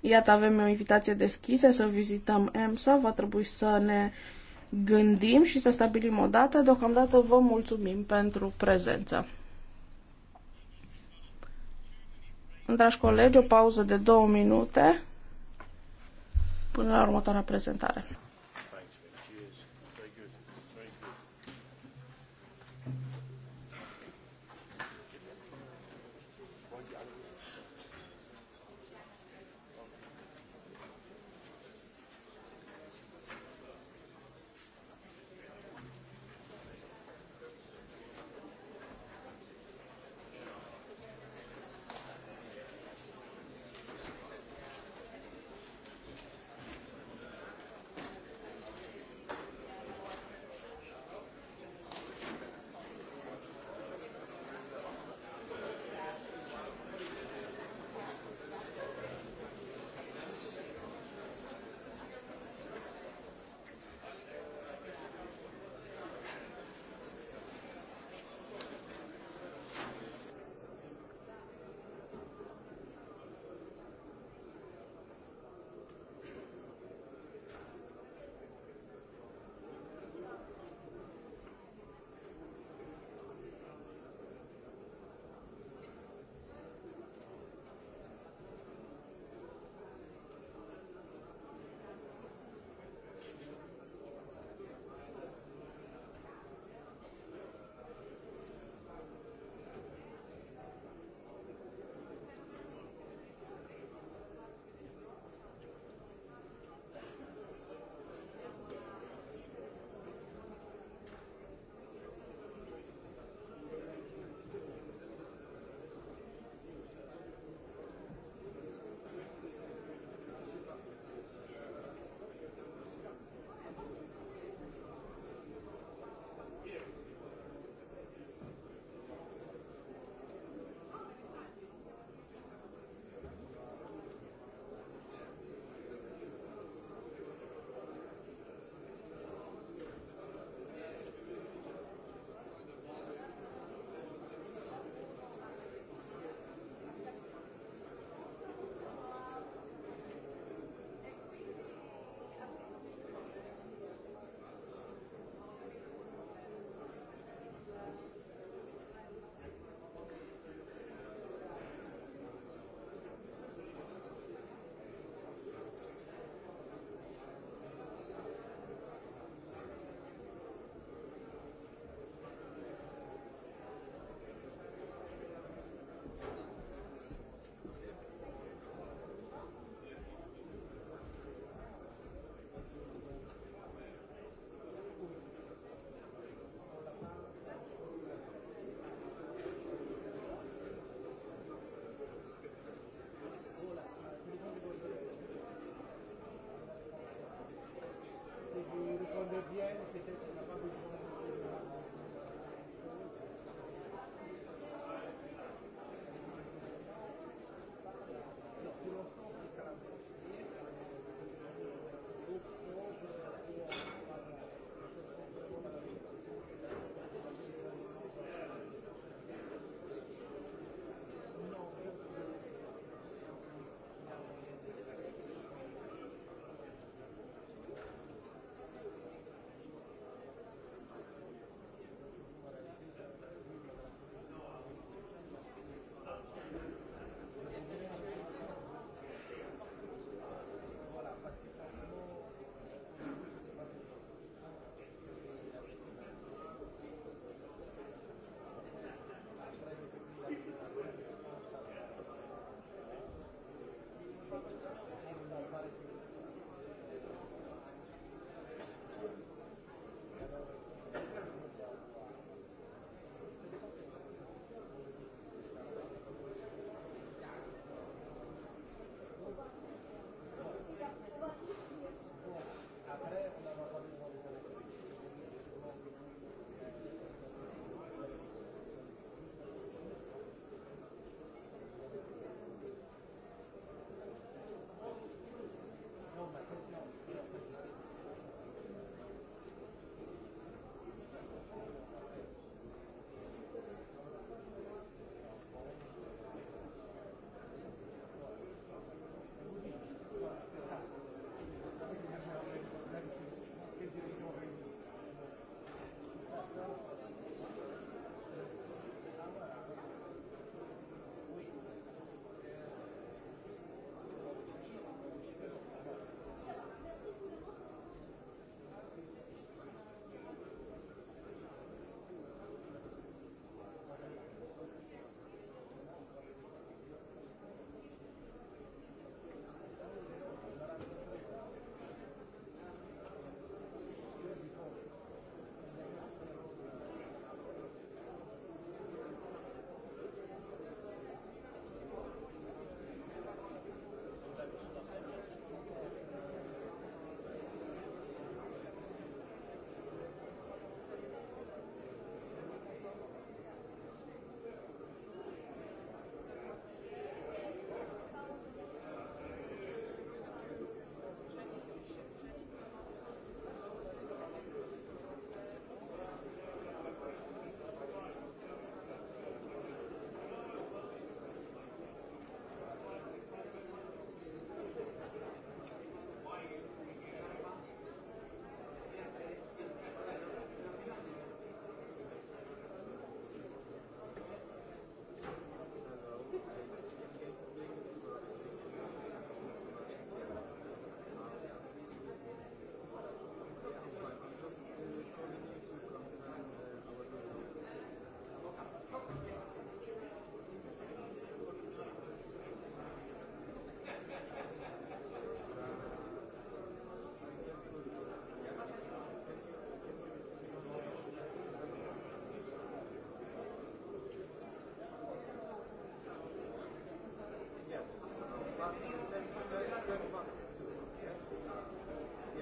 Iată, avem o invitație deschisă să vizităm EMSA. Va trebui să ne gândim și să stabilim o dată. Deocamdată vă mulțumim pentru prezență. Dragi colegi, o pauză de două minute până la următoarea prezentare. deviennent peut-être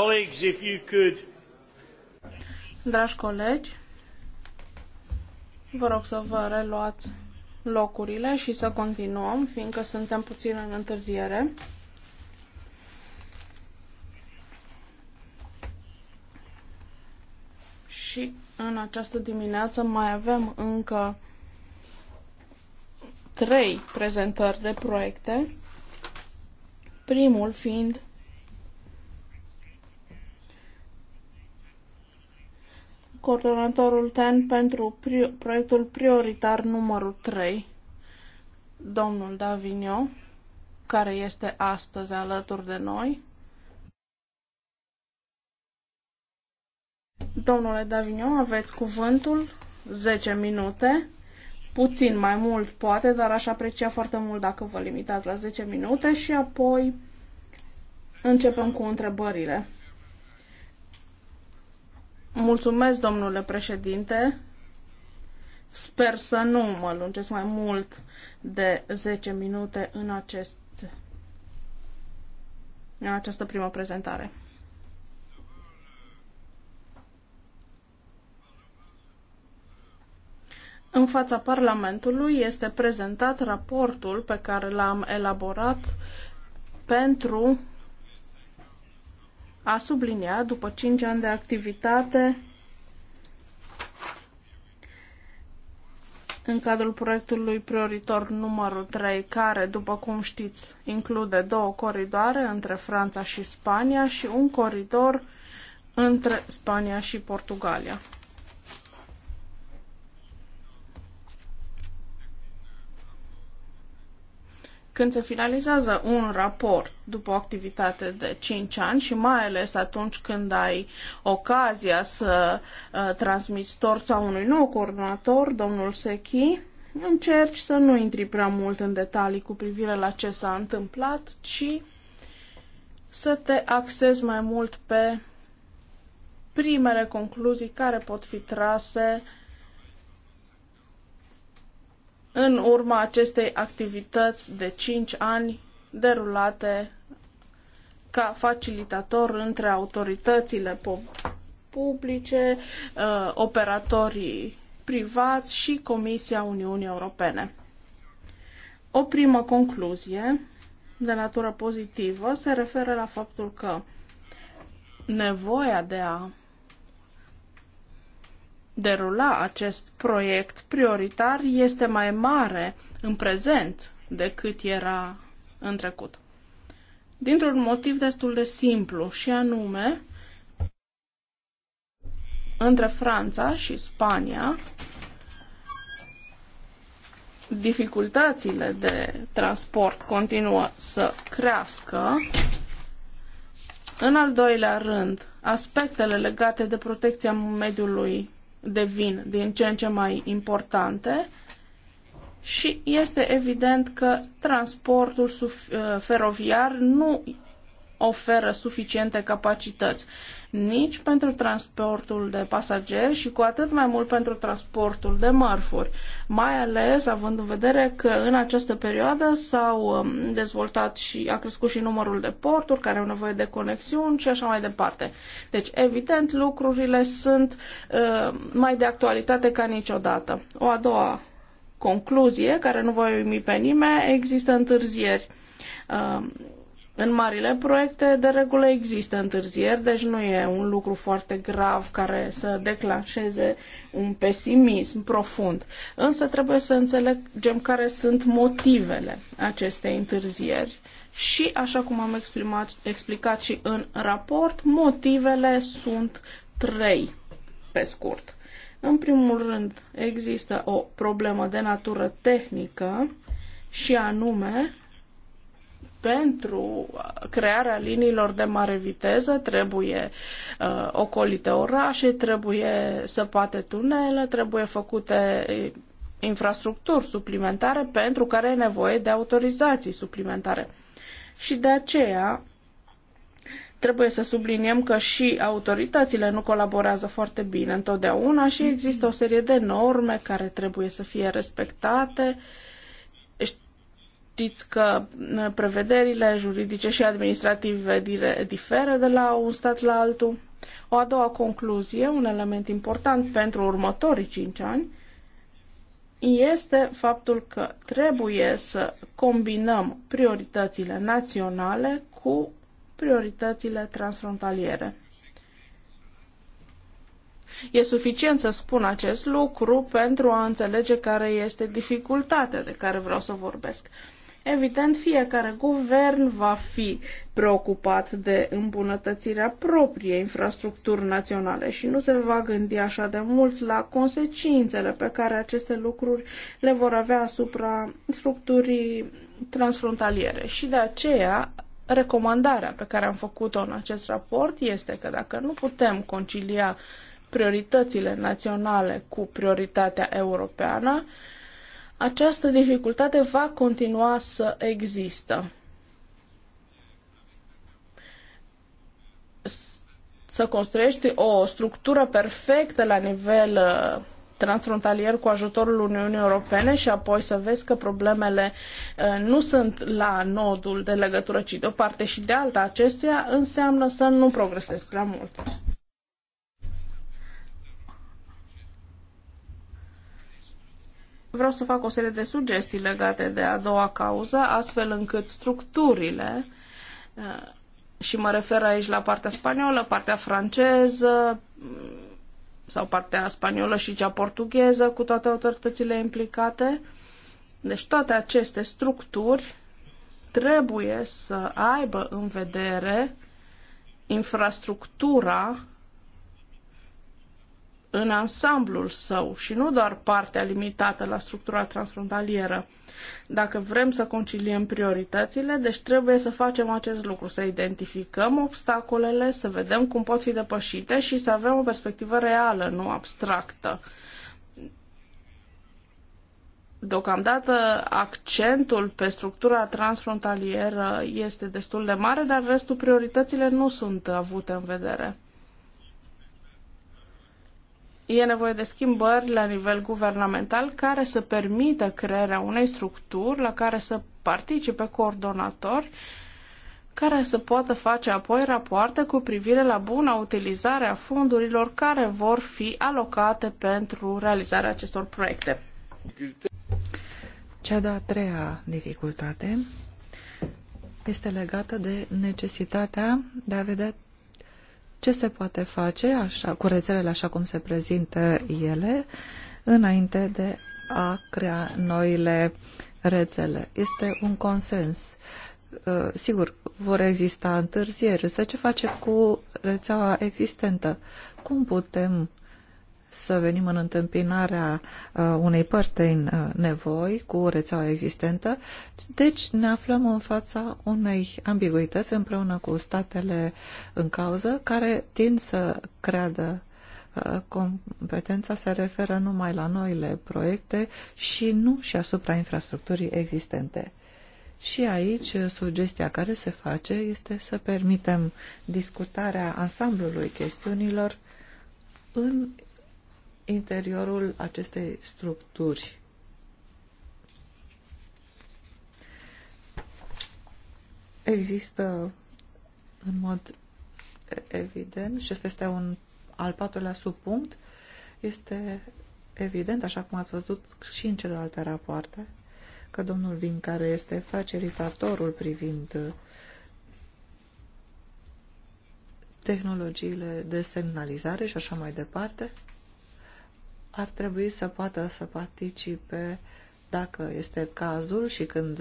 Colleagues, if you could... Dragi colegi, vă rog să vă reluați locurile și să continuăm, fiindcă suntem puțin în întârziere. Și în această dimineață mai avem încă trei prezentări de proiecte, primul fiind coordonatorul TEN pentru pri- proiectul prioritar numărul 3, domnul Davinio, care este astăzi alături de noi. Domnule Davinio, aveți cuvântul, 10 minute, puțin mai mult poate, dar aș aprecia foarte mult dacă vă limitați la 10 minute și apoi începem cu întrebările. Mulțumesc, domnule președinte. Sper să nu mă lungesc mai mult de 10 minute în, acest, în această primă prezentare. În fața Parlamentului este prezentat raportul pe care l-am elaborat pentru a subliniat, după 5 ani de activitate, în cadrul proiectului prioritor numărul 3, care, după cum știți, include două coridoare între Franța și Spania și un coridor între Spania și Portugalia. Când se finalizează un raport după o activitate de 5 ani și mai ales atunci când ai ocazia să uh, transmiți torța unui nou coordonator, domnul Sechi, încerci să nu intri prea mult în detalii cu privire la ce s-a întâmplat, ci să te axezi mai mult pe primele concluzii care pot fi trase uh, în urma acestei activități de 5 ani derulate ca facilitator între autoritățile publice, uh, operatorii privați și Comisia Uniunii Europene. O primă concluzie de natură pozitivă se referă la faptul că nevoia de a derula acest proiect prioritar este mai mare în prezent decât era în trecut. Dintr-un motiv destul de simplu, și anume, între Franța și Spania, dificultățile de transport continuă să crească. În al doilea rând, aspectele legate de protecția mediului devin din ce în ce mai importante și este evident că transportul uh, feroviar nu oferă suficiente capacități nici pentru transportul de pasageri și cu atât mai mult pentru transportul de mărfuri, mai ales având în vedere că în această perioadă s-au um, dezvoltat și a crescut și numărul de porturi care au nevoie de conexiuni și așa mai departe. Deci, evident, lucrurile sunt uh, mai de actualitate ca niciodată. O a doua concluzie, care nu voi uimi pe nimeni, există întârzieri. Uh, în marile proiecte, de regulă, există întârzieri, deci nu e un lucru foarte grav care să declanșeze un pesimism profund. Însă trebuie să înțelegem care sunt motivele acestei întârzieri și, așa cum am exprimat, explicat și în raport, motivele sunt trei, pe scurt. În primul rând, există o problemă de natură tehnică și anume pentru crearea liniilor de mare viteză trebuie uh, ocolite orașe, trebuie săpate tunele, trebuie făcute uh, infrastructuri suplimentare pentru care e nevoie de autorizații suplimentare. Și de aceea trebuie să subliniem că și autoritățile nu colaborează foarte bine întotdeauna și există o serie de norme care trebuie să fie respectate uh, Știți că prevederile juridice și administrative diferă de la un stat la altul. O a doua concluzie, un element important pentru următorii cinci ani, este faptul că trebuie să combinăm prioritățile naționale cu prioritățile transfrontaliere. E suficient să spun acest lucru pentru a înțelege care este dificultatea de care vreau să vorbesc. Evident, fiecare guvern va fi preocupat de îmbunătățirea propriei infrastructuri naționale și nu se va gândi așa de mult la consecințele pe care aceste lucruri le vor avea asupra structurii transfrontaliere. Și de aceea, recomandarea pe care am făcut-o în acest raport este că dacă nu putem concilia prioritățile naționale cu prioritatea europeană, această dificultate va continua să există. Să construiești o structură perfectă la nivel uh, transfrontalier cu ajutorul Uniunii Europene și apoi să vezi că problemele uh, nu sunt la nodul de legătură, ci de o parte și de alta acestuia, înseamnă să nu progresezi prea mult. vreau să fac o serie de sugestii legate de a doua cauză, astfel încât structurile, eh, și mă refer aici la partea spaniolă, partea franceză mm, sau partea spaniolă și cea portugheză, cu toate autoritățile implicate. Deci toate aceste structuri trebuie să aibă în vedere infrastructura în ansamblul său și nu doar partea limitată la structura transfrontalieră. Dacă vrem să conciliem prioritățile, deci trebuie să facem acest lucru, să identificăm obstacolele, să vedem cum pot fi depășite și să avem o perspectivă reală, nu abstractă. Deocamdată accentul pe structura transfrontalieră este destul de mare, dar restul priorităților nu sunt avute în vedere. E nevoie de schimbări la nivel guvernamental care să permită crearea unei structuri la care să participe coordonatori care să poată face apoi rapoarte cu privire la buna utilizare a fondurilor care vor fi alocate pentru realizarea acestor proiecte. Cea de-a treia dificultate este legată de necesitatea de a vedea ce se poate face așa, cu rețelele așa cum se prezintă ele înainte de a crea noile rețele. Este un consens. Uh, sigur, vor exista întârzieri, să ce face cu rețeaua existentă? Cum putem să venim în întâmpinarea uh, unei părți în uh, nevoi cu rețeaua existentă. Deci ne aflăm în fața unei ambiguități împreună cu statele în cauză care tind să creadă uh, competența se referă numai la noile proiecte și nu și asupra infrastructurii existente. Și aici sugestia care se face este să permitem discutarea ansamblului chestiunilor în interiorul acestei structuri. Există în mod evident și acesta este un al patrulea subpunct, este evident, așa cum ați văzut și în celelalte rapoarte, că domnul Vin, care este facilitatorul privind uh, tehnologiile de semnalizare și așa mai departe, ar trebui să poată să participe dacă este cazul și când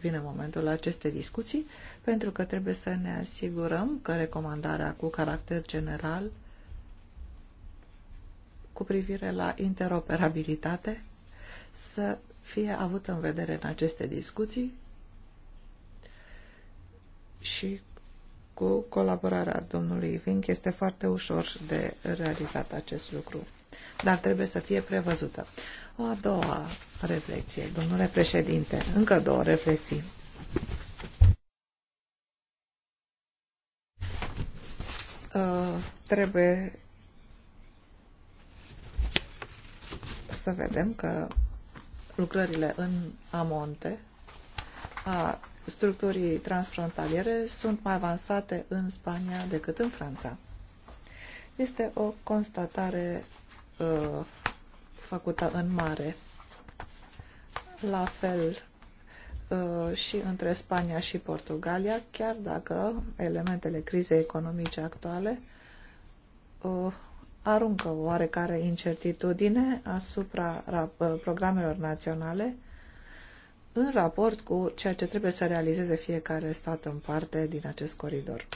vine momentul acestei discuții, pentru că trebuie să ne asigurăm că recomandarea cu caracter general cu privire la interoperabilitate să fie avută în vedere în aceste discuții și cu colaborarea domnului Vink este foarte ușor de realizat acest lucru dar trebuie să fie prevăzută. O a doua reflexie, domnule președinte, încă două reflexii. Uh, trebuie să vedem că lucrările în amonte a structurii transfrontaliere sunt mai avansate în Spania decât în Franța. Este o constatare uh, făcută în mare. La fel uh, și între Spania și Portugalia, chiar dacă elementele crizei economice actuale uh, aruncă aruncă oarecare incertitudine asupra uh, programelor naționale în raport cu ceea ce trebuie să realizeze fiecare stat în parte din acest coridor.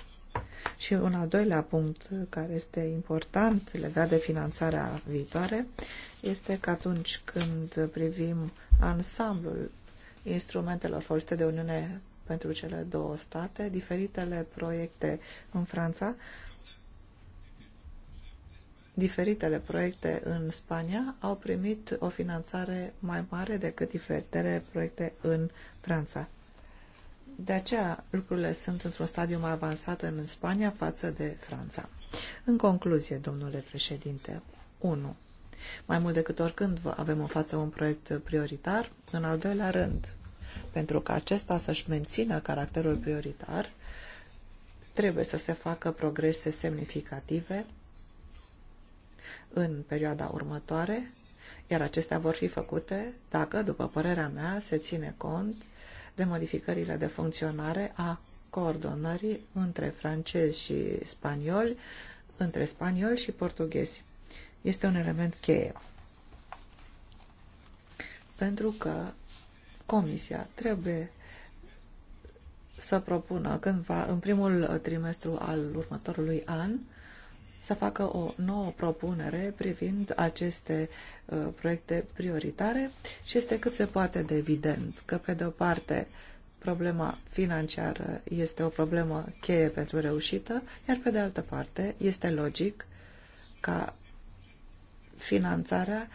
Și un al doilea punct care este important legat de finanțarea viitoare este că atunci când privim ansamblul instrumentelor folosite de Uniune pentru cele două state, diferitele proiecte în Franța, diferitele proiecte în Spania au primit o finanțare mai mare decât diferitele proiecte în Franța. De aceea lucrurile sunt într-un stadiu mai avansat în Spania față de Franța. În concluzie, domnule președinte, 1. Mai mult decât oricând avem în față un proiect prioritar, în al doilea rând, pentru ca acesta să-și mențină caracterul prioritar, trebuie să se facă progrese semnificative în perioada următoare, iar acestea vor fi făcute dacă, după părerea mea, se ține cont de modificările de funcționare a coordonării între francezi și spanioli, între spanioli și portughezi. Este un element cheie. Pentru că Comisia trebuie să propună cândva, în primul trimestru al următorului an, să facă o nouă propunere privind aceste uh, proiecte prioritare și este cât se poate de evident că, pe de o parte, problema financiară este o problemă cheie pentru reușită, iar pe de altă parte este logic ca finanțarea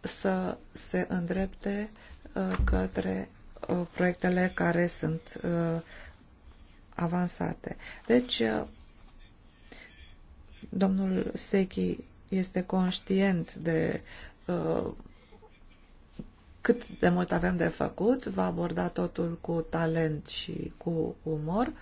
să se îndrepte uh, către uh, proiectele care sunt uh, avansate. Deci, uh, Domnul Sechi este conștient de uh, cât de mult avem de făcut, va aborda totul cu talent și cu umor.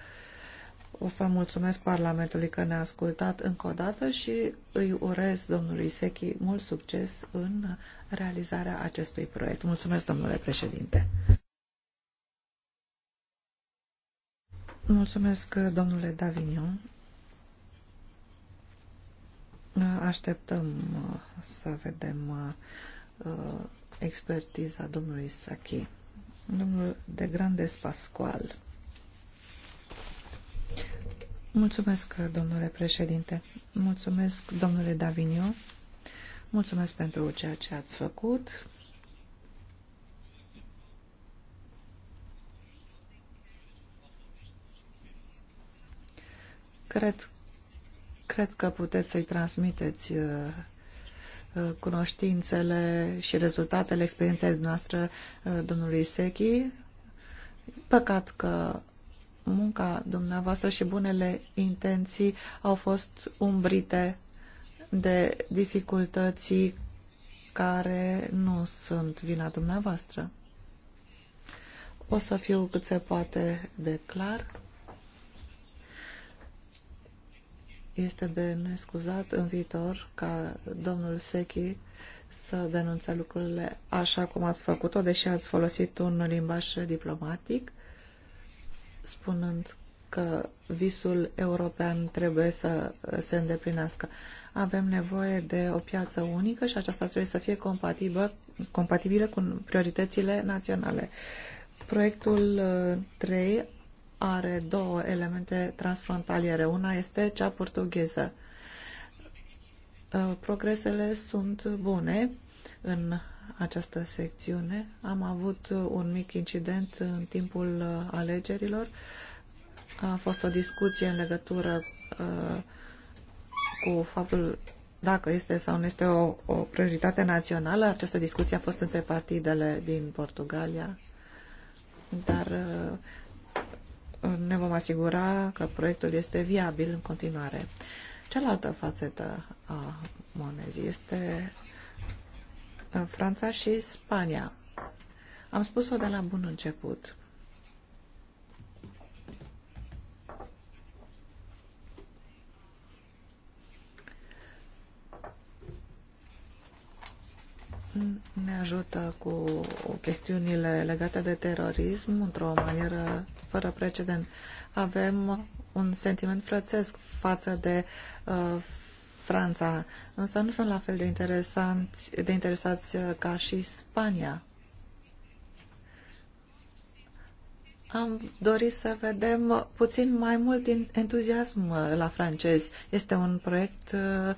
O să mulțumesc Parlamentului că ne-a ascultat încă o dată și îi urez domnului Sechi mult succes în realizarea acestui proiect. Mulțumesc, domnule președinte! Mulțumesc, domnule Davignon. Așteptăm uh, să vedem uh, uh, expertiza domnului Sachi. Domnul de Grandes Pascual. Mulțumesc, domnule președinte. Mulțumesc, domnule Davinio. Mulțumesc pentru ceea ce ați făcut. Cred Cred că puteți să-i transmiteți uh, uh, cunoștințele și rezultatele experienței noastre uh, domnului Sechi. Păcat că munca dumneavoastră și bunele intenții au fost umbrite de dificultății care nu sunt vina dumneavoastră. O să fiu cât se poate de clar. Este de nescuzat în viitor ca domnul Sechi să denunțe lucrurile așa cum ați făcut-o, deși ați folosit un limbaj diplomatic, spunând că visul european trebuie să se îndeplinească. Avem nevoie de o piață unică și aceasta trebuie să fie compatibilă, compatibilă cu prioritățile naționale. Proiectul 3 uh, are două elemente transfrontaliere. Una este cea portugheză. Uh, progresele sunt bune în această secțiune. Am avut un mic incident în timpul uh, alegerilor. A fost o discuție în legătură uh, cu faptul dacă este sau nu este o, o prioritate națională. Această discuție a fost între partidele din Portugalia, dar uh, ne vom asigura că proiectul este viabil în continuare. Cealaltă fațetă a monezii este uh, Franța și Spania. Am spus-o de la bun început. ne ajută cu chestiunile legate de terorism într-o manieră fără precedent. Avem un sentiment frățesc față de uh, Franța, însă nu sunt la fel de, interesanți, de interesați uh, ca și Spania. Am dorit să vedem puțin mai mult din entuziasm uh, la francezi. Este un proiect uh,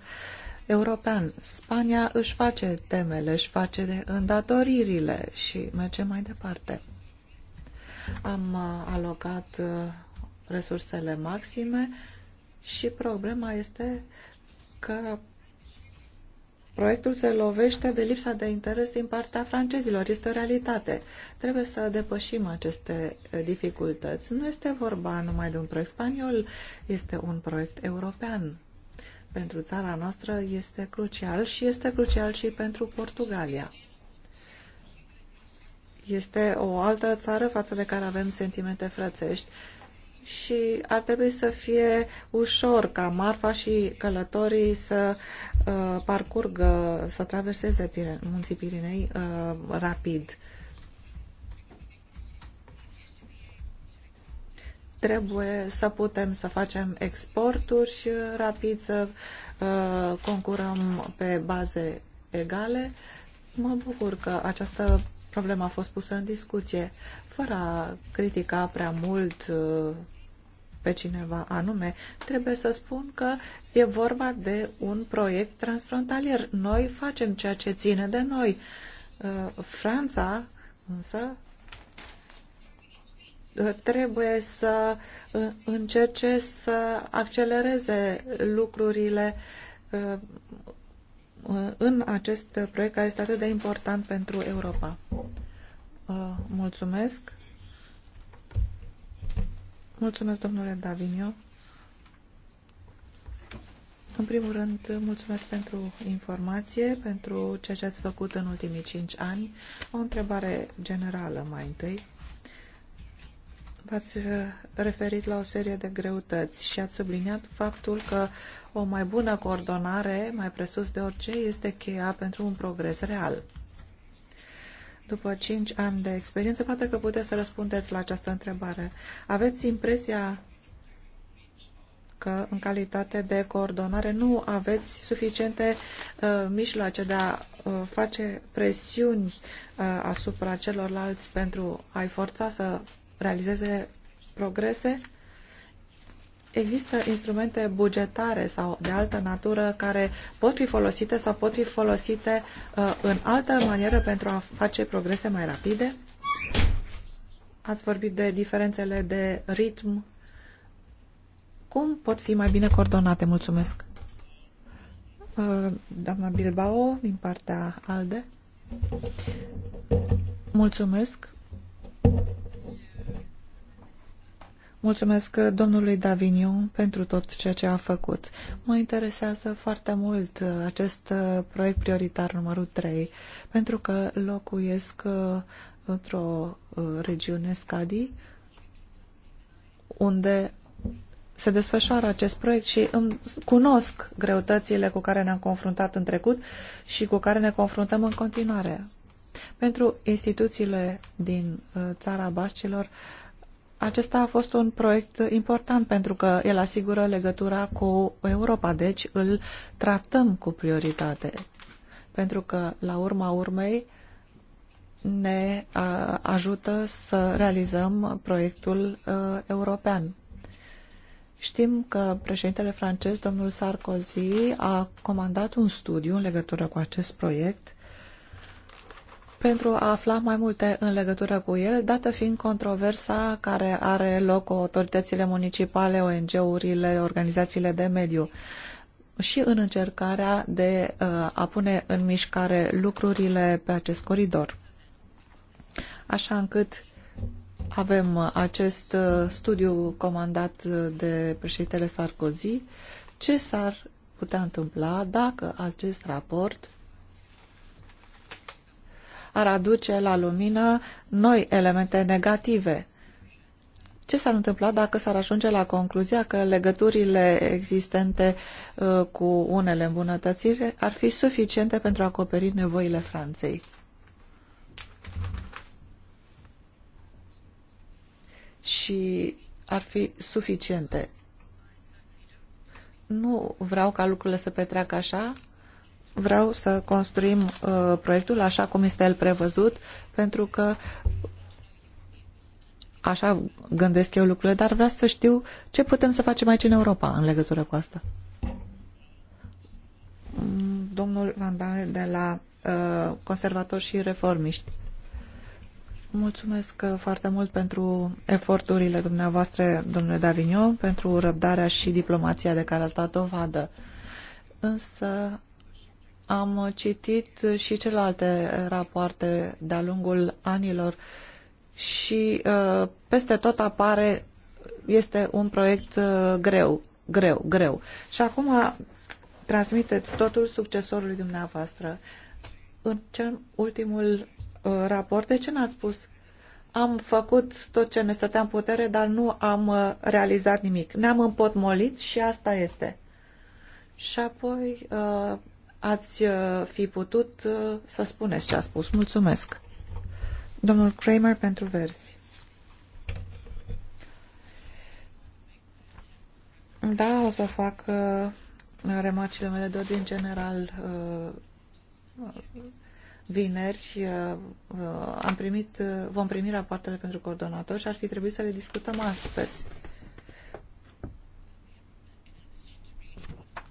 european. Spania își face temele, își face îndatoririle și merge mai departe. Am uh, alocat uh, resursele maxime și problema este că proiectul se lovește de lipsa de interes din partea francezilor. Este o realitate. Trebuie să depășim aceste uh, dificultăți. Nu este vorba numai de un proiect spaniol, este un proiect european pentru țara noastră este crucial și este crucial și pentru Portugalia. Este o altă țară față de care avem sentimente frățești și ar trebui să fie ușor ca marfa și călătorii să uh, parcurgă, să traverseze Pire, munții Pirinei uh, rapid. trebuie să putem să facem exporturi și rapid să uh, concurăm pe baze egale. Mă bucur că această problemă a fost pusă în discuție, fără a critica prea mult uh, pe cineva anume, trebuie să spun că e vorba de un proiect transfrontalier. Noi facem ceea ce ține de noi. Uh, Franța, însă, trebuie să uh, încerce să accelereze lucrurile uh, uh, în acest proiect care este atât de important pentru Europa. Mulțumesc. Mulțumesc, domnule Davinio! În primul rând, mulțumesc pentru informație, pentru ceea ce ați făcut în ultimii cinci ani. O întrebare generală mai întâi. V-ați uh, referit la o serie de greutăți și ați subliniat faptul că o mai bună coordonare, mai presus de orice, este cheia pentru un progres real. După cinci ani de experiență, poate că puteți să răspundeți la această întrebare. Aveți impresia că, în calitate de coordonare, nu aveți suficiente uh, mijloace de a uh, face presiuni uh, asupra celorlalți pentru a-i forța să realizeze progrese, există instrumente bugetare sau de altă natură care pot fi folosite sau pot fi folosite uh, în altă manieră pentru a face progrese mai rapide? Ați vorbit de diferențele de ritm. Cum pot fi mai bine coordonate? Mulțumesc. Uh, doamna Bilbao, din partea ALDE. Mulțumesc. Mulțumesc domnului Davignon pentru tot ceea ce a făcut. Mă interesează foarte mult uh, acest uh, proiect prioritar numărul 3, pentru că locuiesc uh, într-o regiune, Scadi, unde se desfășoară acest proiect și îmi cunosc greutățile cu care ne-am confruntat în trecut și cu care ne confruntăm în continuare. Pentru instituțiile din țara Bașcilor, uh, acesta a fost un proiect important pentru că el asigură legătura cu Europa, deci îl tratăm cu prioritate. Pentru că, la urma urmei, ne ajută să realizăm proiectul ă, european. Știm că președintele francez, domnul Sarkozy, a comandat un studiu în legătură cu acest proiect pentru a afla mai multe în legătură cu el, dată fiind controversa care are loc cu autoritățile municipale, ONG-urile, organizațiile de mediu și în încercarea de uh, a pune în mișcare lucrurile pe acest coridor. Așa încât avem acest uh, studiu comandat de președintele Sarkozy, ce s-ar putea întâmpla dacă acest raport ar aduce la lumină noi elemente negative. Ce s-ar întâmpla dacă s-ar ajunge la concluzia că legăturile existente uh, cu unele îmbunătățiri ar fi suficiente pentru a acoperi nevoile Franței? Și ar fi suficiente. Nu vreau ca lucrurile să petreacă așa, vreau să construim uh, proiectul așa cum este el prevăzut, pentru că așa gândesc eu lucrurile, dar vreau să știu ce putem să facem aici în Europa în legătură cu asta. Mm, domnul Vandale de la uh, Conservatori și Reformiști. Mulțumesc uh, foarte mult pentru eforturile dumneavoastră, domnule Davignon, pentru răbdarea și diplomația de care ați dat dovadă. Însă am citit și celelalte rapoarte de-a lungul anilor și uh, peste tot apare este un proiect uh, greu, greu, greu. Și acum transmiteți totul succesorului dumneavoastră. În cel ultimul uh, raport, de ce n-ați spus? Am făcut tot ce ne stătea în putere, dar nu am realizat nimic. Ne-am împotmolit și asta este. Și apoi uh, ați uh, fi putut uh, să spuneți ce a spus. Mulțumesc. Domnul Kramer pentru verzi. Da, o să fac uh, remarcile mele de ordin general uh, vineri uh, am primit, vom primi rapoartele pentru coordonator și ar fi trebuit să le discutăm astăzi.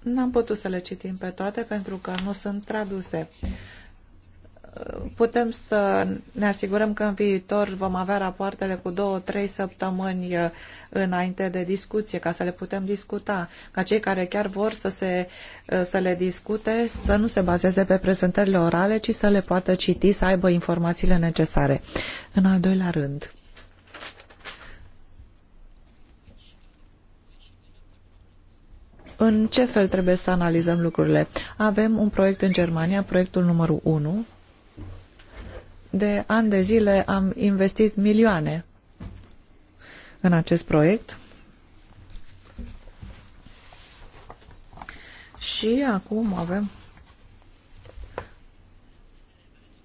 N-am putut să le citim pe toate pentru că nu sunt traduse. Putem să ne asigurăm că în viitor vom avea rapoartele cu două, trei săptămâni uh, înainte de discuție, ca să le putem discuta, ca cei care chiar vor să, se, uh, să le discute să nu se bazeze pe prezentările orale, ci să le poată citi, să aibă informațiile necesare. În al doilea rând, În ce fel trebuie să analizăm lucrurile? Avem un proiect în Germania, proiectul numărul 1. De ani de zile am investit milioane în acest proiect. Și acum avem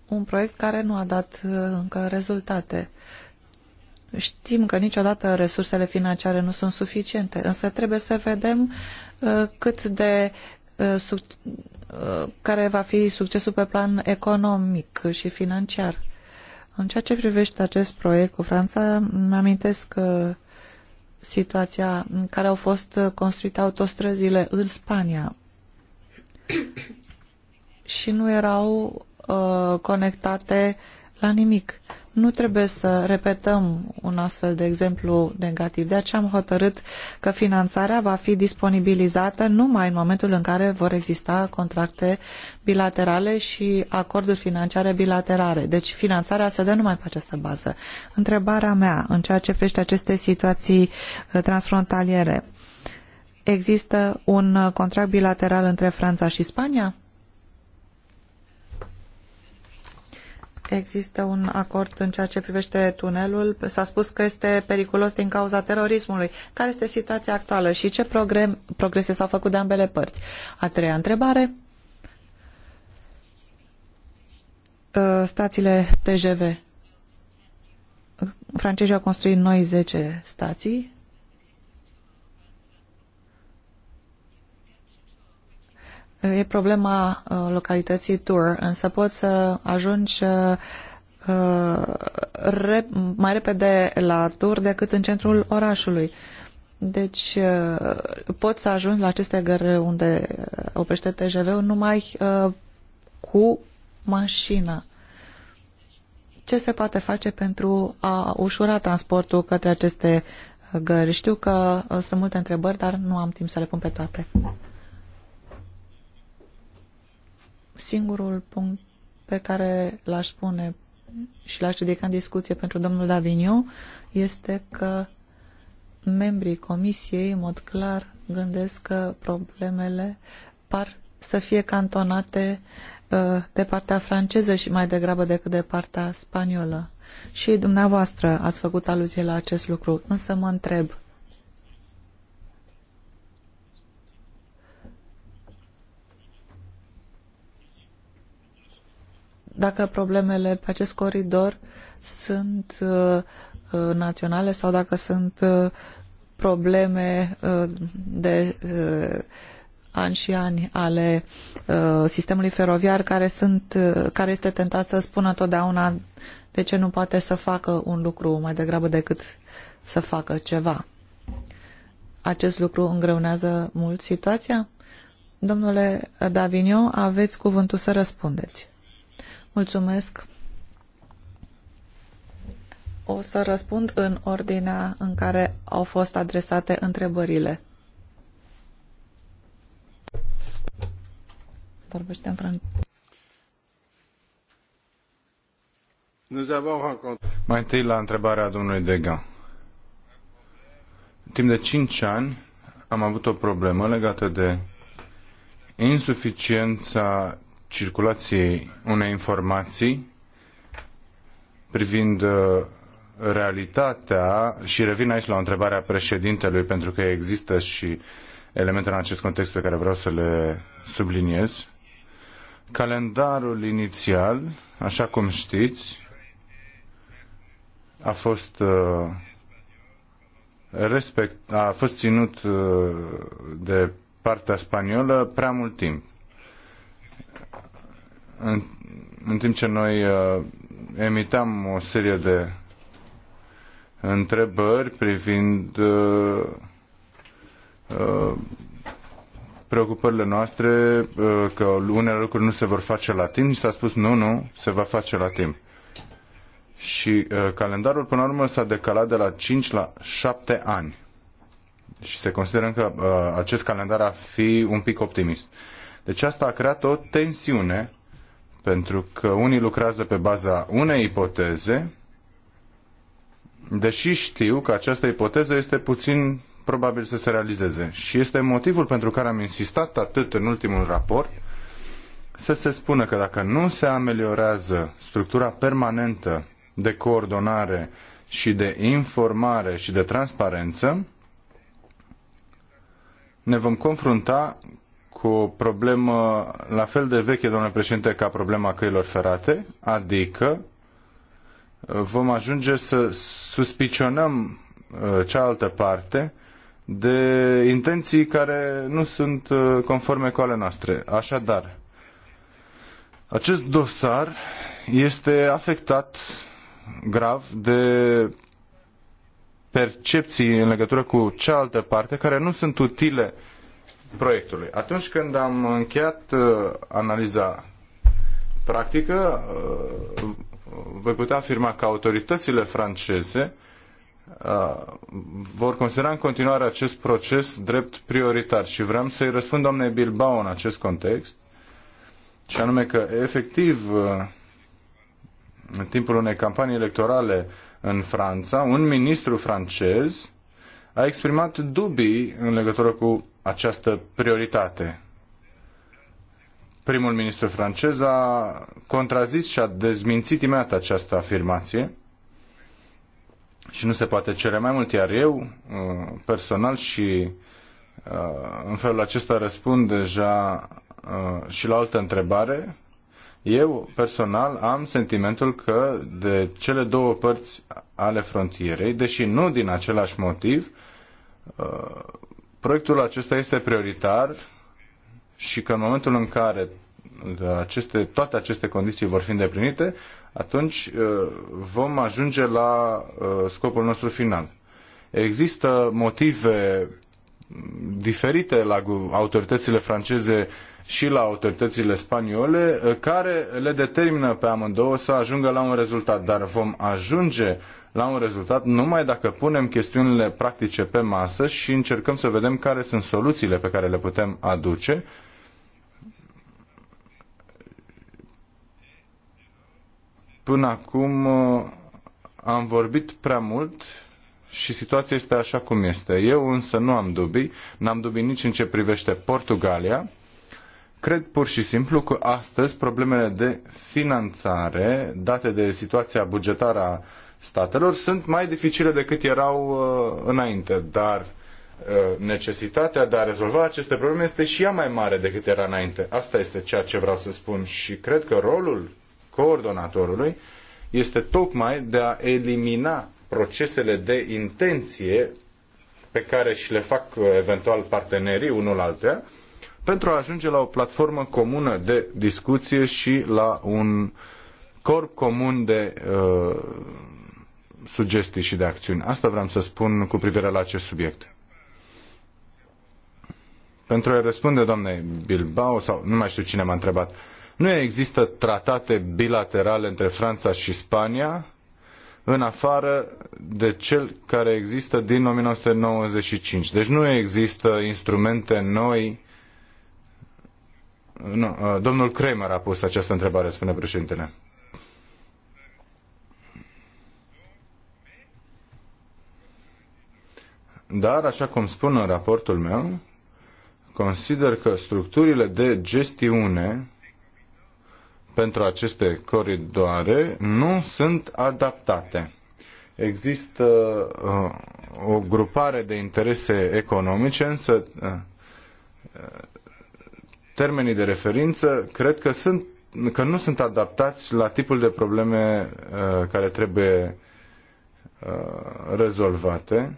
un proiect care nu a dat uh, încă rezultate. Știm că niciodată resursele financiare nu sunt suficiente, însă trebuie să vedem Uh, cât de uh, uh, care va fi succesul pe plan economic și financiar. În ceea ce privește acest proiect cu Franța, îmi amintesc că situația în care au fost construite autostrăzile în Spania și nu erau uh, conectate la nimic. Nu trebuie să repetăm un astfel de exemplu negativ. De aceea am hotărât că finanțarea va fi disponibilizată numai în momentul în care vor exista contracte bilaterale și acorduri financiare bilaterale. Deci finanțarea se dă numai pe această bază. Întrebarea mea în ceea ce privește aceste situații uh, transfrontaliere. Există un uh, contract bilateral între Franța și Spania? există un acord în ceea ce privește tunelul. S-a spus că este periculos din cauza terorismului. Care este situația actuală și ce progrese s-au făcut de ambele părți? A treia întrebare. Uh, stațiile TGV. Francezii au construit noi zece stații e problema uh, localității Tour, însă poți să ajungi uh, uh, mai repede la Tour decât în centrul orașului. Deci poți să ajungi la aceste gări unde oprește TGV-ul numai cu mașina. Ce se poate face pentru a ușura transportul către aceste gări? Știu că sunt multe întrebări, dar nu am timp să le pun pe toate. Singurul punct pe care l-aș spune și l-aș ridica în discuție pentru domnul Davignon este că membrii comisiei, în mod clar, gândesc că problemele par să fie cantonate uh, de partea franceză și mai degrabă decât de partea spaniolă. Și dumneavoastră ați făcut aluzie la acest lucru, însă mă întreb, dacă problemele pe acest coridor sunt uh, uh, naționale sau dacă sunt uh, probleme de ani și ani ale sistemului feroviar care, sunt, care este tentat să spună totdeauna de ce nu poate să facă un lucru mai degrabă decât să facă ceva. Acest lucru îngreunează mult situația? Domnule Davignon, aveți cuvântul să răspundeți. Mulțumesc. O să răspund în ordinea în care au fost adresate întrebările. Vorbește în franceză. Mai întâi la întrebarea domnului În Timp de cinci ani am avut o problemă legată de insuficiența circulației unei informații privind uh, realitatea și revin aici la întrebarea președintelui pentru că există și elemente în acest context pe care vreau să le subliniez. Calendarul inițial, așa cum știți, a fost uh, respect, a fost ținut uh, de partea spaniolă prea mult timp în, în timp ce noi uh, emitam o serie de întrebări privind uh, uh, preocupările noastre uh, că unele lucruri nu se vor face la timp s-a spus nu, nu, se va face la timp. Și uh, calendarul până la urmă s-a decalat de la 5 la 7 ani. Și se consideră că uh, acest calendar a fi un pic optimist. Deci asta a creat o tensiune pentru că unii lucrează pe baza unei ipoteze, deși știu că această ipoteză este puțin probabil să se realizeze. Și este motivul pentru care am insistat atât în ultimul raport să se spună că dacă nu se ameliorează structura permanentă de coordonare și de informare și de transparență, ne vom confrunta cu o problemă la fel de veche, domnule președinte, ca problema căilor ferate, adică uh, vom ajunge să suspicionăm uh, cealaltă parte de intenții care nu sunt uh, conforme cu ale noastre. Așadar, acest dosar este afectat grav de percepții în legătură cu cealaltă parte care nu sunt utile uh, proiectului. Atunci când am încheiat uh, analiza practică, uh, voi putea afirma că autoritățile franceze uh, vor considera în continuare acest proces drept prioritar și vreau să-i răspund doamnei Bilbao în acest context și anume că efectiv în timpul unei campanii electorale în Franța, un ministru francez a exprimat dubii în legătură cu această prioritate. Primul ministru francez a contrazis și a dezmințit imediat această afirmație și nu se poate cere mai mult, iar eu uh, personal și uh, în felul acesta răspund deja uh, și la altă întrebare. Eu personal am sentimentul că de cele două părți ale frontierei, deși nu din același motiv, proiectul acesta este prioritar și că în momentul în care uh, aceste, toate aceste condiții vor fi îndeplinite, atunci uh, vom ajunge la uh, scopul nostru final. Există motive diferite la autoritățile franceze și la autoritățile spaniole care le determină pe amândouă să ajungă la un rezultat, dar vom ajunge la un rezultat numai dacă punem chestiunile practice pe masă și încercăm să vedem care sunt soluțiile pe care le putem aduce până acum uh, am vorbit prea mult și situația este așa cum este. Eu însă nu am dubii, n-am dubii nici în ce privește Portugalia. Cred pur și simplu că astăzi problemele de finanțare date de situația bugetară a statelor sunt mai dificile decât erau uh, înainte, dar uh, necesitatea de a rezolva aceste probleme este și ea mai mare decât era înainte. Asta este ceea ce vreau să spun și cred că rolul coordonatorului este tocmai de a elimina procesele de intenție pe care și le fac uh, eventual partenerii unul altuia pentru a ajunge la o platformă comună de discuție și la un corp comun de uh, sugestii și de acțiuni. Asta vreau să spun cu privire la acest subiect. Pentru a răspunde doamne Bilbao, sau nu mai știu cine m-a întrebat, nu există tratate bilaterale între Franța și Spania în afară de cel care există din 1995. Deci nu există instrumente noi. Nu, domnul Kramer a pus această întrebare, spune președintele. Dar, așa cum spun în raportul meu, consider că structurile de gestiune pentru aceste coridoare nu sunt adaptate. Există uh, o grupare de interese economice, însă uh, termenii de referință cred că, sunt, că nu sunt adaptați la tipul de probleme uh, care trebuie uh, rezolvate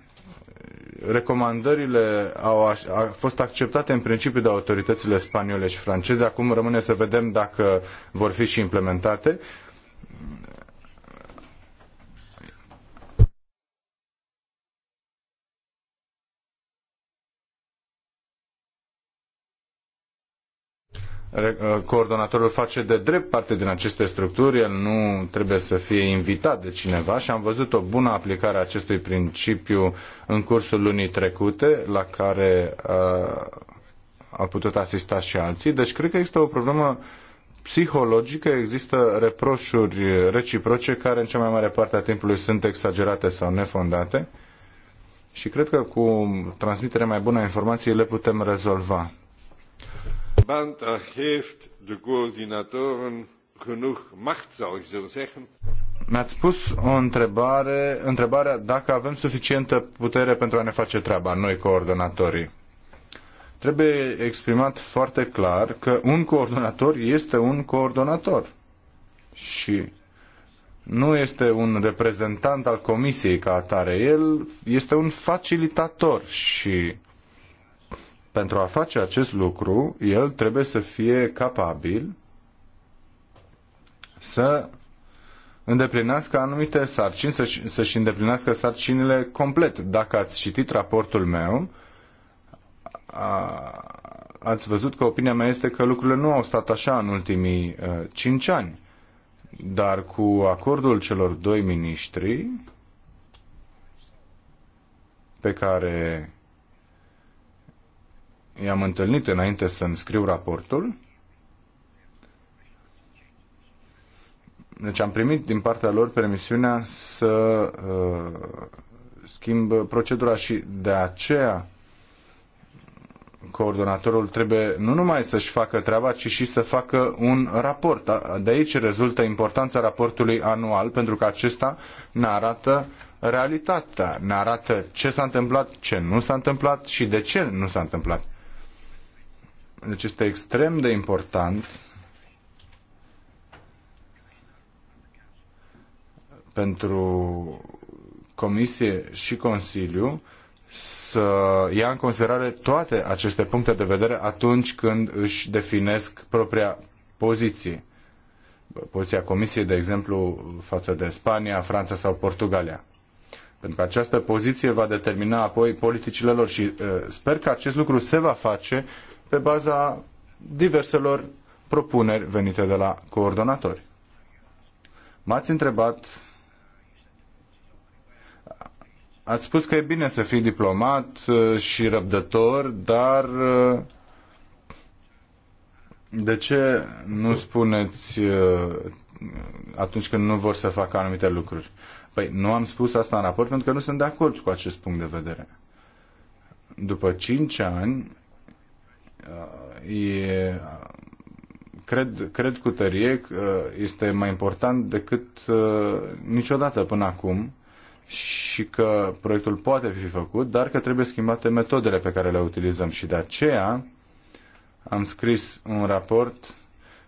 recomandările au a fost acceptate în principiu de autoritățile spaniole și franceze. Acum rămâne să vedem dacă vor fi și implementate. Uh, coordonatorul face de drept parte din aceste structuri, el nu trebuie să fie invitat de cineva și am văzut o bună aplicare a acestui principiu în cursul lunii trecute, la care uh, au putut asista și alții. Deci cred că există o problemă psihologică, există reproșuri reciproce care în cea mai mare parte a timpului sunt exagerate sau nefondate și cred că cu transmiterea mai bună a informației le putem rezolva want er heeft de coördinatoren genoeg macht, zou ik zo zeggen. Mi-ați pus o întrebare, întrebarea dacă avem suficientă putere pentru a ne face treaba, noi coordonatorii. Trebuie exprimat foarte clar că un coordonator este un coordonator și nu este un reprezentant al comisiei ca atare, el este un facilitator și pentru a face acest lucru, el trebuie să fie capabil să îndeplinească anumite sarcini, să-și, să îndeplinească sarcinile complet. Dacă ați citit raportul meu, ați văzut că opinia mea este că lucrurile nu au stat așa în ultimii uh, cinci ani. Dar cu acordul celor doi miniștri pe care i-am întâlnit înainte să-mi scriu raportul. Deci am primit din partea lor permisiunea să uh, schimb procedura și de aceea coordonatorul trebuie nu numai să-și facă treaba, ci și să facă un raport. De aici rezultă importanța raportului anual, pentru că acesta ne arată realitatea, ne arată ce s-a întâmplat, ce nu s-a întâmplat și de ce nu s-a întâmplat. Deci este extrem de important pentru Comisie și Consiliu să ia în considerare toate aceste puncte de vedere atunci când își definesc propria poziție. Poziția Comisiei, de exemplu, față de Spania, Franța sau Portugalia. Pentru că această poziție va determina apoi politicile lor și uh, sper că acest lucru se va face pe baza diverselor propuneri venite de la coordonatori. M-ați întrebat, ați spus că e bine să fii diplomat uh, și răbdător, dar uh, de ce nu spuneți uh, atunci când nu vor să facă anumite lucruri? Păi nu am spus asta în raport pentru că nu sunt de acord cu acest punct de vedere. După 5 ani, e, cred, cred cu tărie că este mai important decât uh, niciodată până acum și că proiectul poate fi făcut, dar că trebuie schimbate metodele pe care le utilizăm și de aceea am scris un raport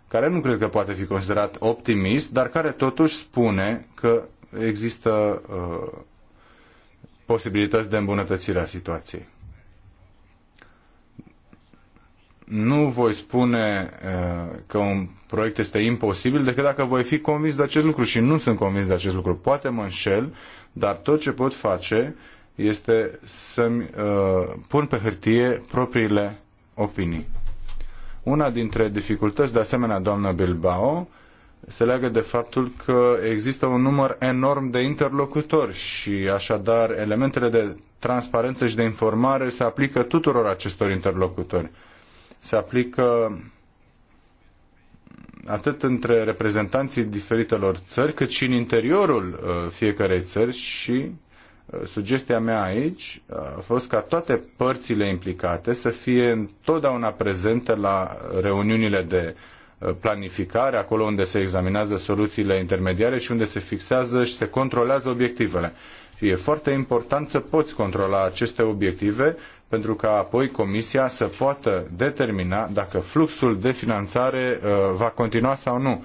care nu cred că poate fi considerat optimist, dar care totuși spune că există uh, posibilități de îmbunătățire a situației. nu voi spune uh, că un proiect este imposibil decât dacă voi fi convins de acest lucru și nu sunt convins de acest lucru. Poate mă înșel, dar tot ce pot face este să-mi uh, pun pe hârtie propriile opinii. Una dintre dificultăți, de asemenea, doamnă Bilbao, se leagă de faptul că există un număr enorm de interlocutori și așadar elementele de transparență și de informare se aplică tuturor acestor interlocutori se aplică atât între reprezentanții diferitelor țări, cât și în interiorul uh, fiecarei țări și uh, sugestia mea aici uh, a fost ca toate părțile implicate să fie întotdeauna prezente la reuniunile de planificare, acolo unde se examinează soluțiile intermediare și unde se fixează și se controlează obiectivele. E foarte important să poți controla aceste obiective pentru ca apoi Comisia să poată determina dacă fluxul de finanțare uh, va continua sau nu.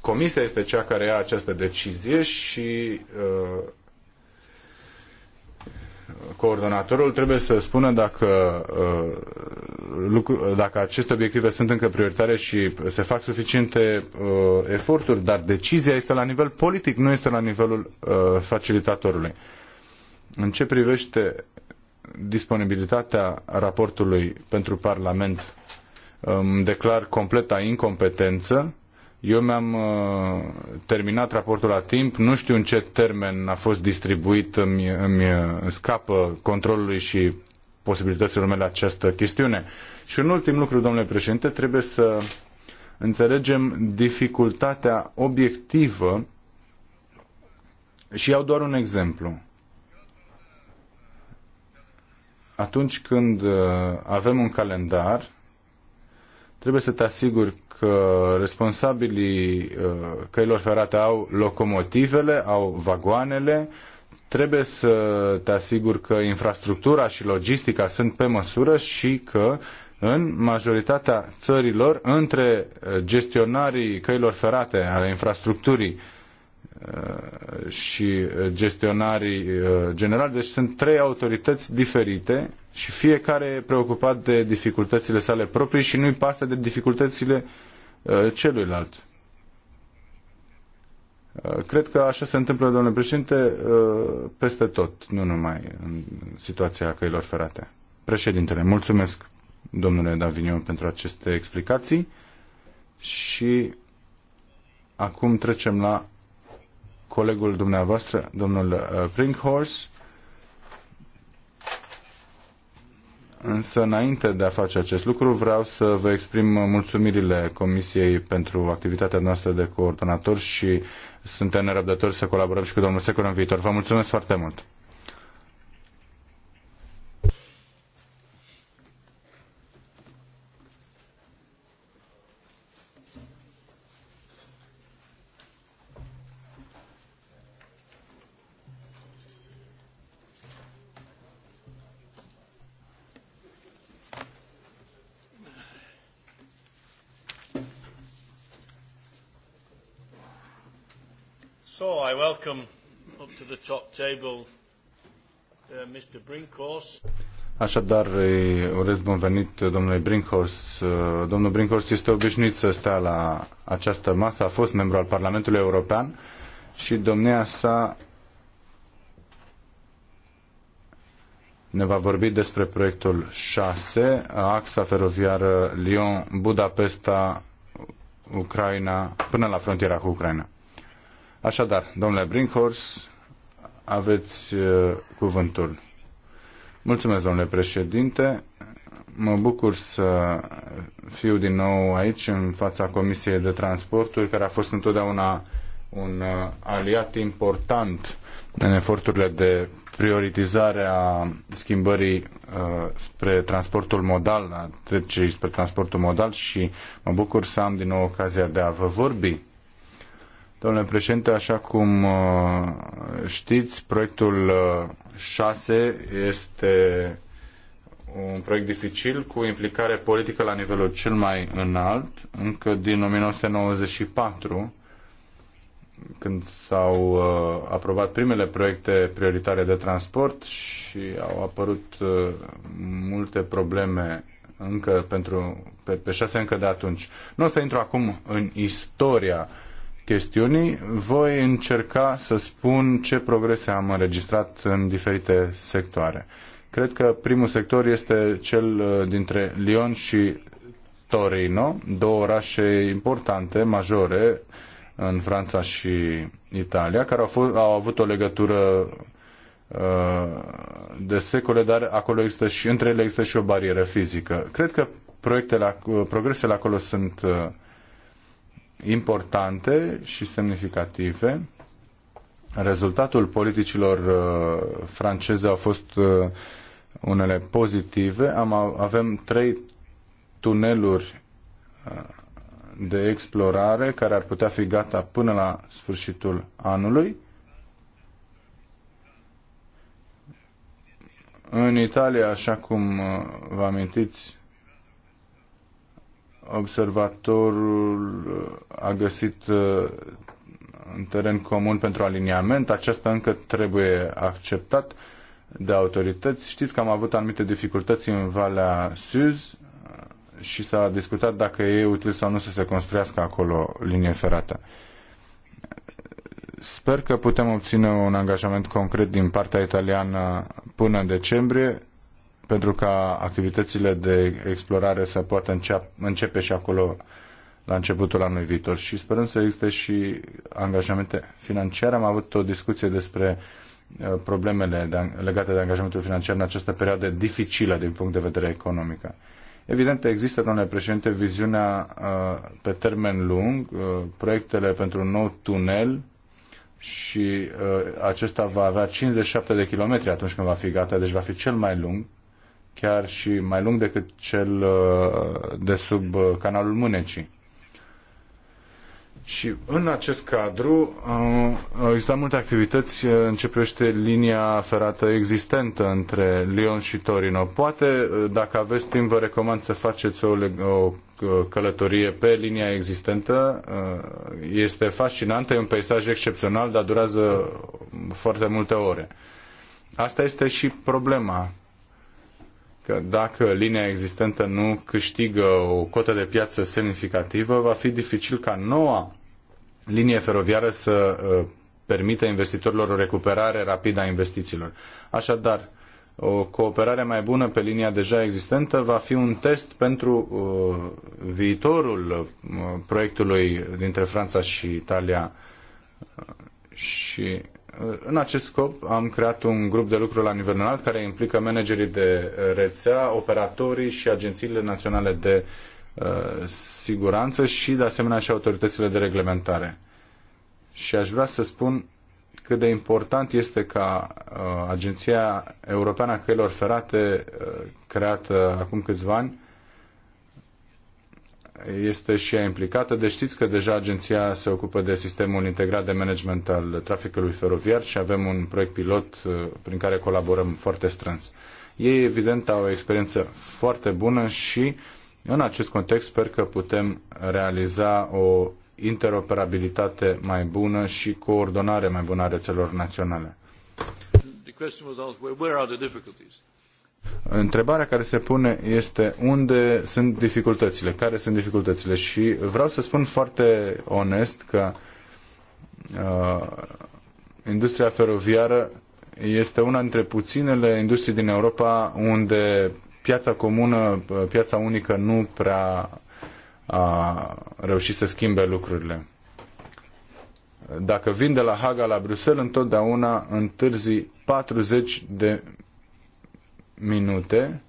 Comisia este cea care ia această decizie și uh, coordonatorul trebuie să spună dacă, uh, dacă aceste obiective sunt încă prioritare și se fac suficiente eforturi, dar decizia este la nivel politic, nu este la nivelul facilitatorului. În ce privește disponibilitatea raportului pentru Parlament îmi declar completa incompetență. Eu mi-am uh, terminat raportul la timp, nu știu în ce termen a fost distribuit, îmi, îmi scapă controlului și posibilităților mele această chestiune. Și un ultim lucru, domnule președinte, trebuie să înțelegem dificultatea obiectivă și iau doar un exemplu. atunci când uh, avem un calendar, trebuie să te asiguri că responsabilii uh, căilor ferate au locomotivele, au vagoanele, trebuie să te asiguri că infrastructura și logistica sunt pe măsură și că în majoritatea țărilor, între uh, gestionarii căilor ferate ale infrastructurii Uh, și uh, gestionarii uh, generali. Deci sunt trei autorități diferite și fiecare e preocupat de dificultățile sale proprii și nu-i pasă de dificultățile celuilalt. Cred că așa se întâmplă, domnule președinte, peste tot, nu numai în situația căilor ferate. Președintele, mulțumesc, domnule Davignon, pentru aceste explicații și acum trecem la colegul dumneavoastră, domnul Brinkhorst, uh, Însă, înainte de a face acest lucru, vreau să vă exprim mulțumirile Comisiei pentru activitatea noastră de coordonator și suntem nerăbdători să colaborăm și cu domnul Secur în viitor. Vă mulțumesc foarte mult! I welcome up to the top table uh, Mr. Brinkhorst. Așadar, urez bun venit domnului Brinkhorst. Uh, domnul Brinkhorst este obișnuit să stea la această masă, a fost membru al Parlamentului European și domnia sa ne va vorbi despre proiectul 6, axa feroviară Lyon-Budapesta, Ucraina, până la frontiera cu Ucraina. Așadar, domnule Brinkhorst, aveți uh, cuvântul. Mulțumesc, domnule președinte. Mă bucur să fiu din nou aici, în fața Comisiei de Transporturi, care a fost întotdeauna un uh, aliat important în eforturile de prioritizare a schimbării uh, spre transportul modal, a trecerii spre transportul modal și mă bucur să am din nou ocazia de a vă vorbi Domnule președinte, așa cum uh, știți, proiectul 6 uh, este un proiect dificil cu implicare politică la nivelul cel mai înalt, încă din 1994, când s-au uh, aprobat primele proiecte prioritare de transport și au apărut multe probleme încă pentru, pe, pe șase încă de atunci. Nu o să intru acum în istoria chestiunii, voi încerca să spun ce progrese am înregistrat în diferite sectoare. Cred că primul sector este cel uh, dintre Lyon și Torino, două orașe importante, majore, în Franța și Italia, care au, fost, au avut o legătură uh, de secole, dar acolo există și, între ele există și o barieră fizică. Cred că proiectele, uh, progresele acolo sunt uh, importante și semnificative. Rezultatul politicilor uh, franceze a fost uh, unele pozitive. Am, avem trei tuneluri uh, de explorare care ar putea fi gata până la sfârșitul anului. În Italia, așa cum vă amintiți, observatorul uh, a găsit uh, un teren comun pentru aliniament. Aceasta încă trebuie acceptat de autorități. Știți că am avut anumite dificultăți în Valea Suz uh, și s-a discutat dacă e util sau nu să se construiască acolo linie ferată. Sper că putem obține un angajament concret din partea italiană până în decembrie pentru ca activitățile de explorare să poată începe și acolo la începutul anului viitor și sperăm să existe și angajamente financiare. Am avut o discuție despre uh, problemele de, legate de angajamentul financiar în această perioadă dificilă din punct de vedere economic. Evident, există, domnule președinte, viziunea uh, pe termen lung, uh, proiectele pentru un nou tunel și acesta va avea 57 de kilometri atunci când va fi gata, deci va fi cel mai lung chiar și mai lung decât cel uh, de sub uh, canalul mânecii. Și în acest cadru au uh, existat multe activități în ce privește linia ferată existentă între Lyon și Torino. Poate, dacă aveți timp, vă recomand să faceți o, o călătorie pe linia existentă. Este fascinantă, e un peisaj excepțional, dar durează foarte multe ore. Asta este și problema că dacă linia existentă nu câștigă o cotă de piață semnificativă, va fi dificil ca noua linie feroviară să uh, permită investitorilor o recuperare rapidă a investițiilor. Așadar, o cooperare mai bună pe linia deja existentă va fi un test pentru uh, viitorul uh, proiectului dintre Franța și Italia uh, și în acest scop am creat un grup de lucru la nivel înalt care implică managerii de rețea, operatorii și agențiile naționale de uh, siguranță și de asemenea și autoritățile de reglementare. Și aș vrea să spun cât de important este ca uh, Agenția Europeană a Căilor Ferate, uh, creată acum câțiva ani, este și ea implicată, deci știți că deja agenția se ocupă de sistemul integrat de management al traficului feroviar și avem un proiect pilot uh, prin care colaborăm foarte strâns. Ei, evident, au o experiență foarte bună și, în acest context, sper că putem realiza o interoperabilitate mai bună și coordonare mai bună a rețelor naționale. The question was asked, where are the difficulties? Întrebarea care se pune este unde sunt dificultățile, care sunt dificultățile și vreau să spun foarte onest că uh, industria feroviară este una dintre puținele industrii din Europa unde piața comună, uh, piața unică nu prea a reușit să schimbe lucrurile. Dacă vin de la Haga la Bruxelles, întotdeauna întârzi 40 de minute,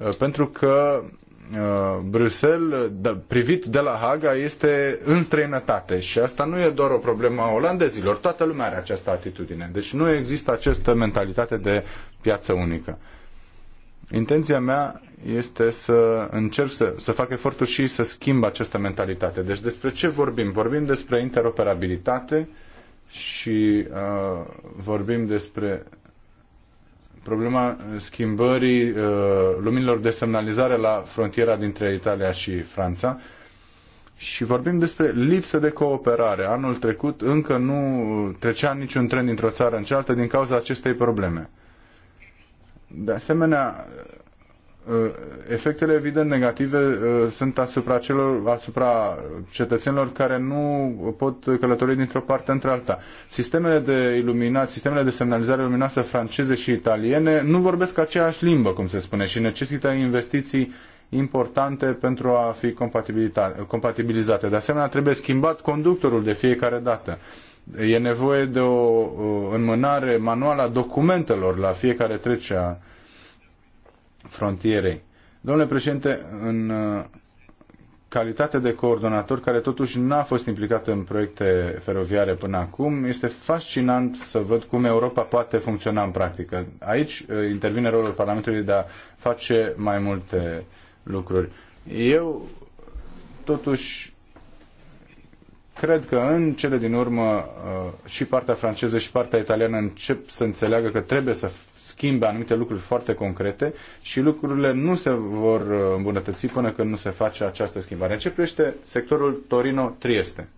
uh, pentru că uh, Bruxelles, da, privit de la Haga, este în străinătate și asta nu e doar o problemă a olandezilor, toată lumea are această atitudine. Deci nu există această mentalitate de piață unică. Intenția mea este să încerc să, să fac eforturi și să schimb această mentalitate. Deci despre ce vorbim? Vorbim despre interoperabilitate și uh, vorbim despre problema uh, schimbării uh, luminilor de semnalizare la frontiera dintre Italia și Franța și vorbim despre lipsă de cooperare. Anul trecut încă nu trecea niciun tren dintr-o țară în cealaltă din cauza acestei probleme. De asemenea, Uh, efectele evident negative uh, sunt asupra, celor, asupra cetățenilor care nu pot călători dintr-o parte între alta. Sistemele de iluminat, sistemele de semnalizare luminoasă franceze și italiene nu vorbesc aceeași limbă, cum se spune, și necesită investiții importante pentru a fi compatibilizate. De asemenea, trebuie schimbat conductorul de fiecare dată. E nevoie de o înmânare manuală a documentelor la fiecare trecere frontierei. Domnule președinte, în uh, calitate de coordonator care totuși n-a fost implicat în proiecte feroviare până acum, este fascinant să văd cum Europa poate funcționa în practică. Aici uh, intervine rolul Parlamentului de a face mai multe lucruri. Eu totuși cred că în cele din urmă uh, și partea franceză și partea italiană încep să înțeleagă că trebuie să schimbe anumite lucruri foarte concrete și lucrurile nu se vor uh, îmbunătăți până când nu se face această schimbare. În ce privește sectorul Torino-Trieste?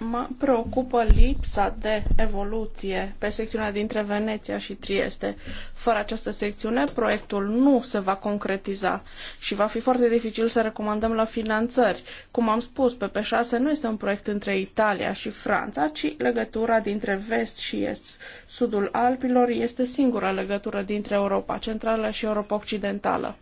Mă preocupă lipsa de evoluție pe secțiunea dintre Veneția și Trieste. Fără această secțiune, proiectul nu se va concretiza și va fi foarte dificil să recomandăm la finanțări. Cum am spus, PP6 nu este un proiect între Italia și Franța, ci legătura dintre vest și est. Sudul Alpilor este singura legătură dintre Europa Centrală și Europa Occidentală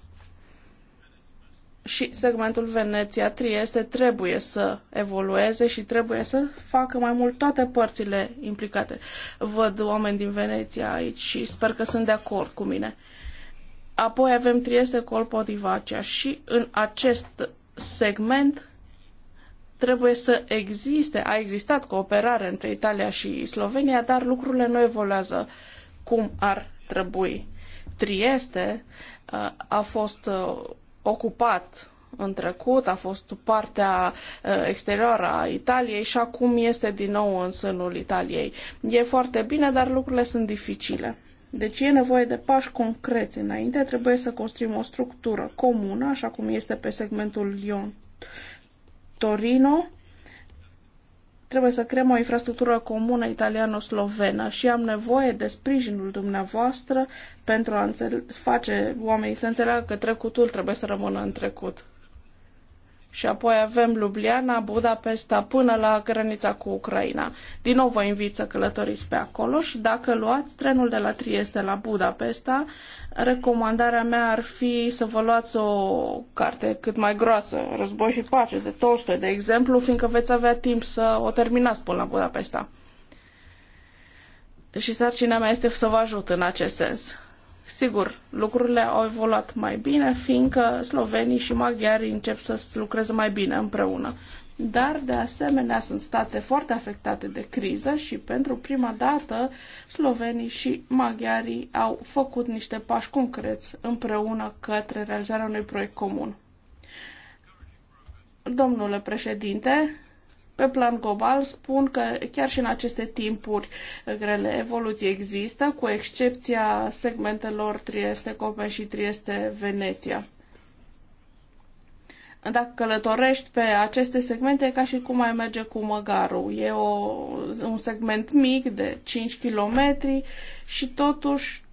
și segmentul Veneția-Trieste trebuie să evolueze și trebuie să facă mai mult toate părțile implicate. Văd oameni din Veneția aici și sper că sunt de acord cu mine. Apoi avem Trieste, colpo Colpodivacea și în acest segment trebuie să existe, a existat cooperare între Italia și Slovenia, dar lucrurile nu evoluează cum ar trebui. Trieste uh, a fost uh, ocupat în trecut, a fost partea ă, exterioară a Italiei și acum este din nou în sânul Italiei. E foarte bine, dar lucrurile sunt dificile. Deci e nevoie de pași concreți înainte, trebuie să construim o structură comună, așa cum este pe segmentul Lyon. Torino, Trebuie să creăm o infrastructură comună italiano-slovenă și am nevoie de sprijinul dumneavoastră pentru a face oamenii să înțeleagă că trecutul trebuie să rămână în trecut și apoi avem Ljubljana, Budapesta până la granița cu Ucraina. Din nou vă invit să călătoriți pe acolo și dacă luați trenul de la Trieste la Budapesta, recomandarea mea ar fi să vă luați o carte cât mai groasă, Război și Pace, de Tolstoi, de exemplu, fiindcă veți avea timp să o terminați până la Budapesta. Și sarcina mea este să vă ajut în acest sens. Sigur, lucrurile au evoluat mai bine, fiindcă slovenii și maghiarii încep să lucreze mai bine împreună. Dar, de asemenea, sunt state foarte afectate de criză și, pentru prima dată, slovenii și maghiarii au făcut niște pași concreți împreună către realizarea unui proiect comun. Domnule președinte, pe plan global spun că chiar și în aceste timpuri grele evoluție există, cu excepția segmentelor Trieste, Copen și Trieste, Veneția. Dacă călătorești pe aceste segmente, e ca și cum ai merge cu măgarul. E o, un segment mic de 5 km și totuși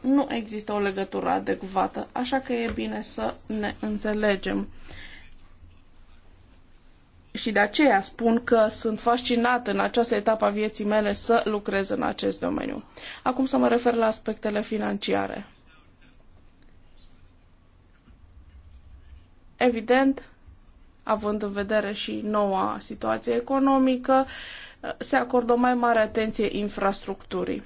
nu există o legătură adecvată, așa că e bine să ne înțelegem și de aceea spun că sunt fascinată în această etapă a vieții mele să lucrez în acest domeniu. Acum să mă refer la aspectele financiare. Evident, având în vedere și noua situație economică, se acordă o mai mare atenție infrastructurii.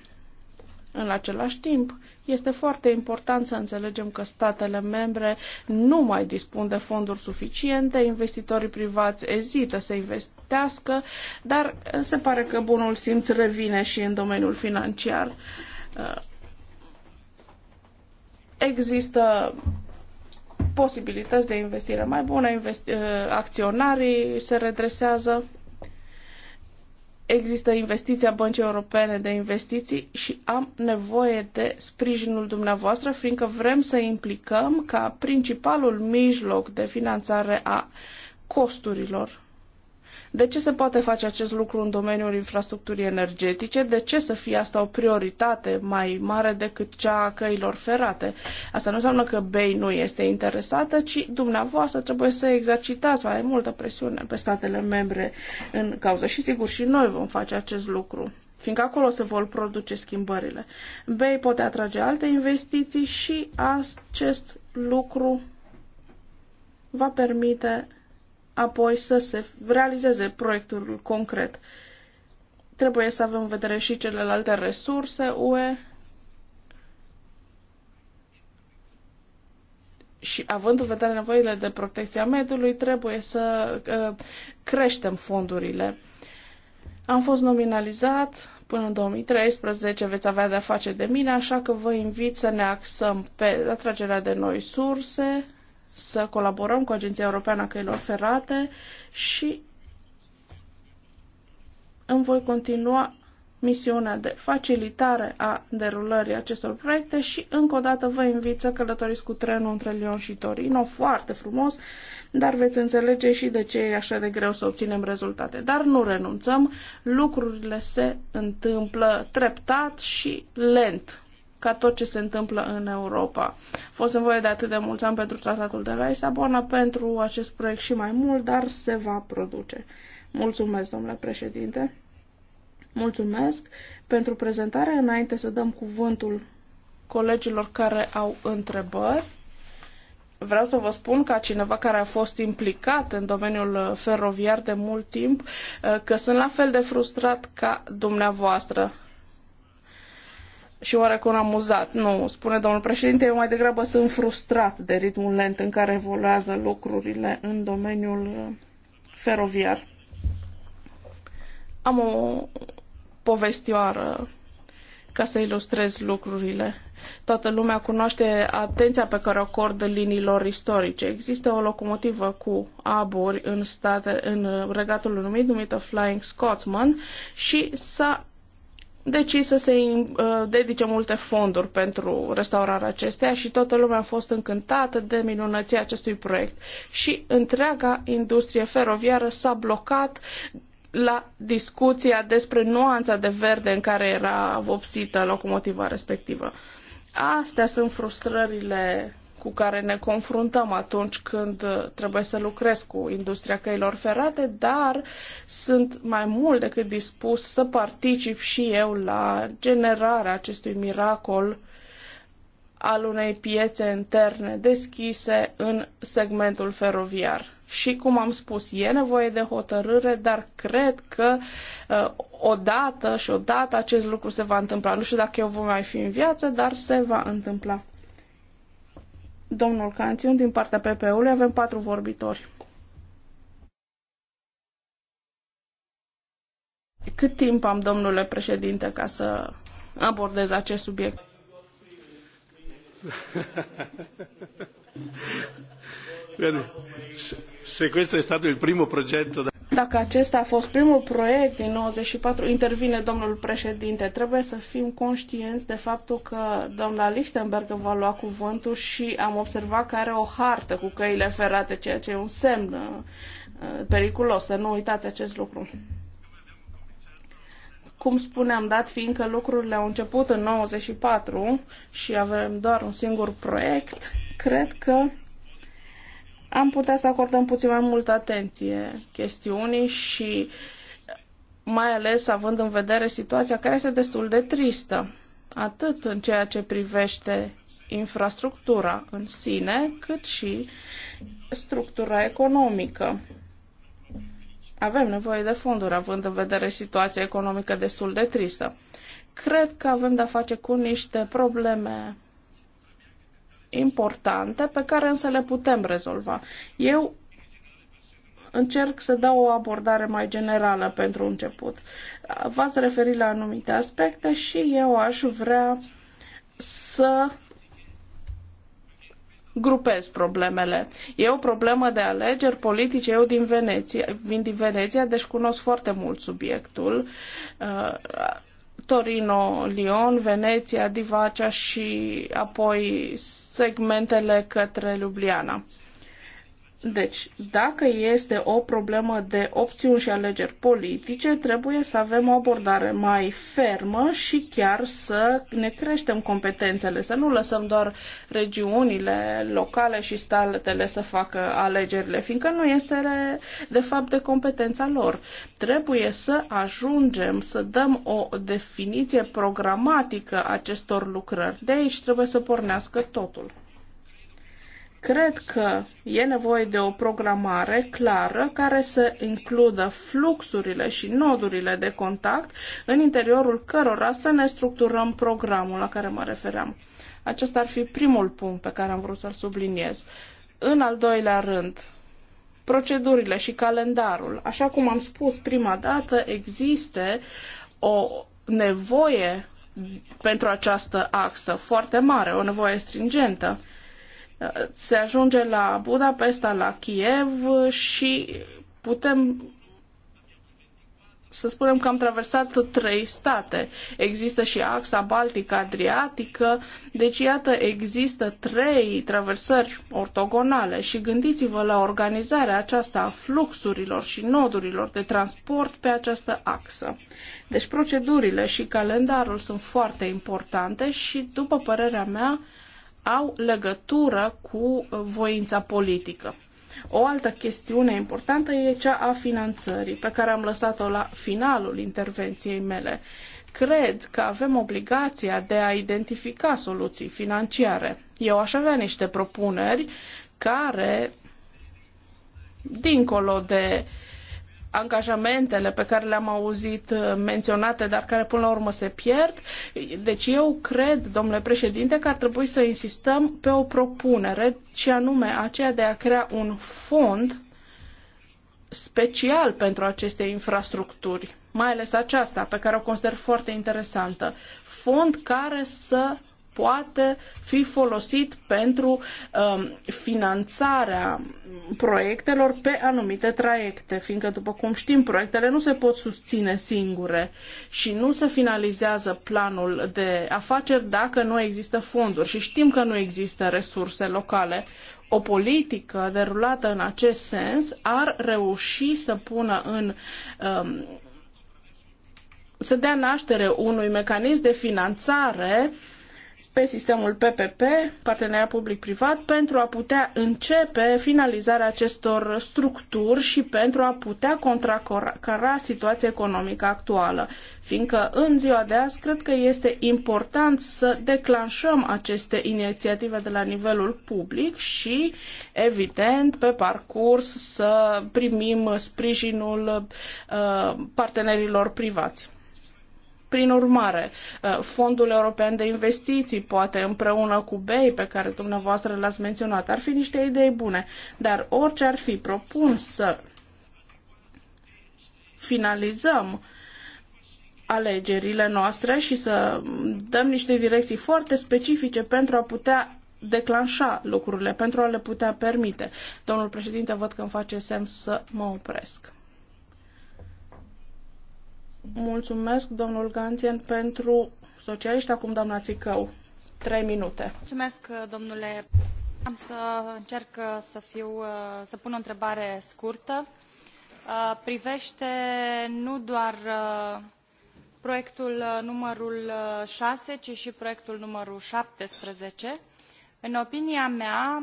În același timp, este foarte important să înțelegem că statele membre nu mai dispun de fonduri suficiente, investitorii privați ezită să investească, dar se pare că bunul simț revine și în domeniul financiar. Uh, există posibilități de investire mai bune, investi- uh, acționarii se redresează există investiția Băncii Europene de Investiții și am nevoie de sprijinul dumneavoastră, fiindcă vrem să implicăm ca principalul mijloc de finanțare a costurilor de ce se poate face acest lucru în domeniul infrastructurii energetice? De ce să fie asta o prioritate mai mare decât cea a căilor ferate? Asta nu înseamnă că BEI nu este interesată, ci dumneavoastră trebuie să exercitați mai multă presiune pe statele membre în cauză. Și sigur, și noi vom face acest lucru fiindcă acolo se vor produce schimbările. BEI poate atrage alte investiții și acest lucru va permite apoi să se realizeze proiectul concret. Trebuie să avem în vedere și celelalte resurse UE și având în vedere nevoile de protecția mediului, trebuie să uh, creștem fondurile. Am fost nominalizat până în 2013, veți avea de-a face de mine, așa că vă invit să ne axăm pe atragerea de noi surse, să colaborăm cu Agenția Europeană a Căilor Ferate și îmi voi continua misiunea de facilitare a derulării acestor proiecte și încă o dată vă invit să călătoriți cu trenul între Lyon și Torino, foarte frumos, dar veți înțelege și de ce e așa de greu să obținem rezultate. Dar nu renunțăm, lucrurile se întâmplă treptat și lent ca tot ce se întâmplă în Europa. A fost nevoie de atât de mulți ani pentru tratatul de la Lisabona, pentru acest proiect și mai mult, dar se va produce. Mulțumesc, domnule președinte. Mulțumesc pentru prezentare. Înainte să dăm cuvântul colegilor care au întrebări, vreau să vă spun ca cineva care a fost implicat în domeniul feroviar de mult timp eh, că sunt la fel de frustrat ca dumneavoastră și oarecum amuzat. Nu, spune domnul președinte, eu mai degrabă sunt frustrat de ritmul lent în care evoluează lucrurile în domeniul uh, feroviar. Am o povestioară ca să ilustrez lucrurile. Toată lumea cunoaște atenția pe care o acordă liniilor istorice. Există o locomotivă cu aburi în, state, în Regatul numit, numită Flying Scotsman și s-a decis să se uh, dedice multe fonduri pentru restaurarea acesteia și toată lumea a fost încântată de minunăția acestui proiect. Și întreaga industrie feroviară s-a blocat la discuția despre nuanța de verde în care era vopsită locomotiva respectivă. Astea sunt frustrările cu care ne confruntăm atunci când uh, trebuie să lucrez cu industria căilor ferate, dar sunt mai mult decât dispus să particip și eu la generarea acestui miracol al unei piețe interne deschise în segmentul feroviar. Și cum am spus, e nevoie de hotărâre, dar cred că uh, odată și odată acest lucru se va întâmpla. Nu știu dacă eu voi mai fi în viață, dar se va întâmpla domnul Canțiun din partea PP-ului. Avem patru vorbitori. Cât timp am, domnule președinte, ca să abordez acest subiect? se questo è stato il primo progetto da... Dacă acesta a fost primul proiect din 94, intervine domnul președinte. Trebuie să fim conștienți de faptul că doamna Lichtenberg va lua cuvântul și am observat că are o hartă cu căile ferate, ceea ce e un semn uh, uh, periculos. Să nu uitați acest lucru. Cum spuneam, dat fiindcă lucrurile au început în 94 și avem doar un singur proiect, cred că am putea să acordăm puțin mai multă atenție chestiunii și mai ales având în vedere situația care este destul de tristă, atât în ceea ce privește infrastructura în sine, cât și structura economică. Avem nevoie de fonduri, având în vedere situația economică destul de tristă. Cred că avem de-a face cu niște probleme importante pe care însă le putem rezolva. Eu încerc să dau o abordare mai generală pentru început. V-ați referit la anumite aspecte și eu aș vrea să grupez problemele. E o problemă de alegeri politice. Eu din Veneția, vin din Veneția, deci cunosc foarte mult subiectul. Uh, Torino, Lyon, Veneția, Divacea și apoi segmentele către Ljubljana. Deci, dacă este o problemă de opțiuni și alegeri politice, trebuie să avem o abordare mai fermă și chiar să ne creștem competențele, să nu lăsăm doar regiunile locale și statele să facă alegerile, fiindcă nu este de fapt de competența lor. Trebuie să ajungem să dăm o definiție programatică acestor lucrări. De aici trebuie să pornească totul. Cred că e nevoie de o programare clară care să includă fluxurile și nodurile de contact în interiorul cărora să ne structurăm programul la care mă refeream. Acesta ar fi primul punct pe care am vrut să-l subliniez. În al doilea rând, procedurile și calendarul. Așa cum am spus prima dată, există o nevoie pentru această axă foarte mare, o nevoie stringentă se ajunge la Budapesta, la Kiev și putem să spunem că am traversat trei state. Există și axa baltică adriatică, deci iată există trei traversări ortogonale și gândiți-vă la organizarea aceasta a fluxurilor și nodurilor de transport pe această axă. Deci procedurile și calendarul sunt foarte importante și, după părerea mea, au legătură cu voința politică. O altă chestiune importantă e cea a finanțării, pe care am lăsat-o la finalul intervenției mele. Cred că avem obligația de a identifica soluții financiare. Eu aș avea niște propuneri care, dincolo de uh, angajamentele pe care le-am auzit uh, menționate, dar care până la urmă se pierd. Deci eu cred, domnule președinte, că ar trebui să insistăm pe o propunere și anume aceea de a crea un fond special pentru aceste infrastructuri, mai ales aceasta, pe care o consider foarte interesantă. Fond care să poate fi folosit pentru um, finanțarea proiectelor pe anumite traiecte, fiindcă, după cum știm, proiectele nu se pot susține singure și nu se finalizează planul de afaceri dacă nu există fonduri și știm că nu există resurse locale. O politică derulată în acest sens ar reuși să pună în um, să dea naștere unui mecanism de finanțare pe sistemul PPP, parteneriat public-privat, pentru a putea începe finalizarea acestor structuri și pentru a putea contracara situația economică actuală. Fiindcă în ziua de azi cred că este important să declanșăm aceste inițiative de la nivelul public și, evident, pe parcurs să primim sprijinul uh, partenerilor privați. Prin urmare, uh, Fondul European de Investiții, poate împreună cu BEI, pe care dumneavoastră l-ați menționat, ar fi niște idei bune, dar orice ar fi, propun să finalizăm alegerile noastre și să dăm niște direcții foarte specifice pentru a putea declanșa lucrurile, pentru a le putea permite. Domnul președinte, văd că îmi face semn să mă opresc. Mulțumesc, domnul Ganțien, pentru socialiști. Acum, doamna Țicău, trei minute. Mulțumesc, domnule. Am să încerc să, fiu, să pun o întrebare scurtă. Privește nu doar proiectul numărul 6, ci și proiectul numărul 17. În opinia mea,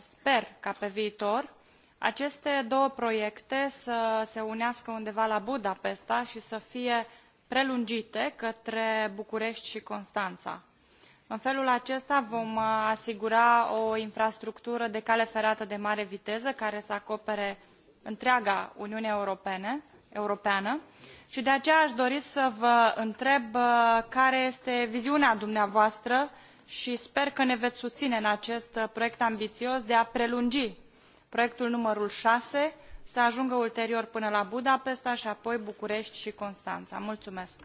sper ca pe viitor aceste două proiecte să se unească undeva la budapesta i să fie prelungite către bucureti i constana. în felul acesta vom uh, asigura o infrastructură de cale ferată de mare viteză care să acopere întreaga uniune europeană i de aceea a dori să vă întreb uh, care este viziunea dumneavoastră i sper că ne vei susine în acest uh, proiect ambiios de a prelungi proiectul numărul șase să ajungă ulterior până la budapesta și apoi București și Constanța. Mulțumesc.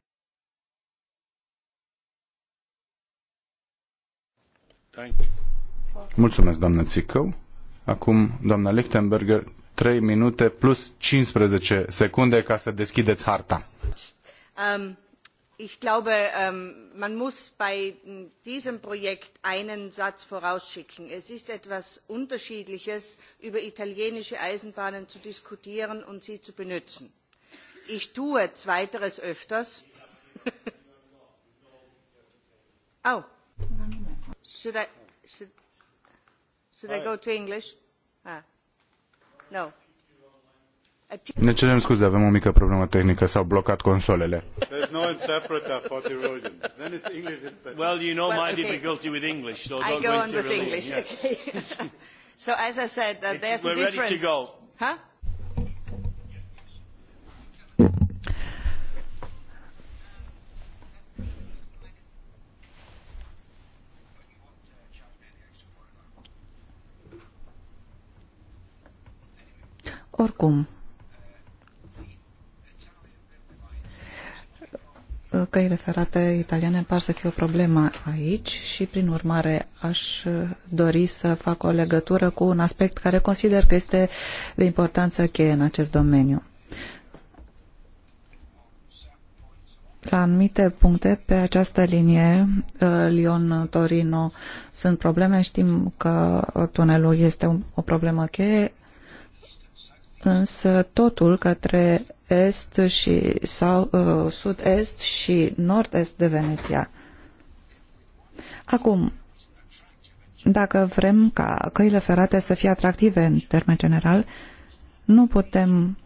Mulțumesc, doamnă Țicău. Acum, doamna Lichtenberger, 3 minute plus 15 secunde ca să deschideți harta. Um, ich glaube, ähm, man muss bei diesem Projekt einen Satz vorausschicken. Es ist etwas Unterschiedliches, über italienische Eisenbahnen zu diskutieren und sie zu benutzen. Ich tue Zweiteres öfters. oh, should I, should, should I go to English? Ah. No. Ne cerem scuze, avem o mică problemă tehnică, s-au blocat consolele. Well, you know my difficulty with English, so don't go into with English. so as I said, that there's a difference. We're ready to go. Huh? Oricum, Uh, căi referate italiane par să fie o problemă aici și, prin urmare, aș uh, dori să fac o legătură cu un aspect care consider că este de importanță cheie în acest domeniu. La anumite puncte pe această linie, uh, Lyon-Torino, sunt probleme. Știm că tunelul este o problemă cheie însă totul către est și sau uh, sud-est și nord-est de Veneția. Acum, dacă vrem ca căile ferate să fie atractive în termen general, nu putem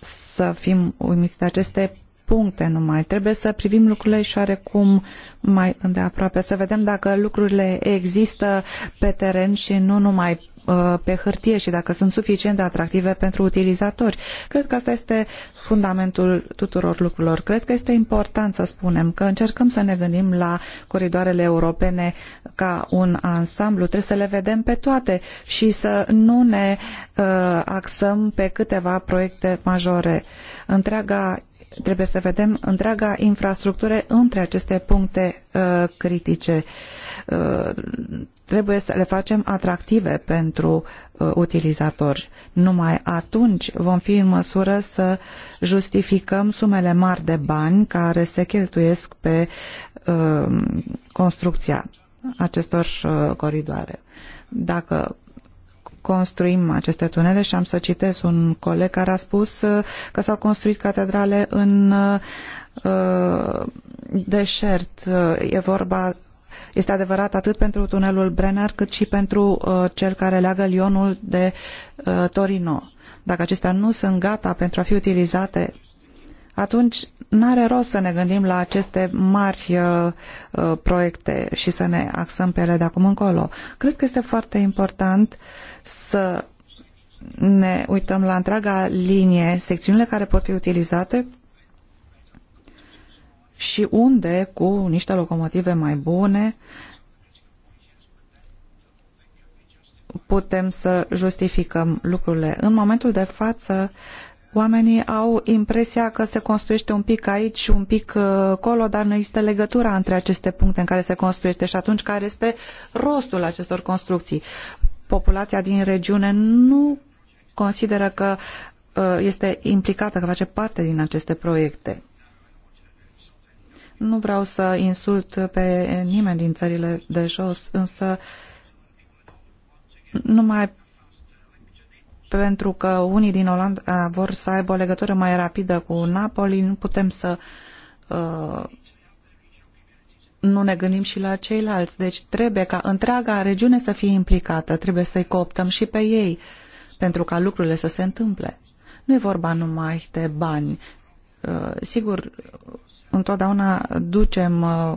să fim uimiți de aceste puncte numai. Trebuie să privim lucrurile și oarecum mai îndeaproape, să vedem dacă lucrurile există pe teren și nu numai Uh, pe hârtie și dacă sunt suficient de atractive pentru utilizatori. Cred că asta este fundamentul tuturor lucrurilor. Cred că este important să spunem că încercăm să ne gândim la coridoarele europene ca un ansamblu. Trebuie să le vedem pe toate și să nu ne uh, axăm pe câteva proiecte majore. Întreaga trebuie să vedem întreaga infrastructură între aceste puncte uh, critice. Uh, trebuie să le facem atractive pentru uh, utilizatori. Numai atunci vom fi în măsură să justificăm sumele mari de bani care se cheltuiesc pe uh, construcția acestor uh, coridoare. Dacă construim aceste tunele și am să citesc un coleg care a spus uh, că s-au construit catedrale în uh, deșert. Uh, e vorba este adevărat atât pentru tunelul Brenner cât și pentru uh, cel care leagă Lyonul de uh, Torino. Dacă acestea nu sunt gata pentru a fi utilizate atunci n-are rost să ne gândim la aceste mari uh, uh, proiecte și să ne axăm pe ele de acum încolo. Cred că este foarte important să ne uităm la întreaga linie, secțiunile care pot fi utilizate și unde, cu niște locomotive mai bune, putem să justificăm lucrurile. În momentul de față, uh, Oamenii au impresia că se construiește un pic aici și un pic acolo, uh, dar nu există legătura între aceste puncte în care se construiește și atunci care este rostul acestor construcții. Populația din regiune nu consideră că uh, este implicată, că face parte din aceste proiecte. Nu vreau să insult pe nimeni din țările de jos, însă numai pentru că unii din Olanda vor să aibă o legătură mai rapidă cu Napoli, nu putem să uh, nu ne gândim și la ceilalți. Deci trebuie ca întreaga regiune să fie implicată, trebuie să-i cooptăm și pe ei pentru ca lucrurile să se întâmple. Nu e vorba numai de bani. Uh, sigur, întotdeauna ducem uh,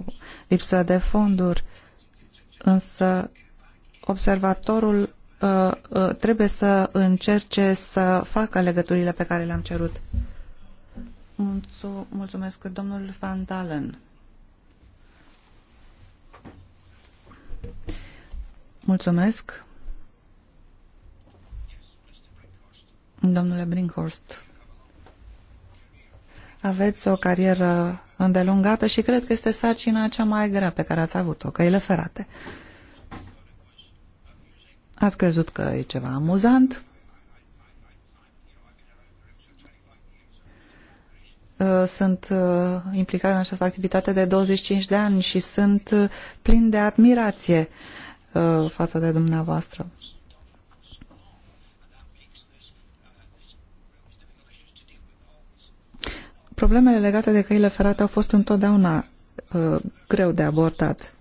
lipsă de fonduri, însă observatorul Uh, uh, trebuie să încerce să facă legăturile pe care le-am cerut. Mulțumesc, domnul Van Dalen. Mulțumesc. Domnule Brinkhorst, aveți o carieră îndelungată și cred că este sarcina cea mai grea pe care ați avut-o, căile ferate. Uh, Ați crezut că e ceva amuzant? Uh, sunt uh, implicat în această activitate de 25 de ani și sunt uh, plin de admirație față de dumneavoastră. Problemele legate de căile ferate au fost întotdeauna uh, greu de abordat.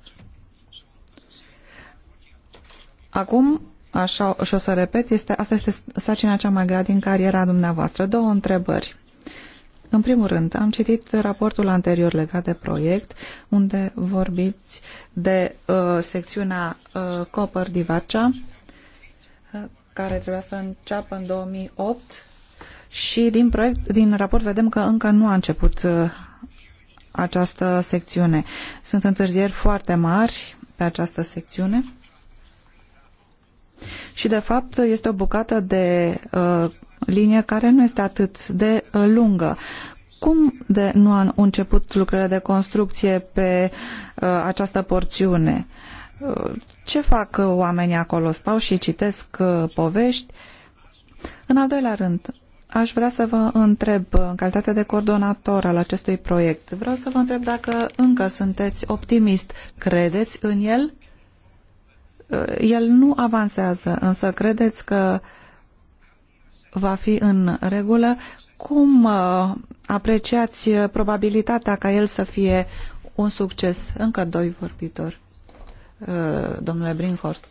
Acum, așa, și o să repet, este, asta este sacina cea mai grea din cariera dumneavoastră. Două întrebări. În primul rând, am citit raportul anterior legat de proiect, unde vorbiți de uh, secțiunea uh, Copper Divacea, uh, care trebuia să înceapă în 2008 și din, proiect, din raport vedem că încă nu a început uh, această secțiune. Sunt întârzieri foarte mari pe această secțiune și, de fapt, este o bucată de uh, linie care nu este atât de uh, lungă. Cum de nu au început lucrările de construcție pe uh, această porțiune? Uh, ce fac uh, oamenii acolo? Stau și citesc uh, povești? În al doilea rând, aș vrea să vă întreb, uh, în calitate de coordonator al acestui proiect, vreau să vă întreb dacă încă sunteți optimist. Credeți în el? Uh, el nu avansează, însă credeți că va fi în regulă? Cum uh, apreciați uh, probabilitatea ca el să fie un succes? Încă doi vorbitori. Domnule Brinkhorst.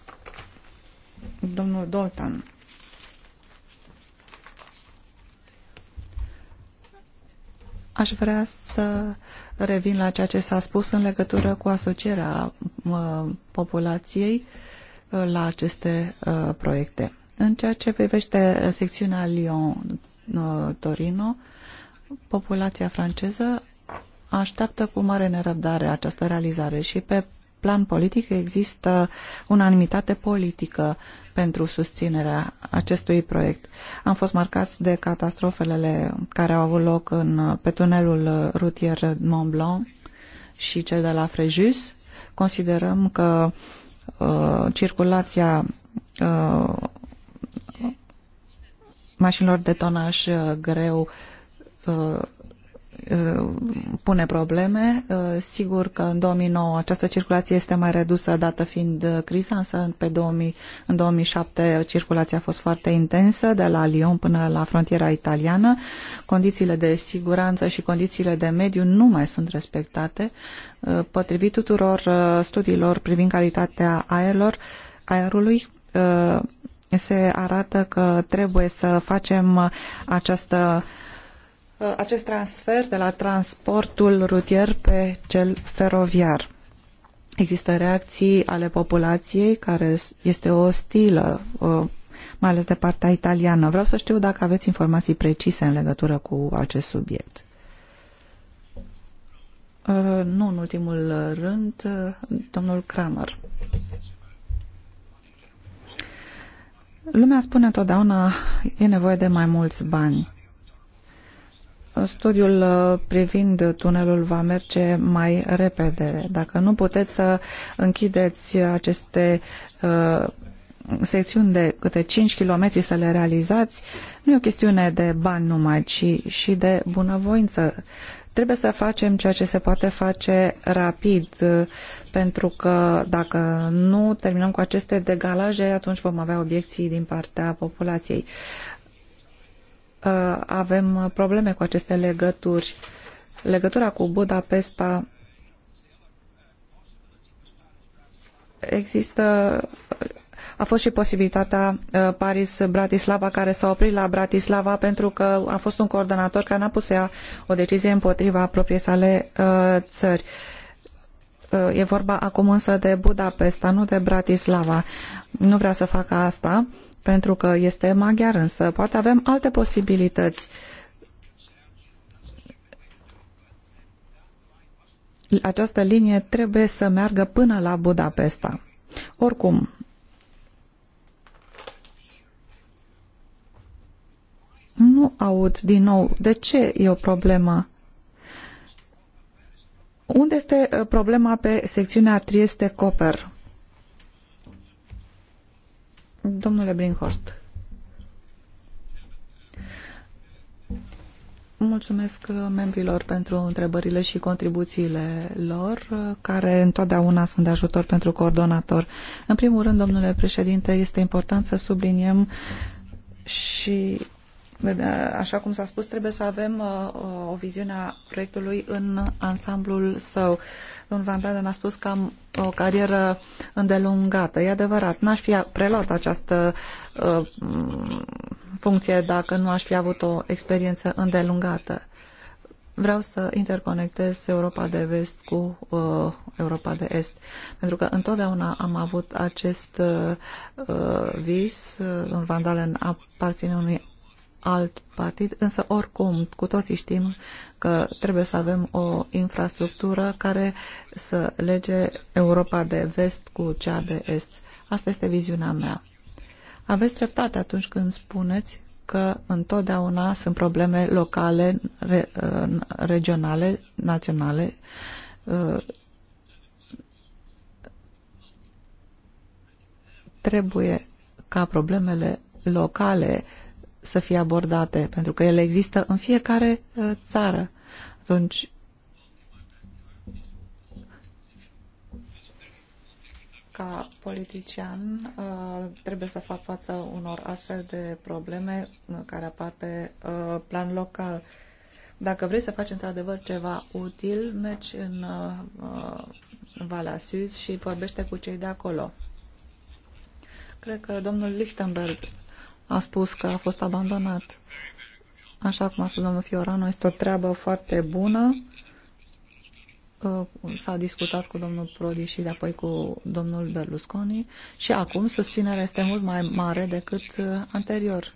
Domnul Doltan. Aș vrea să revin la ceea ce s-a spus în legătură cu asocierea populației la aceste uh, proiecte. În ceea ce privește uh, secțiunea Lyon-Torino, populația franceză așteaptă cu mare nerăbdare această realizare și pe plan politic există unanimitate politică pentru susținerea acestui proiect. Am fost marcați de catastrofele care au avut loc în, uh, pe tunelul rutier Mont Blanc și cel de la Frejus. Considerăm că uh, uh, circulația uh, mașinilor de tonaj uh, greu uh, pune probleme. Uh, sigur că în 2009 această circulație este mai redusă dată fiind uh, criza, însă pe 2000, în 2007 circulația a fost foarte intensă de la Lyon până la frontiera italiană. Condițiile de siguranță și condițiile de mediu nu mai sunt respectate. Uh, potrivit tuturor studiilor privind calitatea aerilor, aerului, se arată că trebuie să facem această Uh, acest transfer de la transportul rutier pe cel feroviar. Există reacții ale populației care este ostilă, uh, mai ales de partea italiană. Vreau să știu dacă aveți informații precise în legătură cu acest subiect. Uh, nu în ultimul rând, domnul Kramer. Lumea spune întotdeauna e nevoie de mai mulți bani studiul uh, privind tunelul va merge mai repede. Dacă nu puteți să închideți aceste uh, secțiuni de câte 5 km să le realizați, nu e o chestiune de bani numai, ci și de bunăvoință. Trebuie să facem ceea ce se poate face rapid, uh, pentru că dacă nu terminăm cu aceste degalaje, atunci vom avea obiecții din partea populației. Uh, avem probleme cu aceste legături. Legătura cu Budapesta există a fost și posibilitatea uh, Paris-Bratislava care s-a oprit la Bratislava pentru că a fost un coordonator care n-a pus să ia o decizie împotriva propriei sale uh, țări. E vorba acum însă de Budapesta, nu de Bratislava. Nu vrea să facă asta pentru că este maghiar, însă poate avem alte posibilități. Această linie trebuie să meargă până la Budapesta. Oricum, nu aud din nou de ce e o problemă. Unde este uh, problema pe secțiunea Trieste-Coper? Domnule Brinkhorst. Mulțumesc membrilor pentru întrebările și contribuțiile lor, care întotdeauna sunt de ajutor pentru coordonator. În primul rând, domnule președinte, este important să subliniem și Uh, așa cum s-a spus, trebuie să avem uh, uh, o viziune a proiectului în ansamblul său. Domnul Van Balen a spus că am o carieră îndelungată. E adevărat, n-aș fi preluat această uh, funcție dacă nu aș fi avut o experiență îndelungată. Vreau să interconectez Europa de Vest cu uh, Europa de Est, pentru că întotdeauna am avut acest uh, uh vis. Domnul Van Dalen aparține unui alt partid, însă oricum cu toții știm că trebuie să avem o infrastructură care să lege Europa de vest cu cea de est. Asta este viziunea mea. Aveți dreptate atunci când spuneți că întotdeauna sunt probleme locale, re, uh, regionale, naționale. Uh, trebuie ca problemele locale să fie abordate, pentru că ele există în fiecare uh, țară. Atunci, ca politician uh, trebuie să fac față unor astfel de probleme uh, care apar pe plan local. Dacă vrei să faci într-adevăr ceva util, mergi în Valea Sus și vorbește cu cei de acolo. Cred că domnul Lichtenberg a spus că a fost abandonat. Așa cum a spus domnul Fiorano, este o treabă foarte bună. Uh, s-a discutat cu domnul Prodi și de apoi cu domnul Berlusconi și acum susținerea este mult mai mare decât uh, anterior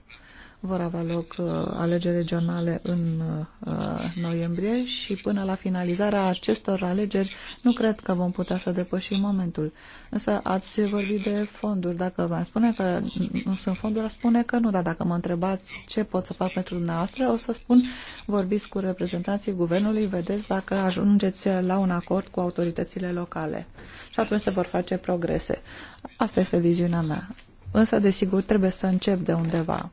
vor avea loc uh, alegeri regionale în uh, noiembrie și până la finalizarea acestor alegeri nu cred că vom putea să depășim momentul. Însă ați vorbit de fonduri. Dacă v-am spune că nu sunt fonduri, aș spune că nu, dar dacă mă întrebați ce pot să fac pentru dumneavoastră, o să spun vorbiți cu reprezentanții guvernului, vedeți dacă ajungeți la un acord cu autoritățile locale. Și atunci se vor face progrese. Asta este viziunea mea. Însă, desigur, trebuie să încep de undeva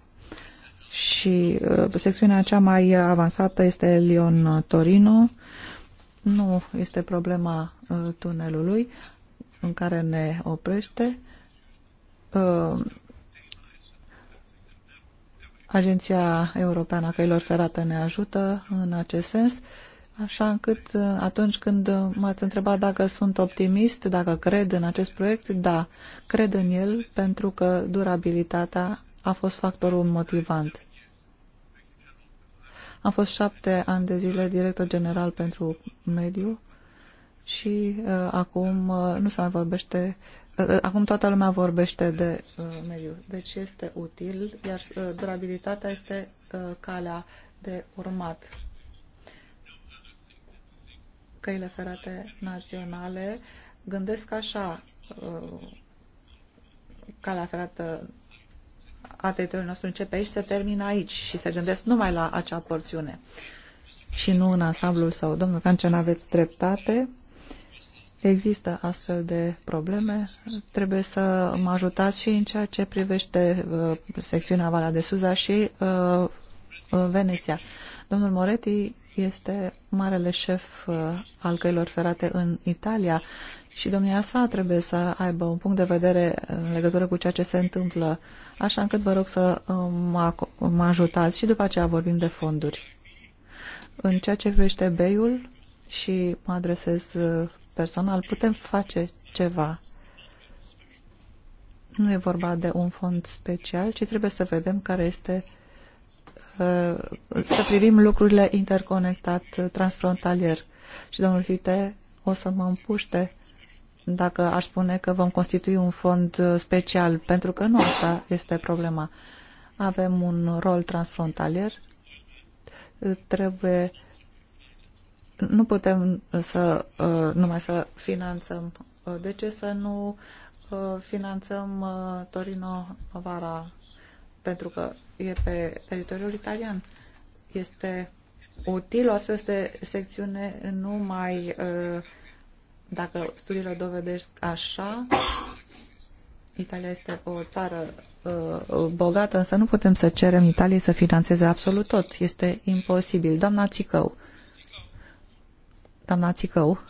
și uh, secțiunea cea mai avansată este Lyon-Torino. Nu este problema uh, tunelului în care ne oprește. Uh, Agenția Europeană a Căilor Ferate ne ajută în acest sens, așa încât atunci când m-ați întrebat dacă sunt optimist, dacă cred în acest proiect, da, cred în el pentru că durabilitatea a fost factorul motivant. Am fost șapte ani de zile director general pentru mediu și uh, acum uh, nu se mai vorbește, uh, uh, acum toată lumea vorbește de uh, mediu. Deci este util, iar uh, durabilitatea este uh, calea de urmat. Căile ferate naționale gândesc așa, uh, calea ferată ateliul nostru începe aici, se termină aici și se gândesc numai la acea porțiune și nu în ansamblul său. Domnul Cancen, aveți dreptate. Există astfel de probleme. Trebuie să mă ajutați și în ceea ce privește uh, secțiunea Valea de Suza și uh, uh Veneția. Domnul Moretti este marele șef uh, al căilor ferate în Italia și domnia sa trebuie să aibă un punct de vedere în legătură cu ceea ce se întâmplă, așa încât vă rog să uh, mă ajutați și după aceea vorbim de fonduri. În ceea ce privește beiul și mă adresez uh, personal, putem face ceva. Nu e vorba de un fond special, ci trebuie să vedem care este uh, să privim lucrurile interconectat, transfrontalier. Și domnul Hite o să mă împuște dacă aș spune că vom constitui un fond uh, special, pentru că nu asta este problema. Avem un rol transfrontalier, uh, trebuie nu putem uh, să numai să finanțăm. De ce să nu finanțăm Torino vara? Pentru că e pe teritoriul italian. Este util o astfel de secțiune numai dacă studiile dovedesc așa, Italia este o țară uh, bogată, însă nu putem să cerem Italiei să financeze absolut tot. Este imposibil. Doamna Țicău. Doamna Țicău.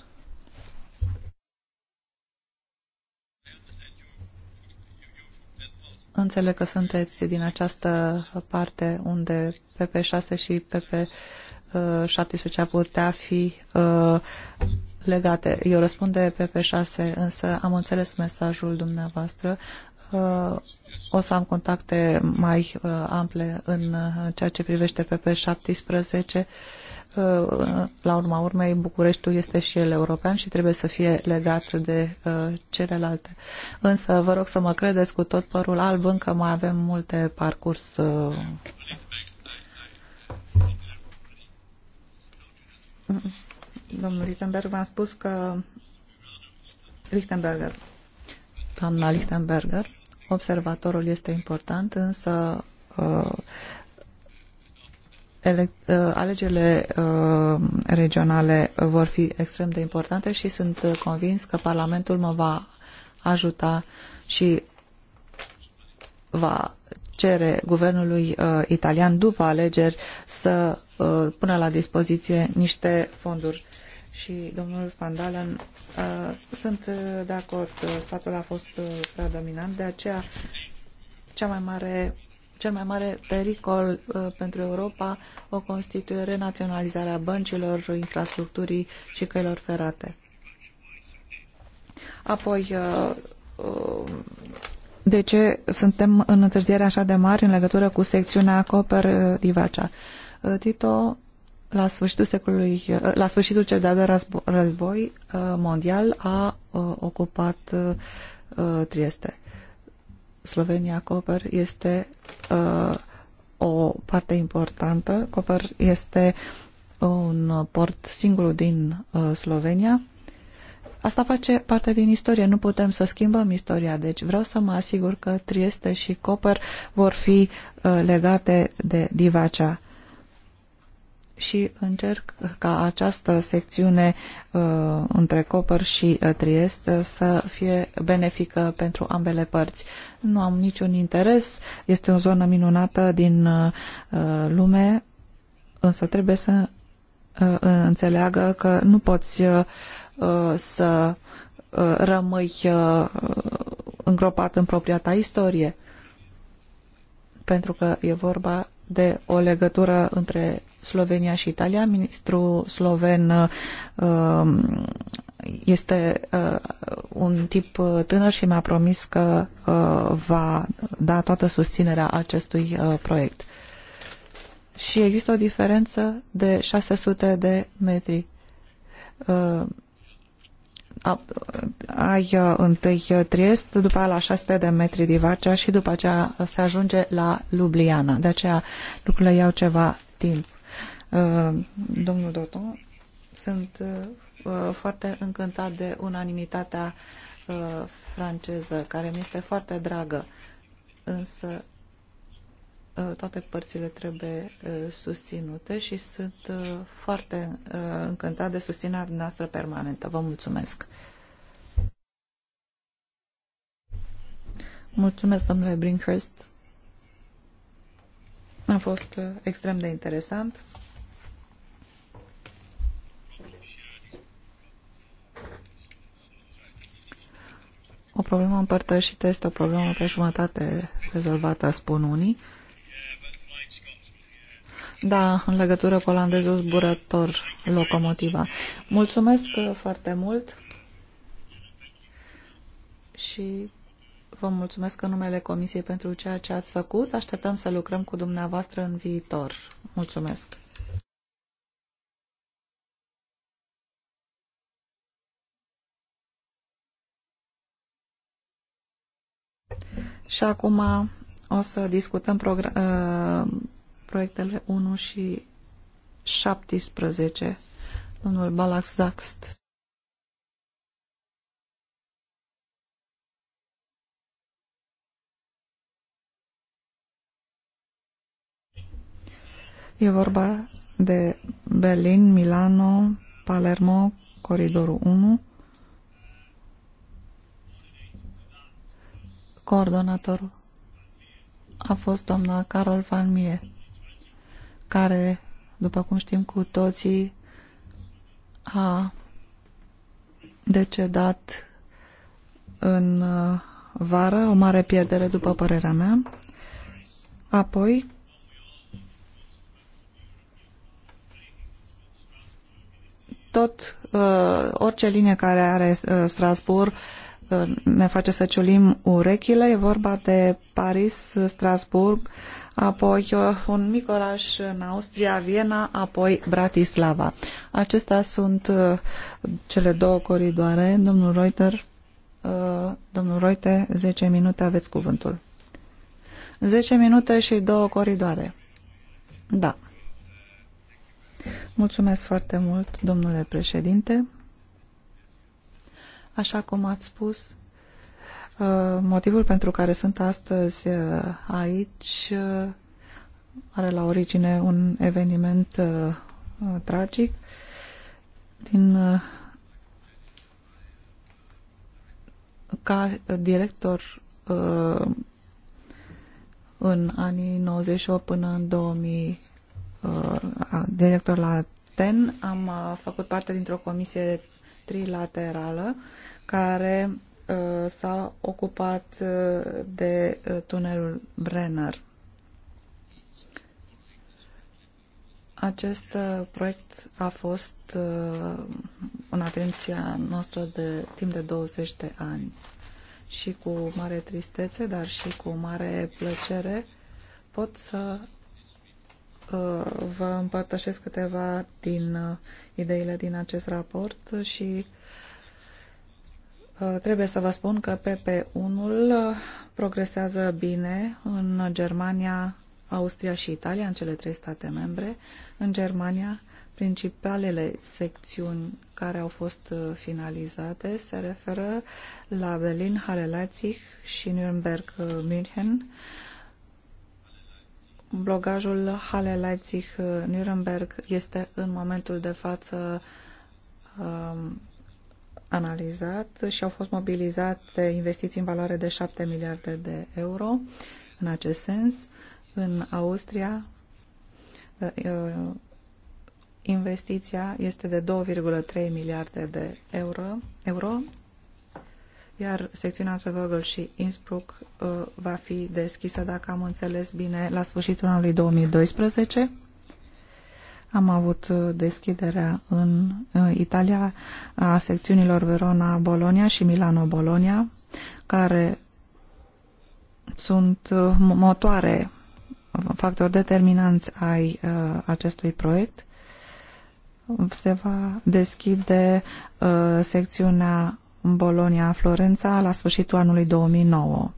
Înțeleg că sunteți din această parte unde PP6 și PP17 uh, ar putea fi uh, legate. Eu răspund de PP6, însă am înțeles mesajul dumneavoastră. Uh, o să am contacte mai uh, ample în uh, ceea ce privește PP17. La urma urmei, Bucureștiul este și el european și trebuie să fie legat de celelalte. Însă vă rog să mă credeți cu tot părul alb, încă mai avem multe parcurs Domnul Lichtenberg, v-am spus că Lichtenberger, doamna Lichtenberger, observatorul este important, însă uh, ele, uh, alegerile uh, regionale vor fi extrem de importante și sunt convins că Parlamentul mă va ajuta și va cere guvernului uh, italian după alegeri să uh, pună la dispoziție niște fonduri și domnul Van Dalen uh, sunt uh, de acord, uh, statul a fost predominant, de aceea cea mai mare cel mai mare pericol pentru Europa o constituie renaționalizarea băncilor, infrastructurii și căilor ferate. Apoi, de ce suntem în întârziere așa de mari în legătură cu secțiunea Cooperativacea? Tito la sfârșitul secolului, la sfârșitul cel de-al război uh, mondial a uh, ocupat uh, Trieste. Slovenia Copper este o parte importantă. Copper este un port singur din Slovenia. Asta face parte din istorie, nu putem să schimbăm istoria, deci vreau să mă asigur că Trieste și Copper vor fi legate de Divacea și încerc ca această secțiune uh, între Copăr și uh, Triest uh, să fie benefică pentru ambele părți. Nu am niciun interes, este o zonă minunată din uh, uh lume, însă trebuie să uh, înțeleagă că nu poți uh, uh, să uh, rămâi uh, îngropat în propria ta istorie, pentru că e vorba de o legătură între Slovenia și Italia. Ministrul sloven um, este uh, un tip uh, tânăr și mi-a promis că uh, va da toată susținerea acestui proiect. Și există o diferență de 600 de metri ai întâi Triest, după aia la 600 de metri Divacea și după aceea se ajunge la Ljubljana. De aceea lucrurile iau ceva timp. Uh, domnul Doton. Sunt uh, uh, foarte încântat de unanimitatea franceză, care mi este foarte dragă, însă toate părțile trebuie susținute și sunt foarte încântat de susținerea noastră permanentă. Vă mulțumesc! Mulțumesc, domnule Brinkhurst. A fost extrem de interesant. O problemă împărtășită este o problemă pe jumătate rezolvată, spun unii. Da, în legătură cu olandezul zburător, locomotiva. Mulțumesc uh, foarte mult și vă mulțumesc în numele Comisiei pentru ceea ce ați făcut. Așteptăm să lucrăm cu dumneavoastră în viitor. Mulțumesc! Și acum o să discutăm uh, proiectele 1 și 17. Domnul Balax Zaxt. E vorba de Berlin, Milano, Palermo, Coridorul 1, Coordonatorul a fost doamna Carol Van Mie, care, după cum știm cu toții, a decedat în uh, vară, o mare pierdere după părerea mea. Apoi, tot, uh, orice linie care are uh, Strasbourg ne face să ciulim urechile. E vorba de Paris, Strasburg, apoi uh, un mic oraș în Austria, Viena, apoi Bratislava. Acestea sunt uh, cele două coridoare. Domnul Reuter, uh, domnul Reuter, 10 minute aveți cuvântul. 10 minute și două coridoare. Da. Mulțumesc foarte mult, domnule președinte. Așa cum ați spus, uh, motivul pentru care sunt astăzi uh, aici uh, are la origine un eveniment tragic din ca director în anii 98 până în 2000 director la TEN am făcut parte dintr-o comisie trilaterală care uh, s-a ocupat uh, de uh, tunelul Brenner. Acest proiect a fost în atenția noastră de timp de 20 de ani și cu mare tristețe, dar și cu mare plăcere pot să Uh, vă împărtășesc câteva din uh, ideile din acest raport și uh, trebuie să vă spun că PP1-ul progresează bine în Germania, Austria și Italia, în cele trei state membre. În Germania, principalele secțiuni care au fost finalizate se referă la Berlin, Halle, Leipzig și Nürnberg, München blogajul Halle Leipzig-Nuremberg uh, este în momentul de față um, analizat și au fost mobilizate investiții în valoare de 7 miliarde de euro în acest sens. În Austria uh, investiția este de 2,3 miliarde de euro, euro iar secțiunea Travel și Innsbruck uh, va fi deschisă, dacă am înțeles bine, la sfârșitul anului 2012. Am avut uh, deschiderea în uh, Italia a secțiunilor Verona-Bolonia și Milano-Bolonia, care sunt motoare, factori determinanți ai acestui proiect. Se va deschide secțiunea Bolonia-Florența la sfârșitul anului 2009.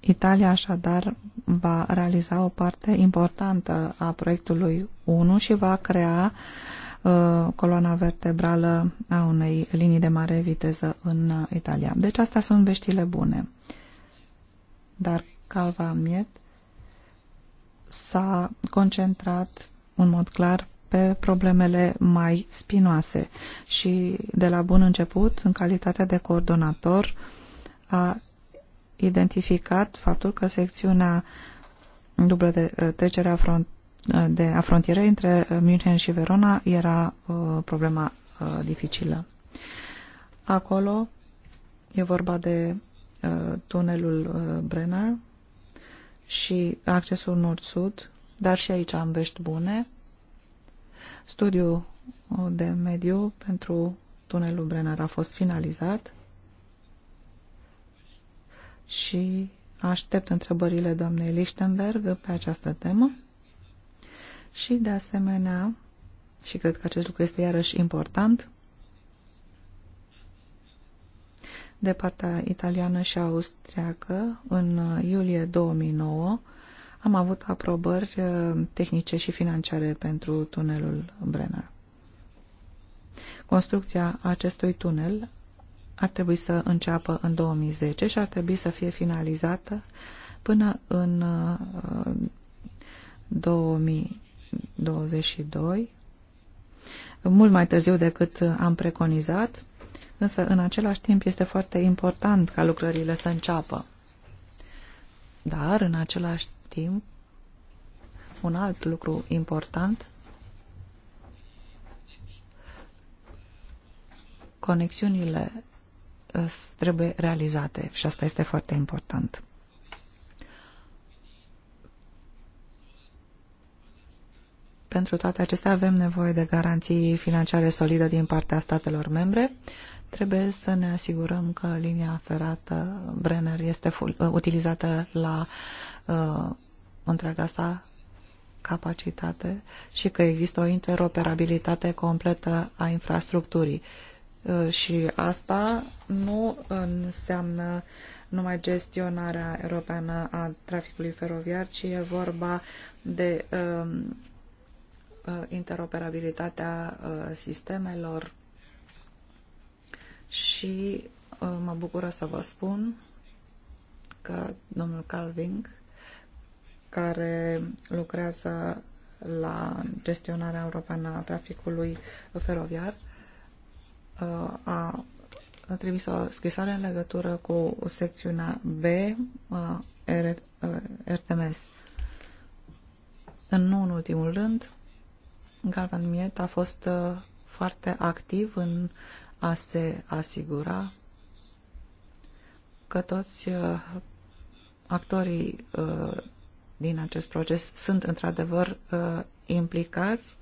Italia așadar va realiza o parte importantă a proiectului 1 și va crea uh, coloana vertebrală a unei linii de mare viteză în uh, Italia. Deci astea sunt veștile bune. Dar Calva Miet s-a concentrat în mod clar pe problemele mai spinoase și de la bun început, în calitate de coordonator, a identificat faptul că secțiunea dublă de ă, trecere a, front, ă, de, a frontierei între ă, München și Verona era uh, problema uh, dificilă. Acolo e vorba de uh, tunelul Brenner și accesul nord-sud, dar și aici am vești bune. Studiul uh, de mediu pentru tunelul Brenner a fost finalizat și aștept întrebările doamnei Lichtenberg pe această temă și de asemenea și cred că acest lucru este iarăși important de partea italiană și austriacă în iulie 2009 am avut aprobări uh, tehnice și financiare pentru tunelul Brenner. Construcția acestui tunel ar trebui să înceapă în 2010 și ar trebui să fie finalizată până în 2022, uh, mult mai târziu decât am preconizat, însă în același timp este foarte important ca lucrările să înceapă. Dar, în același timp, un alt lucru important, conexiunile uh, trebuie realizate și asta este foarte important. Pentru toate acestea avem nevoie de garanții financiare solide din partea statelor membre. Trebuie să ne asigurăm că linia ferată Brenner este uh, utilizată la uh, întreaga sa capacitate și că există o interoperabilitate completă a infrastructurii. Uh, și asta nu înseamnă numai gestionarea europeană a traficului feroviar, ci e vorba de um, uh, interoperabilitatea uh, sistemelor și mă bucură să vă spun că domnul Calving care lucrează la gestionarea europeană a traficului feroviar uh, a trimis o scrisoare în legătură cu secțiunea B uh, RTMS. Uh, nu în ultimul rând, Galvan Miet a fost foarte activ în a se asigura că toți actorii din acest proces sunt într-adevăr uh, implicați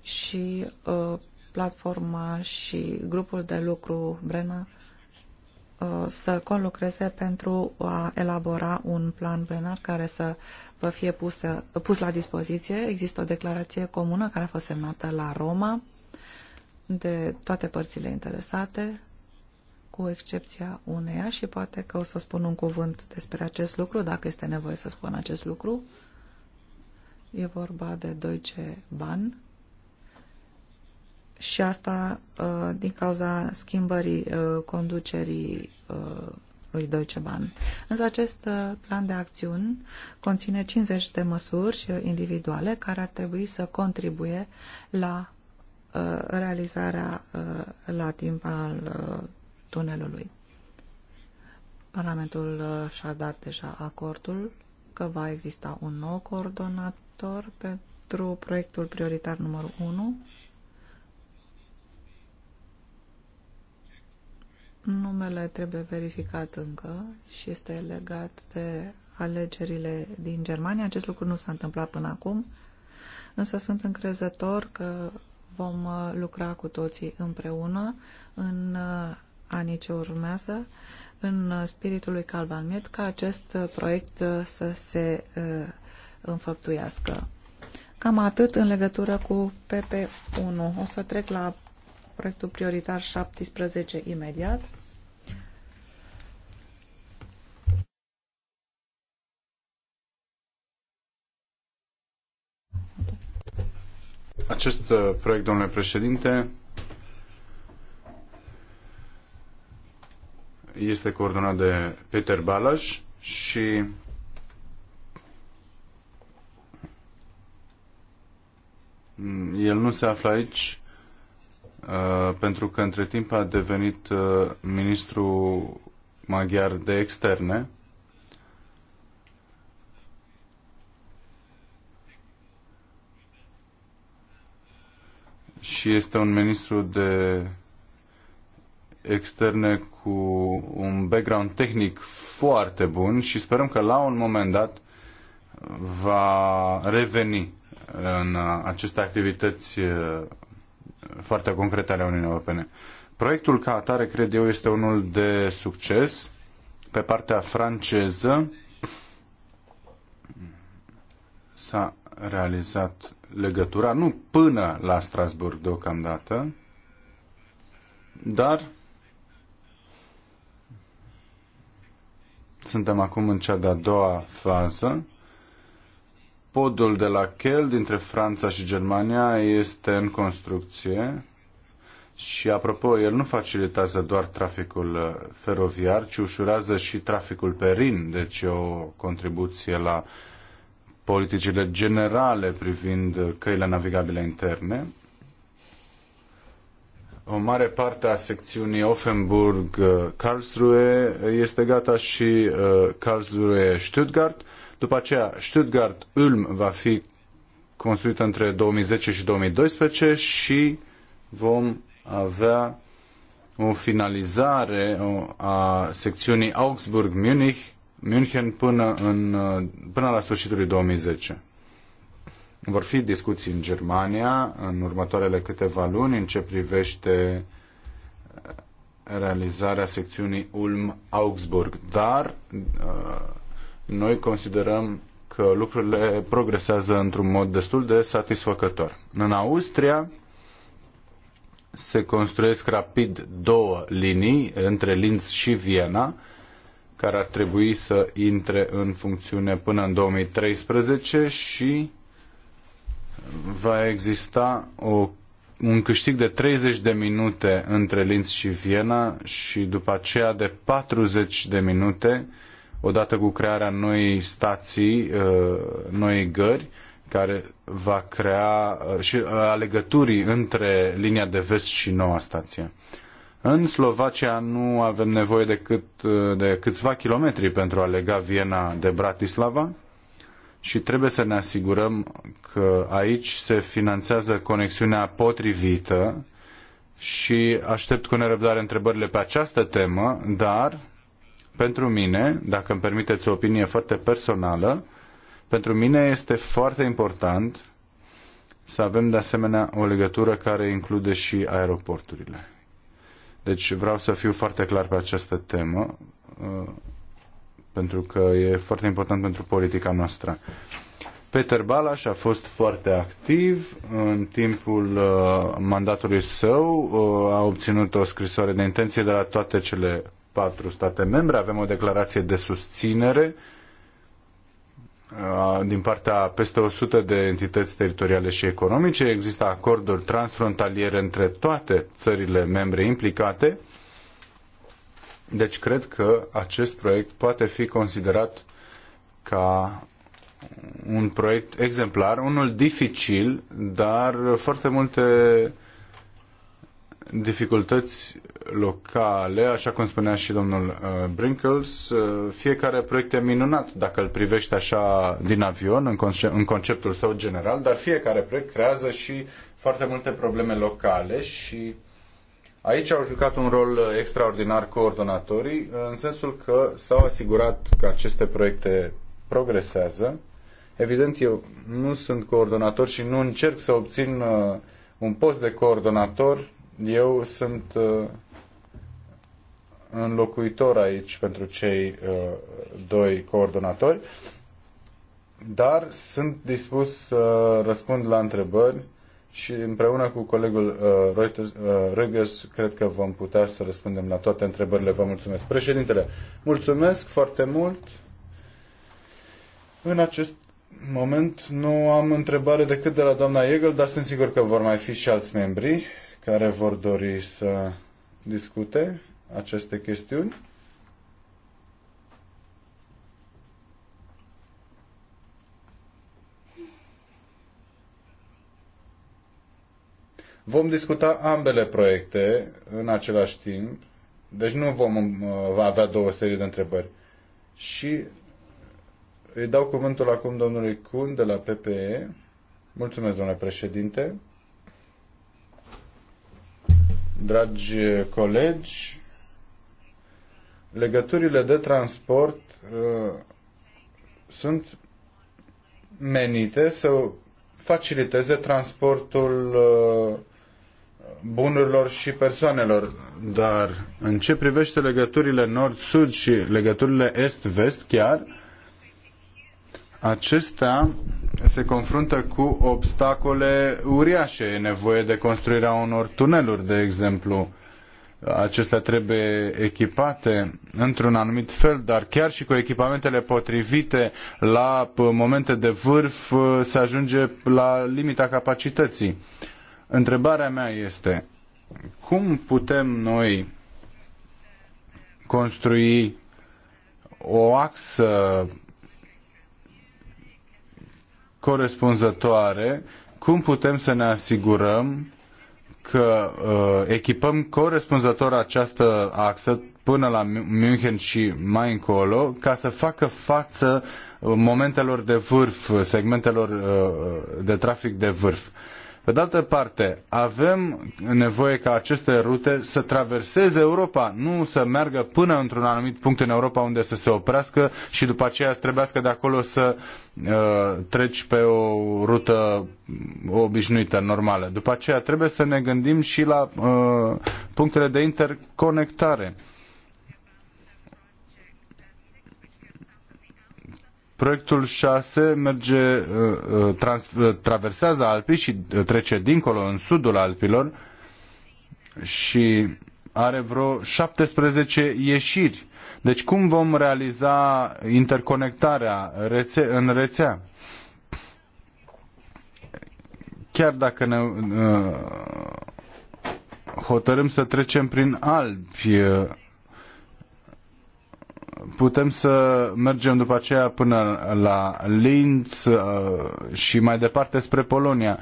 și uh, platforma și grupul de lucru Brena uh, să conlucreze pentru a elabora un plan plenar care să vă fie pusă, pus la dispoziție. Există o declarație comună care a fost semnată la Roma de toate părțile interesate, cu excepția uneia și poate că o să spun un cuvânt despre acest lucru, dacă este nevoie să spun acest lucru. E vorba de Deutsche Bahn și asta uh, din cauza schimbării uh, conducerii uh, lui Deutsche Bahn. Însă acest plan de acțiuni conține 50 de măsuri individuale care ar trebui să contribuie la realizarea la timp al tunelului. Parlamentul uh, și-a dat deja acordul că va exista un nou coordonator pentru proiectul prioritar numărul 1. Numele trebuie verificat încă și este legat de alegerile din Germania. Acest lucru nu s-a întâmplat până acum, însă sunt încrezător că vom uh, lucra cu toții împreună în uh, anii ce urmează, în spiritul lui Calvan Miet, ca acest proiect să se uh, înfăptuiască. Cam atât în legătură cu PP1. O să trec la proiectul prioritar 17 imediat. Acest uh, proiect, domnule președinte, este coordonat de Peter Balas și el nu se află aici uh, pentru că între timp a devenit uh, ministru maghiar de externe și este un ministru de externe cu un background tehnic foarte bun și sperăm că la un moment dat va reveni în aceste activități eh, foarte concrete ale Uniunii Europene. Proiectul ca atare, cred eu, este unul de succes pe partea franceză s-a realizat legătura, nu până la Strasburg deocamdată, dar Suntem acum în cea de-a doua fază. Podul de la Kiel dintre Franța și Germania este în construcție și, apropo, el nu facilitează doar traficul uh, feroviar, ci ușurează și traficul pe Rin, deci o contribuție la politicile generale privind uh, căile navigabile interne o mare parte a secțiunii Offenburg-Karlsruhe uh, este gata și uh, Karlsruhe-Stuttgart. După aceea, Stuttgart-Ulm va fi construită între 2010 și 2012 și vom avea o finalizare a secțiunii Augsburg-München Munich până, în, uh, până la sfârșitul 2010. Vor fi discuții în Germania în următoarele câteva luni în ce privește realizarea secțiunii Ulm-Augsburg, dar uh, noi considerăm că lucrurile progresează într-un mod destul de satisfăcător. În Austria se construiesc rapid două linii între Linz și Viena, care ar trebui să intre în funcțiune până în 2013 și va exista o, un câștig de 30 de minute între Linz și Viena și după aceea de 40 de minute odată cu crearea noii stații, uh, noii gări, care va crea uh, și uh, a legăturii între linia de vest și noua stație. În Slovacia nu avem nevoie decât de câțiva kilometri pentru a lega Viena de Bratislava, și trebuie să ne asigurăm că aici se finanțează conexiunea potrivită și aștept cu nerăbdare întrebările pe această temă, dar pentru mine, dacă îmi permiteți o opinie foarte personală, pentru mine este foarte important să avem de asemenea o legătură care include și aeroporturile. Deci vreau să fiu foarte clar pe această temă pentru că e foarte important pentru politica noastră. Peter Balas a fost foarte activ în timpul uh, mandatului său, uh, a obținut o scrisoare de intenție de la toate cele patru state membre, avem o declarație de susținere uh, din partea peste 100 de entități teritoriale și economice, există acorduri transfrontaliere între toate țările membre implicate deci cred că acest proiect poate fi considerat ca un proiect exemplar, unul dificil, dar foarte multe dificultăți locale, așa cum spunea și domnul uh, Brinkles, uh, fiecare proiect e minunat dacă îl privești așa din avion, în, conce- în conceptul său general, dar fiecare proiect creează și foarte multe probleme locale și uh, Aici au jucat un rol uh, extraordinar coordonatorii, uh, în sensul că s-au asigurat că aceste proiecte progresează. Evident, eu nu sunt coordonator și nu încerc să obțin uh, un post de coordonator. Eu sunt înlocuitor aici pentru cei doi coordonatori, dar sunt dispus să răspund la întrebări și împreună cu colegul uh, Reuters, uh, Reuters, cred că vom putea să răspundem la toate întrebările. Vă mulțumesc. Președintele, mulțumesc foarte mult. În acest moment nu am întrebare decât de la doamna Egel, dar sunt sigur că vor mai fi și alți membri care vor dori să discute aceste chestiuni. Vom discuta ambele proiecte în același timp, deci nu vom uh, va avea două serii de întrebări. Și îi dau cuvântul acum domnului Kun de la PPE. Mulțumesc, domnule președinte. Dragi colegi, legăturile de transport uh, sunt menite să faciliteze transportul uh, bunurilor și persoanelor. Dar în ce privește legăturile nord-sud și legăturile est-vest chiar, acestea se confruntă cu obstacole uriașe. E nevoie de construirea unor tuneluri, de exemplu. Acestea trebuie echipate într-un anumit fel, dar chiar și cu echipamentele potrivite, la momente de vârf se ajunge la limita capacității. Întrebarea mea este cum putem noi construi o axă corespunzătoare, cum putem să ne asigurăm că uh, echipăm corespunzător această axă până la München și mai încolo, ca să facă față uh, momentelor de vârf, segmentelor uh, de trafic de vârf. Uh, pe de altă parte, avem nevoie ca aceste rute să traverseze Europa, nu să meargă până într-un anumit punct în Europa unde să se oprească și după aceea să trebuiască de acolo să uh, treci pe o rută mm, obișnuită, normală. După aceea trebuie să ne gândim și la uh, punctele de interconectare. Uh, Proiectul 6 merge, uh, uh, trans, uh, traversează Alpii și trece dincolo, în sudul Alpilor și are vreo 17 ieșiri. Deci cum vom realiza interconectarea rețe- în rețea? Chiar dacă ne uh, hotărâm să trecem prin Alpi, putem să mergem după aceea până la Linz uh, și mai departe spre Polonia.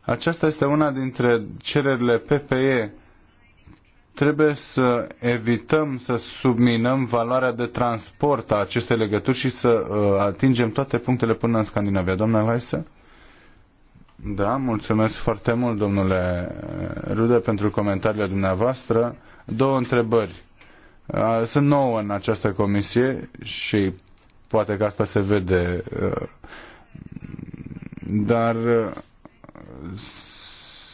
Aceasta este una dintre cererile PPE trebuie să evităm să subminăm valoarea de transport a acestei legături și să uh, atingem toate punctele până în Scandinavia. Doamna Weisse? Da, mulțumesc foarte mult, domnule uh, Rude, pentru comentariile dumneavoastră. Două întrebări. Uh, sunt nouă în această comisie și poate că asta se vede, uh, dar uh,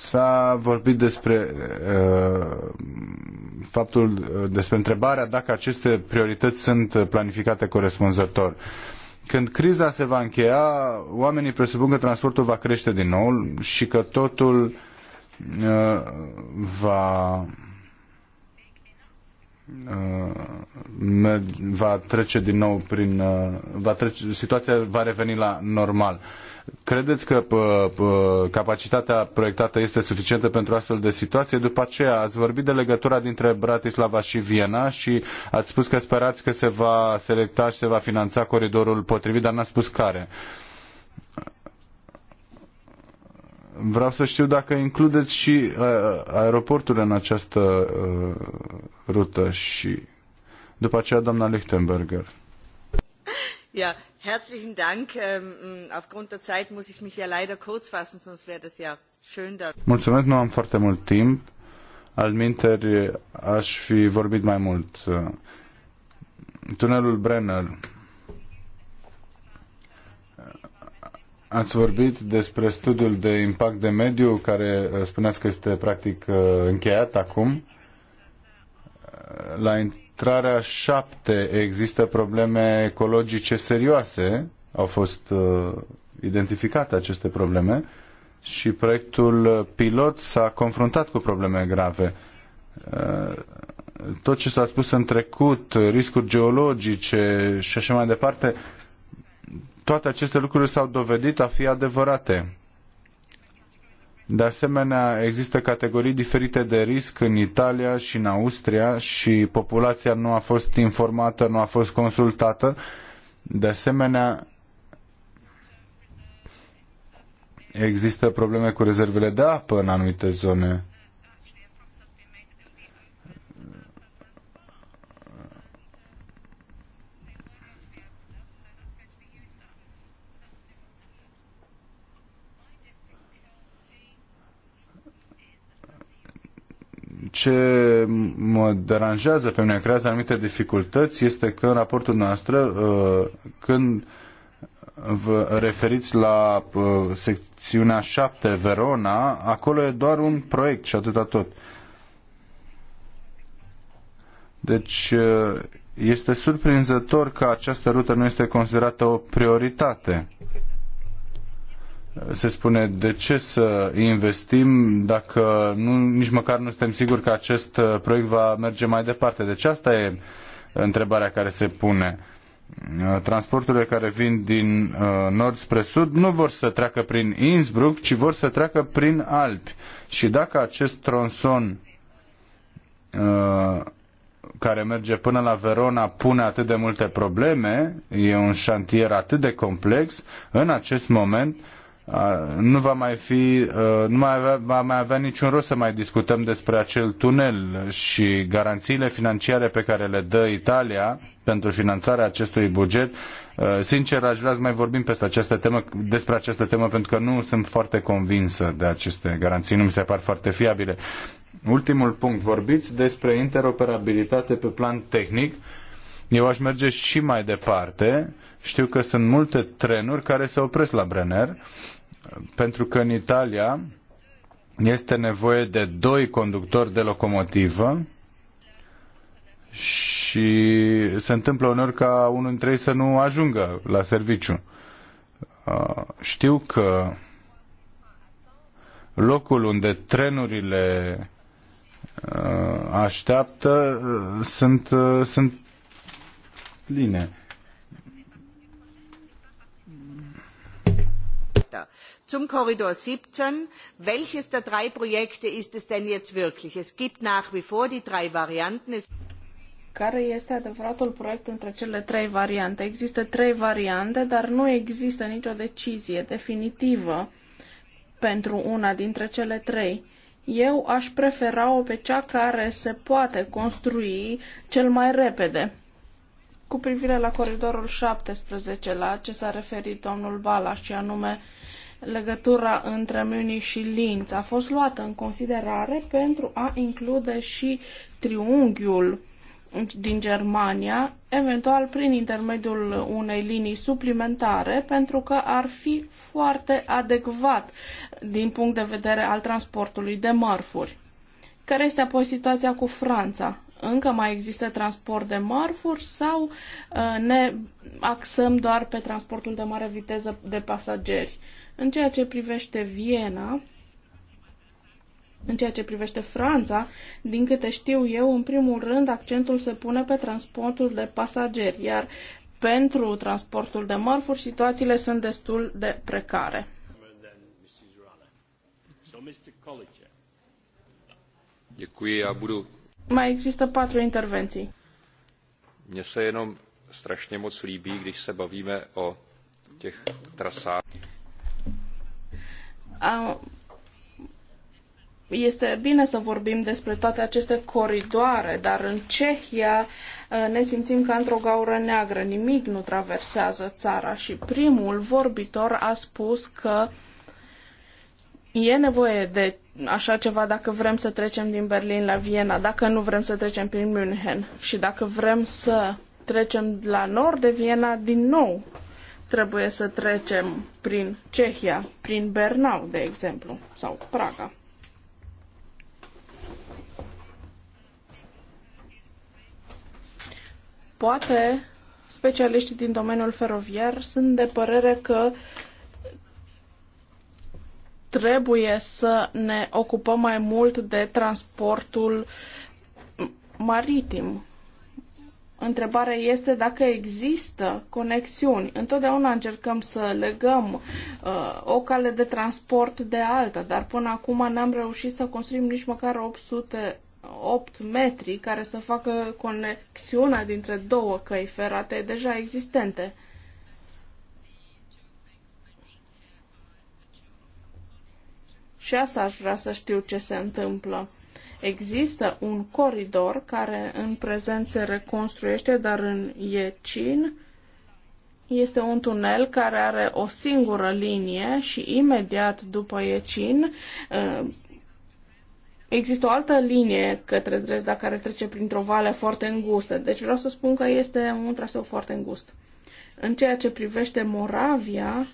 S-a vorbit despre uh, faptul, uh, despre întrebarea dacă aceste priorități sunt planificate corespunzător. Când criza se va încheia, oamenii presupun că transportul va crește din nou și că totul uh, va uh, va trece din nou prin uh, va trece, situația va reveni la normal Credeți că capacitatea proiectată este suficientă pentru astfel de situație? După aceea, ați vorbit de legătura dintre Bratislava și Viena și ați spus că sperați că se va selecta și se va finanța coridorul potrivit, dar n-ați spus care. Vreau să știu dacă includeți și uh, aeroporturile în această uh, rută și după aceea doamna Lichtenberger. Yeah. Herzlichen Dank. Ähm, aufgrund der Zeit muss ich mich ja leider kurz fassen, sonst wäre das ja schön. Da Mulțumesc, nu am foarte mult timp. Alminteri, eh, aș fi vorbit mai mult. Eh, tunelul Brenner. Eh, ați vorbit despre studiul de impact de mediu, care spuneați că este practic încheiat acum. La intrarea 7 există probleme ecologice serioase, au fost uh, identificate aceste probleme și proiectul pilot s-a confruntat cu probleme grave. Uh, tot ce s-a spus în trecut, riscuri geologice și așa mai departe, toate aceste lucruri s-au dovedit a fi adevărate. De asemenea, există categorii diferite de risc în Italia și în Austria și populația nu a fost informată, nu a fost consultată. De asemenea, există probleme cu rezervele de apă în anumite zone ce mă deranjează pe mine, creează anumite dificultăți, este că în raportul noastră, uh, când vă referiți la uh, secțiunea 7, Verona, acolo e doar un proiect și atâta tot. Deci uh, este surprinzător că această rută nu este considerată o prioritate se spune de ce să investim dacă nu, nici măcar nu suntem siguri că acest uh, proiect va merge mai departe. Deci asta e întrebarea care se pune. Uh, transporturile care vin din uh, nord spre sud nu vor să treacă prin Innsbruck, ci vor să treacă prin Alpi. Și dacă acest tronson care merge până la Verona pune atât de multe probleme, e un șantier atât de complex, în acest moment uh, nu va mai fi, nu mai avea, va mai avea niciun rost să mai discutăm despre acel tunel și garanțiile financiare pe care le dă Italia pentru finanțarea acestui buget. Sincer, aș vrea să mai vorbim peste această temă, despre această temă pentru că nu sunt foarte convinsă de aceste garanții, nu mi se par foarte fiabile. Ultimul punct, vorbiți despre interoperabilitate pe plan tehnic. Eu aș merge și mai departe. Știu că sunt multe trenuri care se opresc la Brenner pentru că în Italia este nevoie de doi conductori de locomotivă și se întâmplă uneori ca unul dintre ei să nu ajungă la serviciu. Uh, știu că locul unde trenurile uh, așteaptă uh, sunt, sunt pline. zum korridor siebzehn welches der drei projekte ist es denn jetzt wirklich? es gibt nach wie vor die drei varianten. care este adevăratul proiect între cele trei variante? Există trei variante, dar nu există nicio decizie definitivă pentru una dintre cele trei. Eu aș prefera-o pe cea care se poate construi cel mai repede. Cu privire la coridorul 17, la ce s-a referit domnul Balas, și anume uh, legătura între Munich și Linz a fost luată în considerare pentru a include și triunghiul din Germania, eventual prin intermediul unei linii suplimentare, pentru că ar fi foarte adecvat din punct de vedere al transportului de mărfuri. Care este apoi situația cu Franța? Încă mai există transport de mărfuri sau uh, ne axăm doar pe transportul de mare viteză de pasageri? În ceea ce privește Viena, în ceea ce privește Franța, din câte știu eu, în primul rând accentul se pune pe transportul de pasageri, iar pentru transportul de mărfuri situațiile sunt destul de precare. Děkuji, já budu... Mai există patru intervenții. Mně se jenom strašně moc líbí, když se bavíme o těch trasách. A, este bine să vorbim despre toate aceste coridoare, dar în Cehia ne simțim ca într-o gaură neagră. Nimic nu traversează țara și primul vorbitor a spus că e nevoie de așa ceva dacă vrem să trecem din Berlin la Viena, dacă nu vrem să trecem prin München și dacă vrem să trecem la nord de Viena din nou trebuie să trecem prin Cehia, prin Bernau, de exemplu, sau Praga. Poate specialiștii din domeniul feroviar sunt de părere că trebuie să ne ocupăm mai mult de transportul maritim, Întrebarea este dacă există conexiuni. Întotdeauna încercăm să legăm uh, o cale de transport de alta, dar până acum n-am reușit să construim nici măcar 800 8 metri care să facă conexiunea dintre două căi ferate deja existente. Și asta aș vrea să știu ce se întâmplă. Există un coridor care în prezent se reconstruiește, dar în Iecin este un tunel care are o singură linie și imediat după Iecin uh, Există o altă linie către Dresda care trece printr-o vale foarte îngustă, deci vreau să spun că este un traseu foarte îngust. În ceea ce privește Moravia,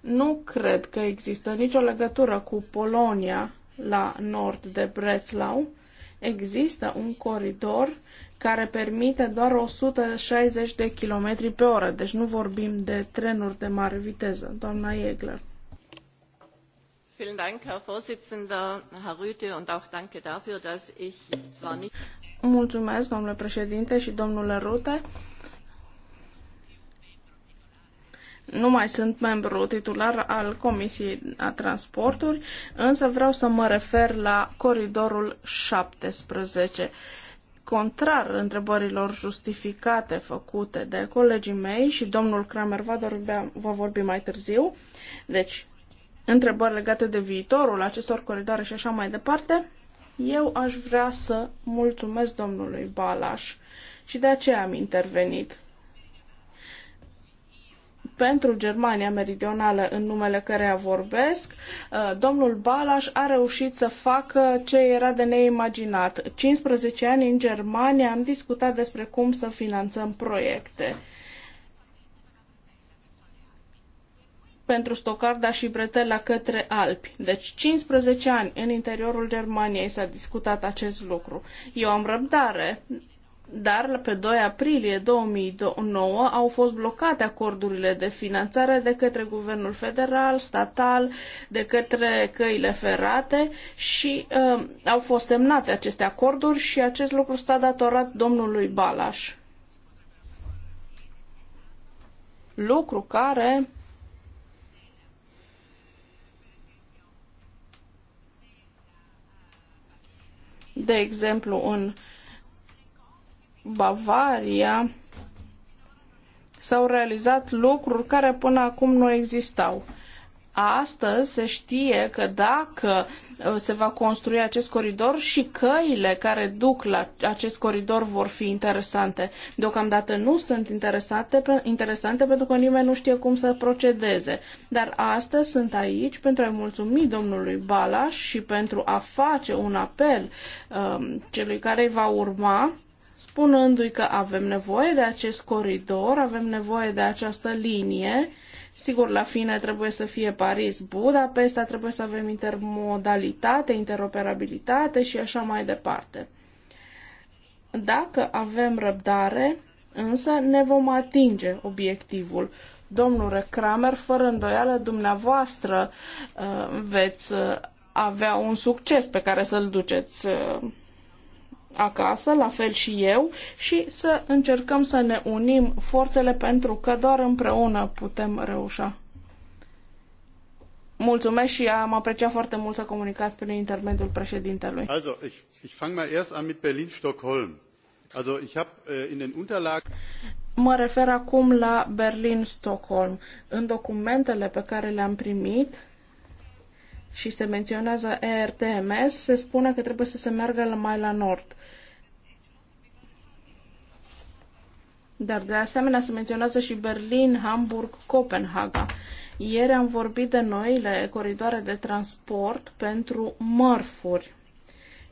nu cred că există nicio legătură cu Polonia la nord de Breslau, există un coridor care permite doar 160 de km pe oră, deci nu vorbim de trenuri de mare viteză. Doamna Egler. Mulțumesc, domnule președinte și domnule Rute. Nu mai sunt membru titular al Comisiei a Transporturi, însă vreau să mă refer la coridorul 17. Contrar întrebărilor justificate făcute de colegii mei și domnul Kramer va, dorbea, va vorbi mai târziu, deci întrebări legate de viitorul acestor coridoare și așa mai departe, eu aș vrea să mulțumesc domnului Balaș și de aceea am intervenit pentru Germania Meridională, în numele căreia vorbesc, uh, domnul Balas a reușit să facă ce era de neimaginat. 15 ani în Germania am discutat despre cum să finanțăm proiecte. pentru Stocarda și Bretela către Alpi. Deci 15 ani în interiorul Germaniei s-a discutat acest lucru. Eu am răbdare, dar pe 2 aprilie 2009 au fost blocate acordurile de finanțare de către guvernul federal, statal, de către căile ferate și uh, au fost semnate aceste acorduri și acest lucru s-a datorat domnului Balas. Lucru care de exemplu în Bavaria s-au realizat lucruri care până acum nu existau. Astăzi se știe că dacă uh, se va construi acest coridor și căile care duc la acest coridor vor fi interesante. Deocamdată nu sunt interesante, interesante pentru că nimeni nu știe cum să procedeze. Dar astăzi sunt aici pentru a-i mulțumi domnului Balas și pentru a face un apel um, celui care îi va urma spunându-i că avem nevoie de acest coridor, avem nevoie de această linie. Sigur, la fine trebuie să fie Paris-Budapesta, trebuie să avem intermodalitate, interoperabilitate și așa mai departe. Dacă avem răbdare, însă ne vom atinge obiectivul. Domnule Kramer, fără îndoială, dumneavoastră uh, veți uh, avea un succes pe care să-l duceți uh, acasă, la fel și eu, și să încercăm să ne unim forțele pentru că doar împreună putem reușa. Mulțumesc și am apreciat foarte mult să comunicați prin intermediul președintelui. Also, ich, ich fang mal erst an mit Berlin-Stockholm. Also, ich hab, uh, in den Unterlagen Mă refer acum la Berlin-Stockholm. În documentele pe care le-am primit, și se menționează ERTMS, se spune că trebuie să se meargă mai la nord. Dar de asemenea se menționează și Berlin, Hamburg, Copenhaga. Ieri am vorbit de noile coridoare de transport pentru mărfuri.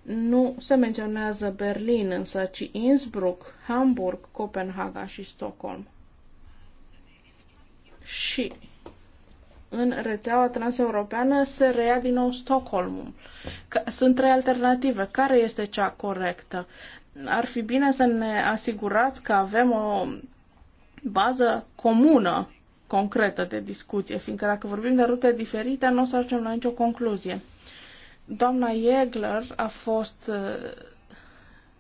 Nu se menționează Berlin, însă, ci Innsbruck, Hamburg, Copenhaga și Stockholm. Și în rețeaua transeuropeană se reia din nou Stockholmul. Sunt trei alternative. Care este cea corectă? Ar fi bine să ne asigurați că avem o bază comună concretă de discuție, fiindcă dacă vorbim de rute diferite, nu o să ajungem la nicio concluzie. Doamna Jägler a fost uh,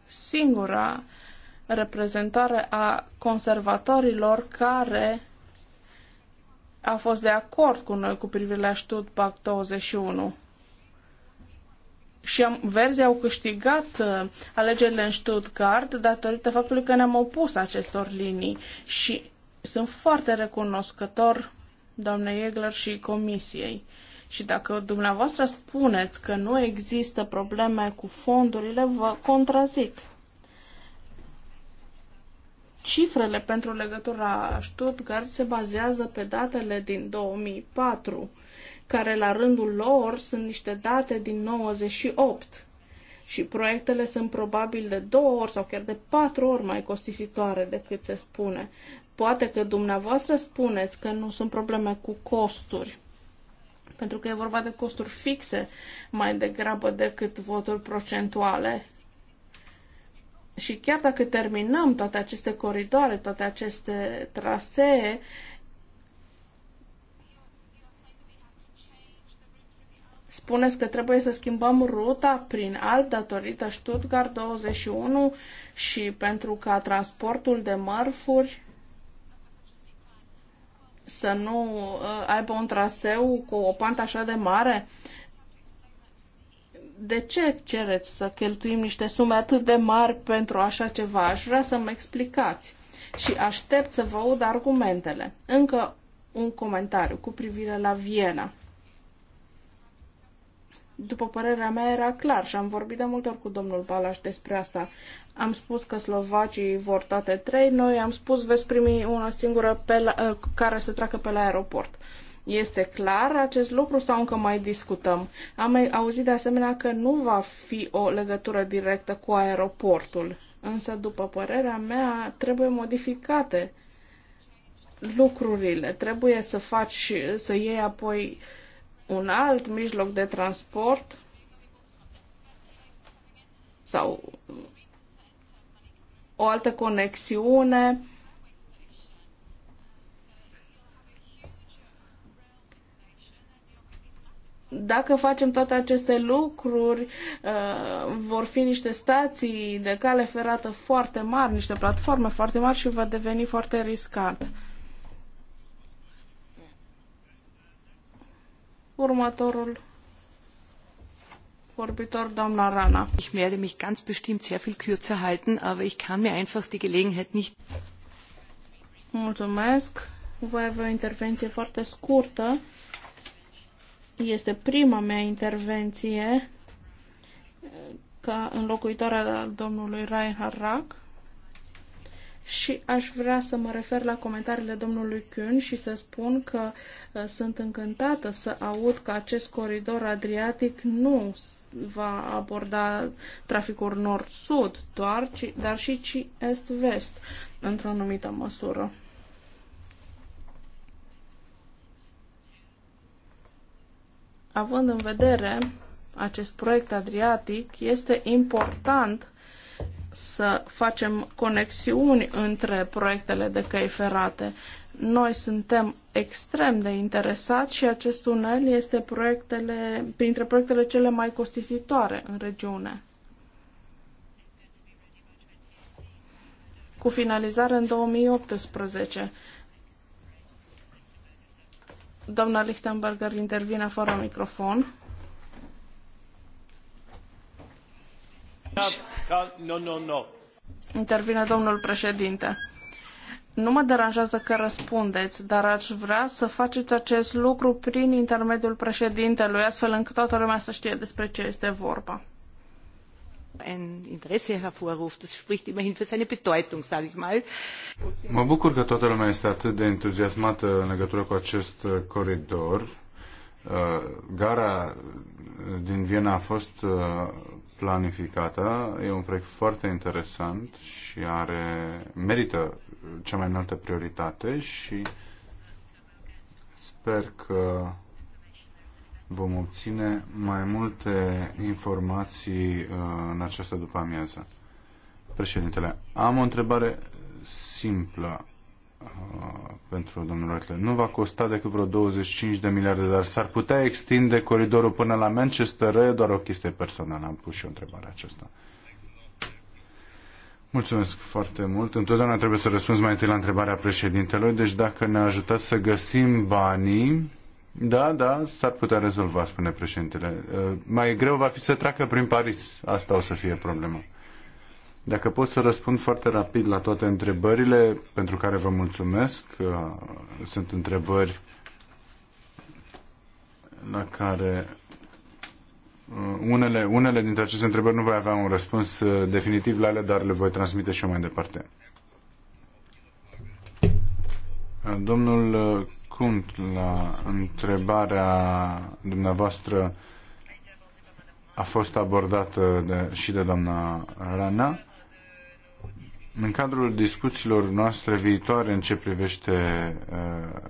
singura reprezentare a conservatorilor care a fost de acord cu noi cu privire la Stuttgart 21. Și am, verzii au câștigat uh, alegerile în Stuttgart datorită faptului că ne-am opus acestor linii și sunt foarte recunoscător doamnei Egler și comisiei. Și dacă dumneavoastră spuneți că nu există probleme cu fondurile, vă contrazic. Cifrele pentru legătura Stuttgart se bazează pe datele din 2004, care la rândul lor sunt niște date din 98 și proiectele sunt probabil de două ori sau chiar de patru ori mai costisitoare decât se spune. Poate că dumneavoastră spuneți că nu sunt probleme cu costuri, pentru că e vorba de costuri fixe mai degrabă decât voturi procentuale și chiar dacă terminăm toate aceste coridoare, toate aceste trasee, spuneți că trebuie să schimbăm ruta prin alt datorită Stuttgart 21 și pentru ca transportul de mărfuri să nu uh, aibă un traseu cu o pantă așa de mare de ce cereți să cheltuim niște sume atât de mari pentru așa ceva? Aș vrea să-mi explicați și aștept să vă aud argumentele. Încă un comentariu cu privire la Viena. După părerea mea era clar și am vorbit de multe ori cu domnul Balaș despre asta. Am spus că slovacii vor toate trei, noi am spus veți primi una singură pe la, eh, care se treacă pe la aeroport. Uh, este clar acest lucru sau încă mai discutăm? Am auzit de asemenea că nu va fi o legătură directă cu aeroportul, însă, după părerea mea, trebuie modificate lucrurile. Trebuie să faci, să iei apoi un alt mijloc de transport sau o altă conexiune dacă facem toate aceste lucruri, uh, vor fi niște stații de cale ferată foarte mari, niște platforme foarte mari și va deveni foarte riscant. Următorul vorbitor, doamna Rana. Ich werde mich ganz bestimmt sehr viel kürzer halten, aber ich kann mir einfach die Gelegenheit nicht... Mulțumesc. Voi avea o intervenție foarte scurtă este prima mea intervenție ca înlocuitoarea domnului Reinhard Rack și aș vrea să mă refer la comentariile domnului Kuhn și să spun că uh, sunt încântată să aud că acest coridor adriatic nu va aborda traficul nord-sud doar, dar și ci est-vest într-o anumită măsură. Având în vedere acest proiect Adriatic, este important să facem conexiuni între proiectele de căi ferate. Noi suntem extrem de interesați și acest tunel este proiectele, printre proiectele cele mai costisitoare în regiune. Cu finalizare în 2018. Doamna Lichtenberger intervine fără microfon. No, no, no. Intervine domnul președinte. Nu mă deranjează că răspundeți, dar aș vrea să faceți acest lucru prin intermediul președintelui, astfel încât toată lumea să știe despre ce este vorba ein Interesse hervorruft. Das spricht immerhin für seine Bedeutung, sage ich mal. Mă bucur că toată lumea este atât de entuziasmată în legătură cu acest uh, coridor. Uh, gara uh, din Viena a fost planificată. E un proiect foarte interesant și are merită cea mai înaltă prioritate și sper că vom obține mai multe informații uh, în această după amiază. Președintele, am o întrebare simplă uh, pentru domnul Roetle. Nu va costa decât vreo 25 de miliarde, dar s-ar putea extinde coridorul până la Manchester? E doar o chestie personală. Am pus și o întrebare aceasta. Mulțumesc foarte mult. Întotdeauna trebuie să răspunzi mai întâi la întrebarea președintelui. Deci dacă ne ajutați să găsim banii, da, da, s-ar putea rezolva, spune președintele. Uh, mai greu va fi să treacă prin Paris. Asta o să fie problema. Dacă pot să răspund foarte rapid la toate întrebările, pentru care vă mulțumesc, uh, sunt întrebări la care uh, unele, unele dintre aceste întrebări nu voi avea un răspuns definitiv la ele, dar le voi transmite și eu mai departe. Domnul răspund la întrebarea dumneavoastră a fost abordată de, și de doamna Rana. În cadrul discuțiilor noastre viitoare în ce privește uh,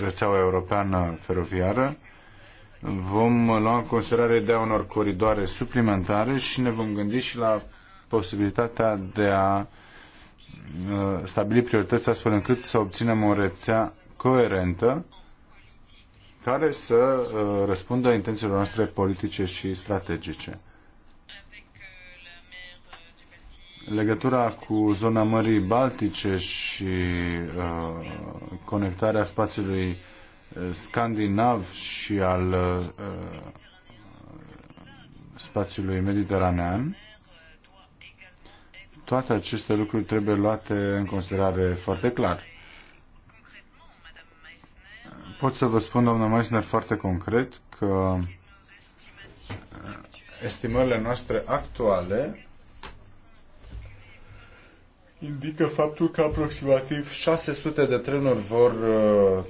rețeaua europeană feroviară, vom lua în considerare ideea unor coridoare suplimentare și ne vom gândi și la posibilitatea de a uh, Uh, stabili priorități astfel încât să obținem o rețea coerentă care să uh, răspundă intențiilor noastre politice și strategice. Legătura cu zona Mării Baltice și uh, conectarea spațiului uh, scandinav și al uh, spațiului mediteranean toate aceste lucruri trebuie luate în considerare foarte clar. Pot să vă spun, doamna Meissner, foarte concret că uh, estimările noastre actuale indică faptul că aproximativ 600 de trenuri vor uh,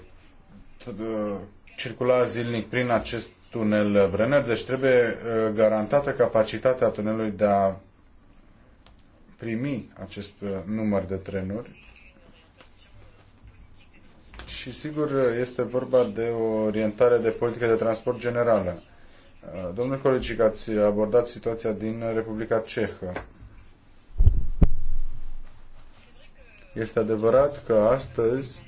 uh, circula zilnic prin acest tunel Brenner, deci trebuie garantată capacitatea tunelului de a primi acest uh, număr de trenuri. Și sigur uh, este vorba de o orientare de politică de transport generală. Uh, Domnul Colegi, ați abordat situația din Republica Cehă. Este adevărat că astăzi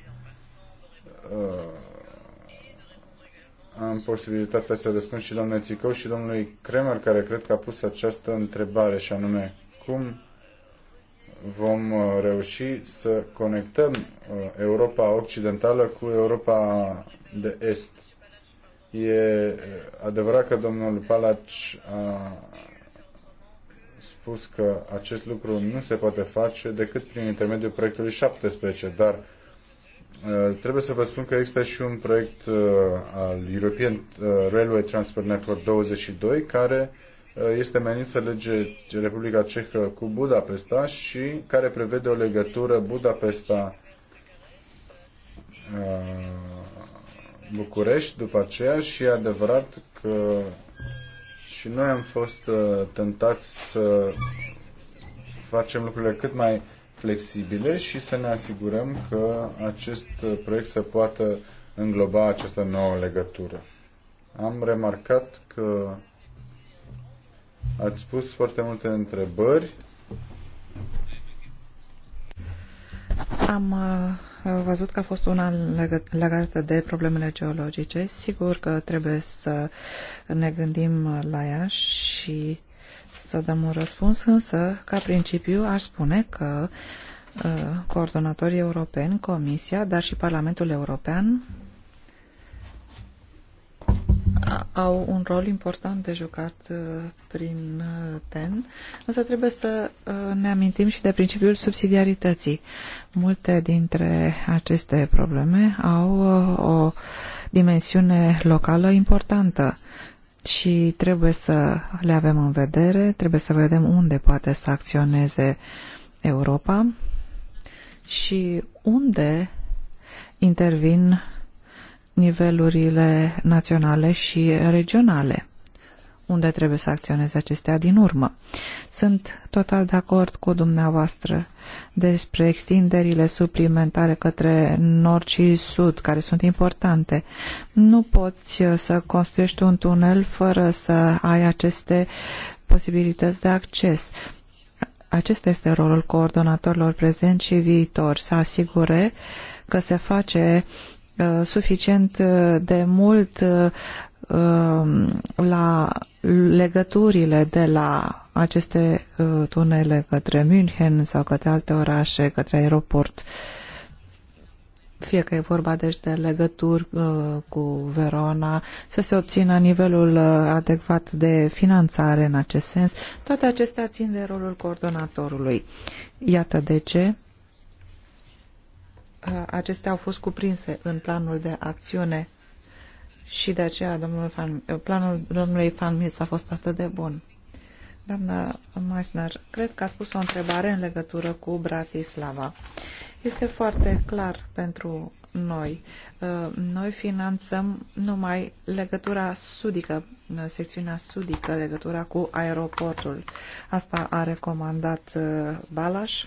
am posibilitatea să răspund și domnului Țicău și domnului Kremer, care cred că a pus această întrebare, și anume, cum vom uh, reuși să conectăm uh, Europa Occidentală cu Europa de Est. E uh, adevărat că domnul Palaci a spus că acest lucru nu se poate face decât prin intermediul proiectului 17, dar trebuie să vă spun că există și un proiect al European Railway Transport Network 22 care Uh, este menit să lege Republica Cehă cu Budapesta și care prevede o legătură Budapesta uh, București după aceea și e adevărat că și noi am fost uh, tentați să facem lucrurile cât mai flexibile și să ne asigurăm că acest proiect se poată îngloba această nouă legătură. Am remarcat că Ați spus foarte multe întrebări. Am uh, văzut că a fost una legată de problemele geologice. Sigur că trebuie să ne gândim la ea și să dăm un răspuns, însă, ca principiu, aș spune că uh, coordonatorii europeni, Comisia, dar și Parlamentul European au un rol important de jucat uh, prin uh, TEN, însă trebuie să uh, ne amintim și de principiul subsidiarității. Multe dintre aceste probleme au o dimensiune locală importantă și trebuie să le avem în vedere, trebuie să vedem unde poate să acționeze Europa și unde intervin nivelurile naționale și regionale, unde trebuie să acționeze acestea din urmă. Sunt total de acord cu dumneavoastră despre extinderile suplimentare către nord și sud, care sunt importante. Nu poți uh, să construiești un tunel fără să ai aceste posibilități de acces. Acesta este rolul coordonatorilor prezent și viitor, să asigure că se face Uh, suficient uh, de mult uh, um, la legăturile de la aceste tunele către München sau către alte orașe, către aeroport. Fie că e vorba deci de legături cu Verona, să se obțină nivelul adecvat de finanțare în acest sens, toate acestea țin de rolul coordonatorului. Iată de ce acestea au fost cuprinse în planul de acțiune și de aceea domnul Fan, eh, planul domnului Fanmitz a fost atât de bun. Doamna Meissner, cred că a spus o întrebare în legătură cu Bratislava. Este foarte clar pentru noi. Eh, noi finanțăm numai legătura sudică, eh, secțiunea sudică, legătura cu aeroportul. Asta a recomandat Balaș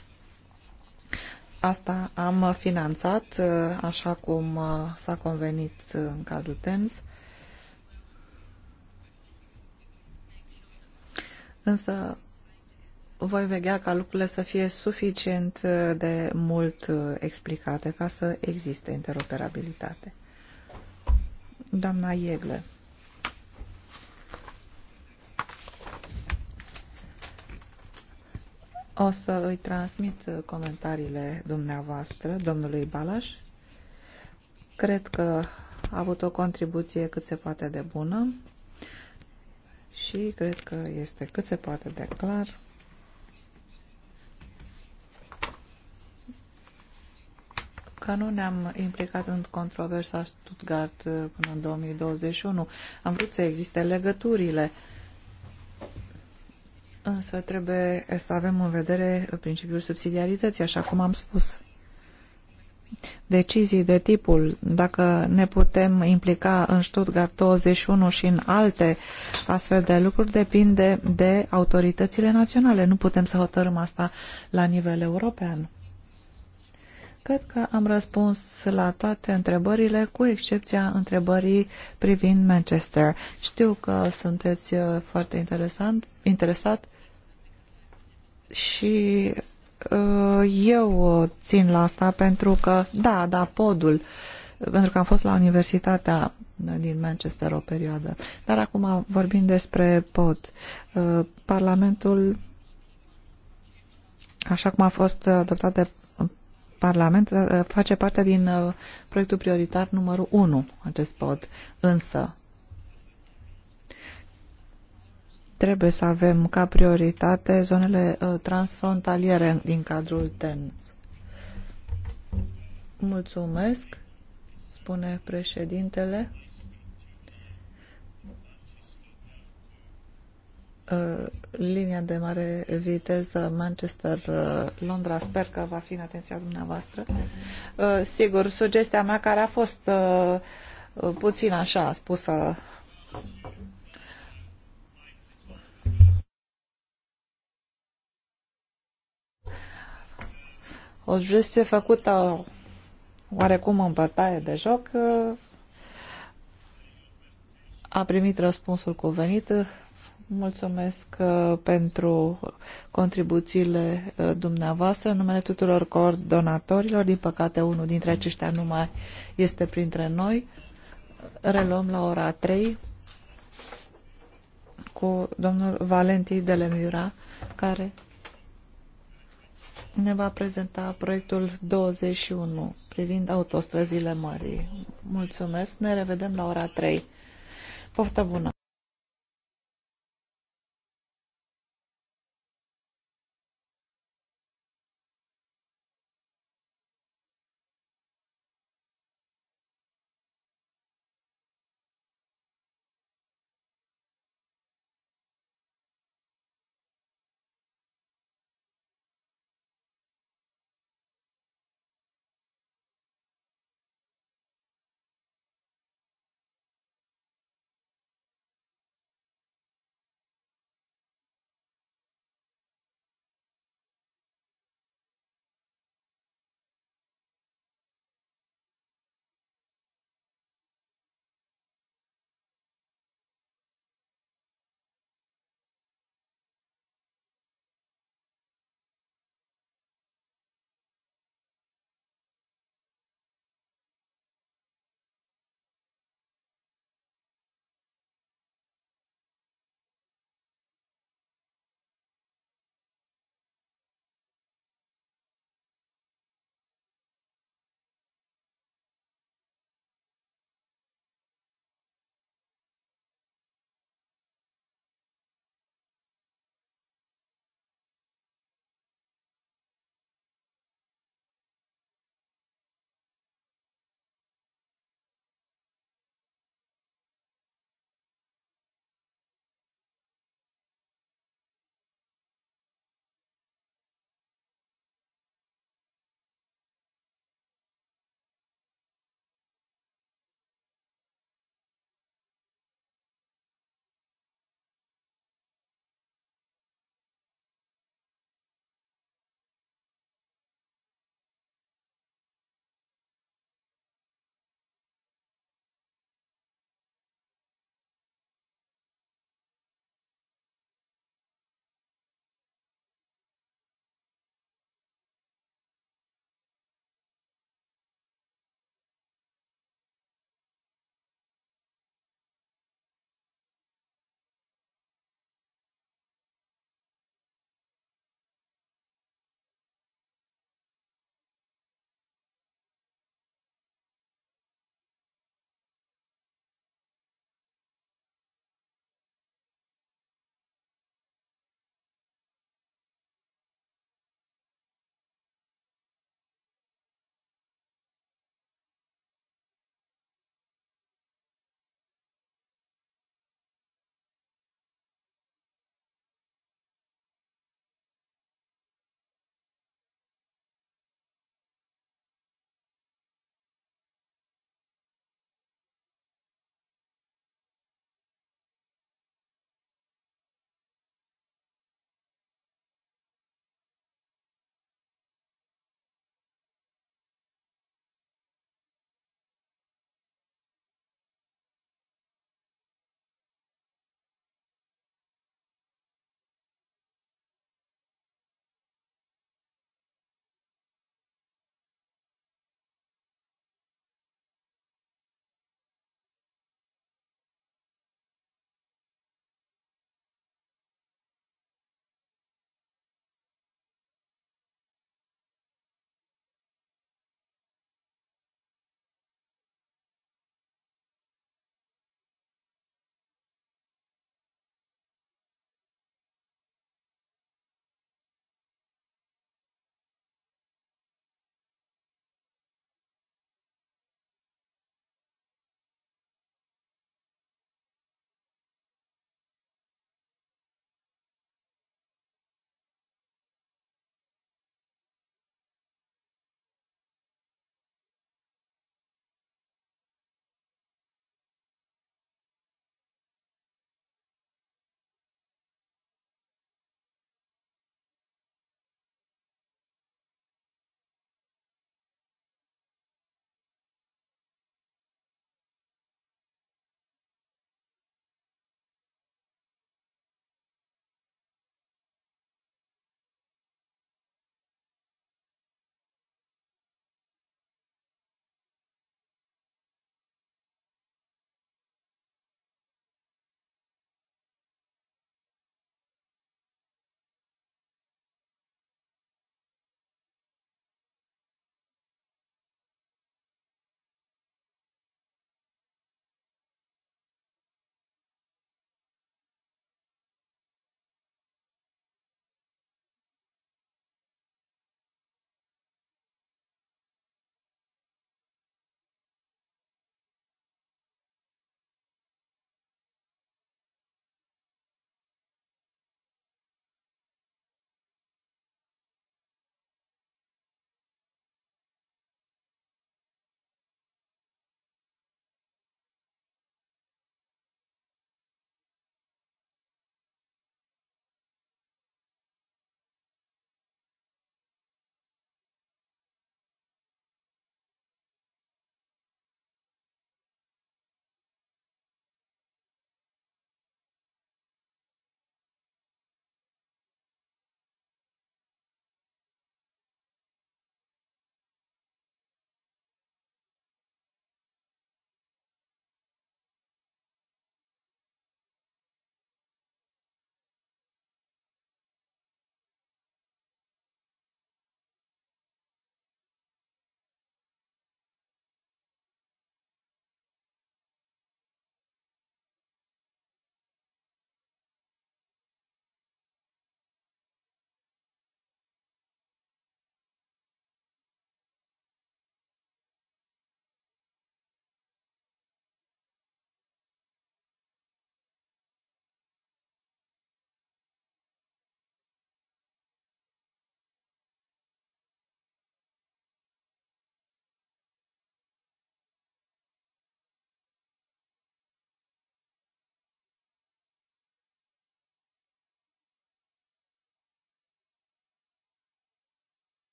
Asta am finanțat, uh, așa cum uh, s-a convenit uh, în cadrul TENS. Însă voi vegea ca lucrurile să fie suficient de mult explicate ca să existe interoperabilitate. Doamna Iegle. O să îi transmit uh, comentariile dumneavoastră, domnului Balaș. Cred că a avut o contribuție cât se poate de bună și cred că este cât se poate de clar. că nu ne-am implicat în controversa Stuttgart uh, până în 2021. Am vrut să existe legăturile uh, Însă trebuie să avem în vedere principiul subsidiarității, așa cum am spus. Decizii de tipul, dacă ne putem implica în Stuttgart 21 și în alte astfel de lucruri, depinde de autoritățile naționale. Nu putem să hotărâm asta la nivel european. Cred că am răspuns la toate întrebările, cu excepția întrebării privind Manchester. Știu că sunteți uh, foarte interesant interesat și uh, eu țin la asta pentru că, da, da, podul, pentru că am fost la universitatea din Manchester o perioadă. Dar acum vorbim despre pod. Uh, Parlamentul, așa cum a fost adoptat de Parlament, uh, face parte din proiectul prioritar numărul 1, acest pod. Însă, trebuie să avem ca prioritate zonele uh, transfrontaliere din cadrul TEN. Mulțumesc, spune președintele. Uh, linia de mare viteză Manchester-Londra. Uh, sper că va fi în atenția dumneavoastră. Sigur, sugestia mea care a fost puțin așa spusă o gestie făcută oarecum în bătaie de joc a primit răspunsul cuvenit. Mulțumesc uh, pentru contribuțiile uh, dumneavoastră în numele tuturor coordonatorilor. Din păcate, unul dintre aceștia nu mai este printre noi. Reluăm la ora 3 cu domnul Valentin Delemiura, care ne va prezenta proiectul 21 privind autostrăzile mării. Mulțumesc, ne revedem la ora 3. Poftă bună!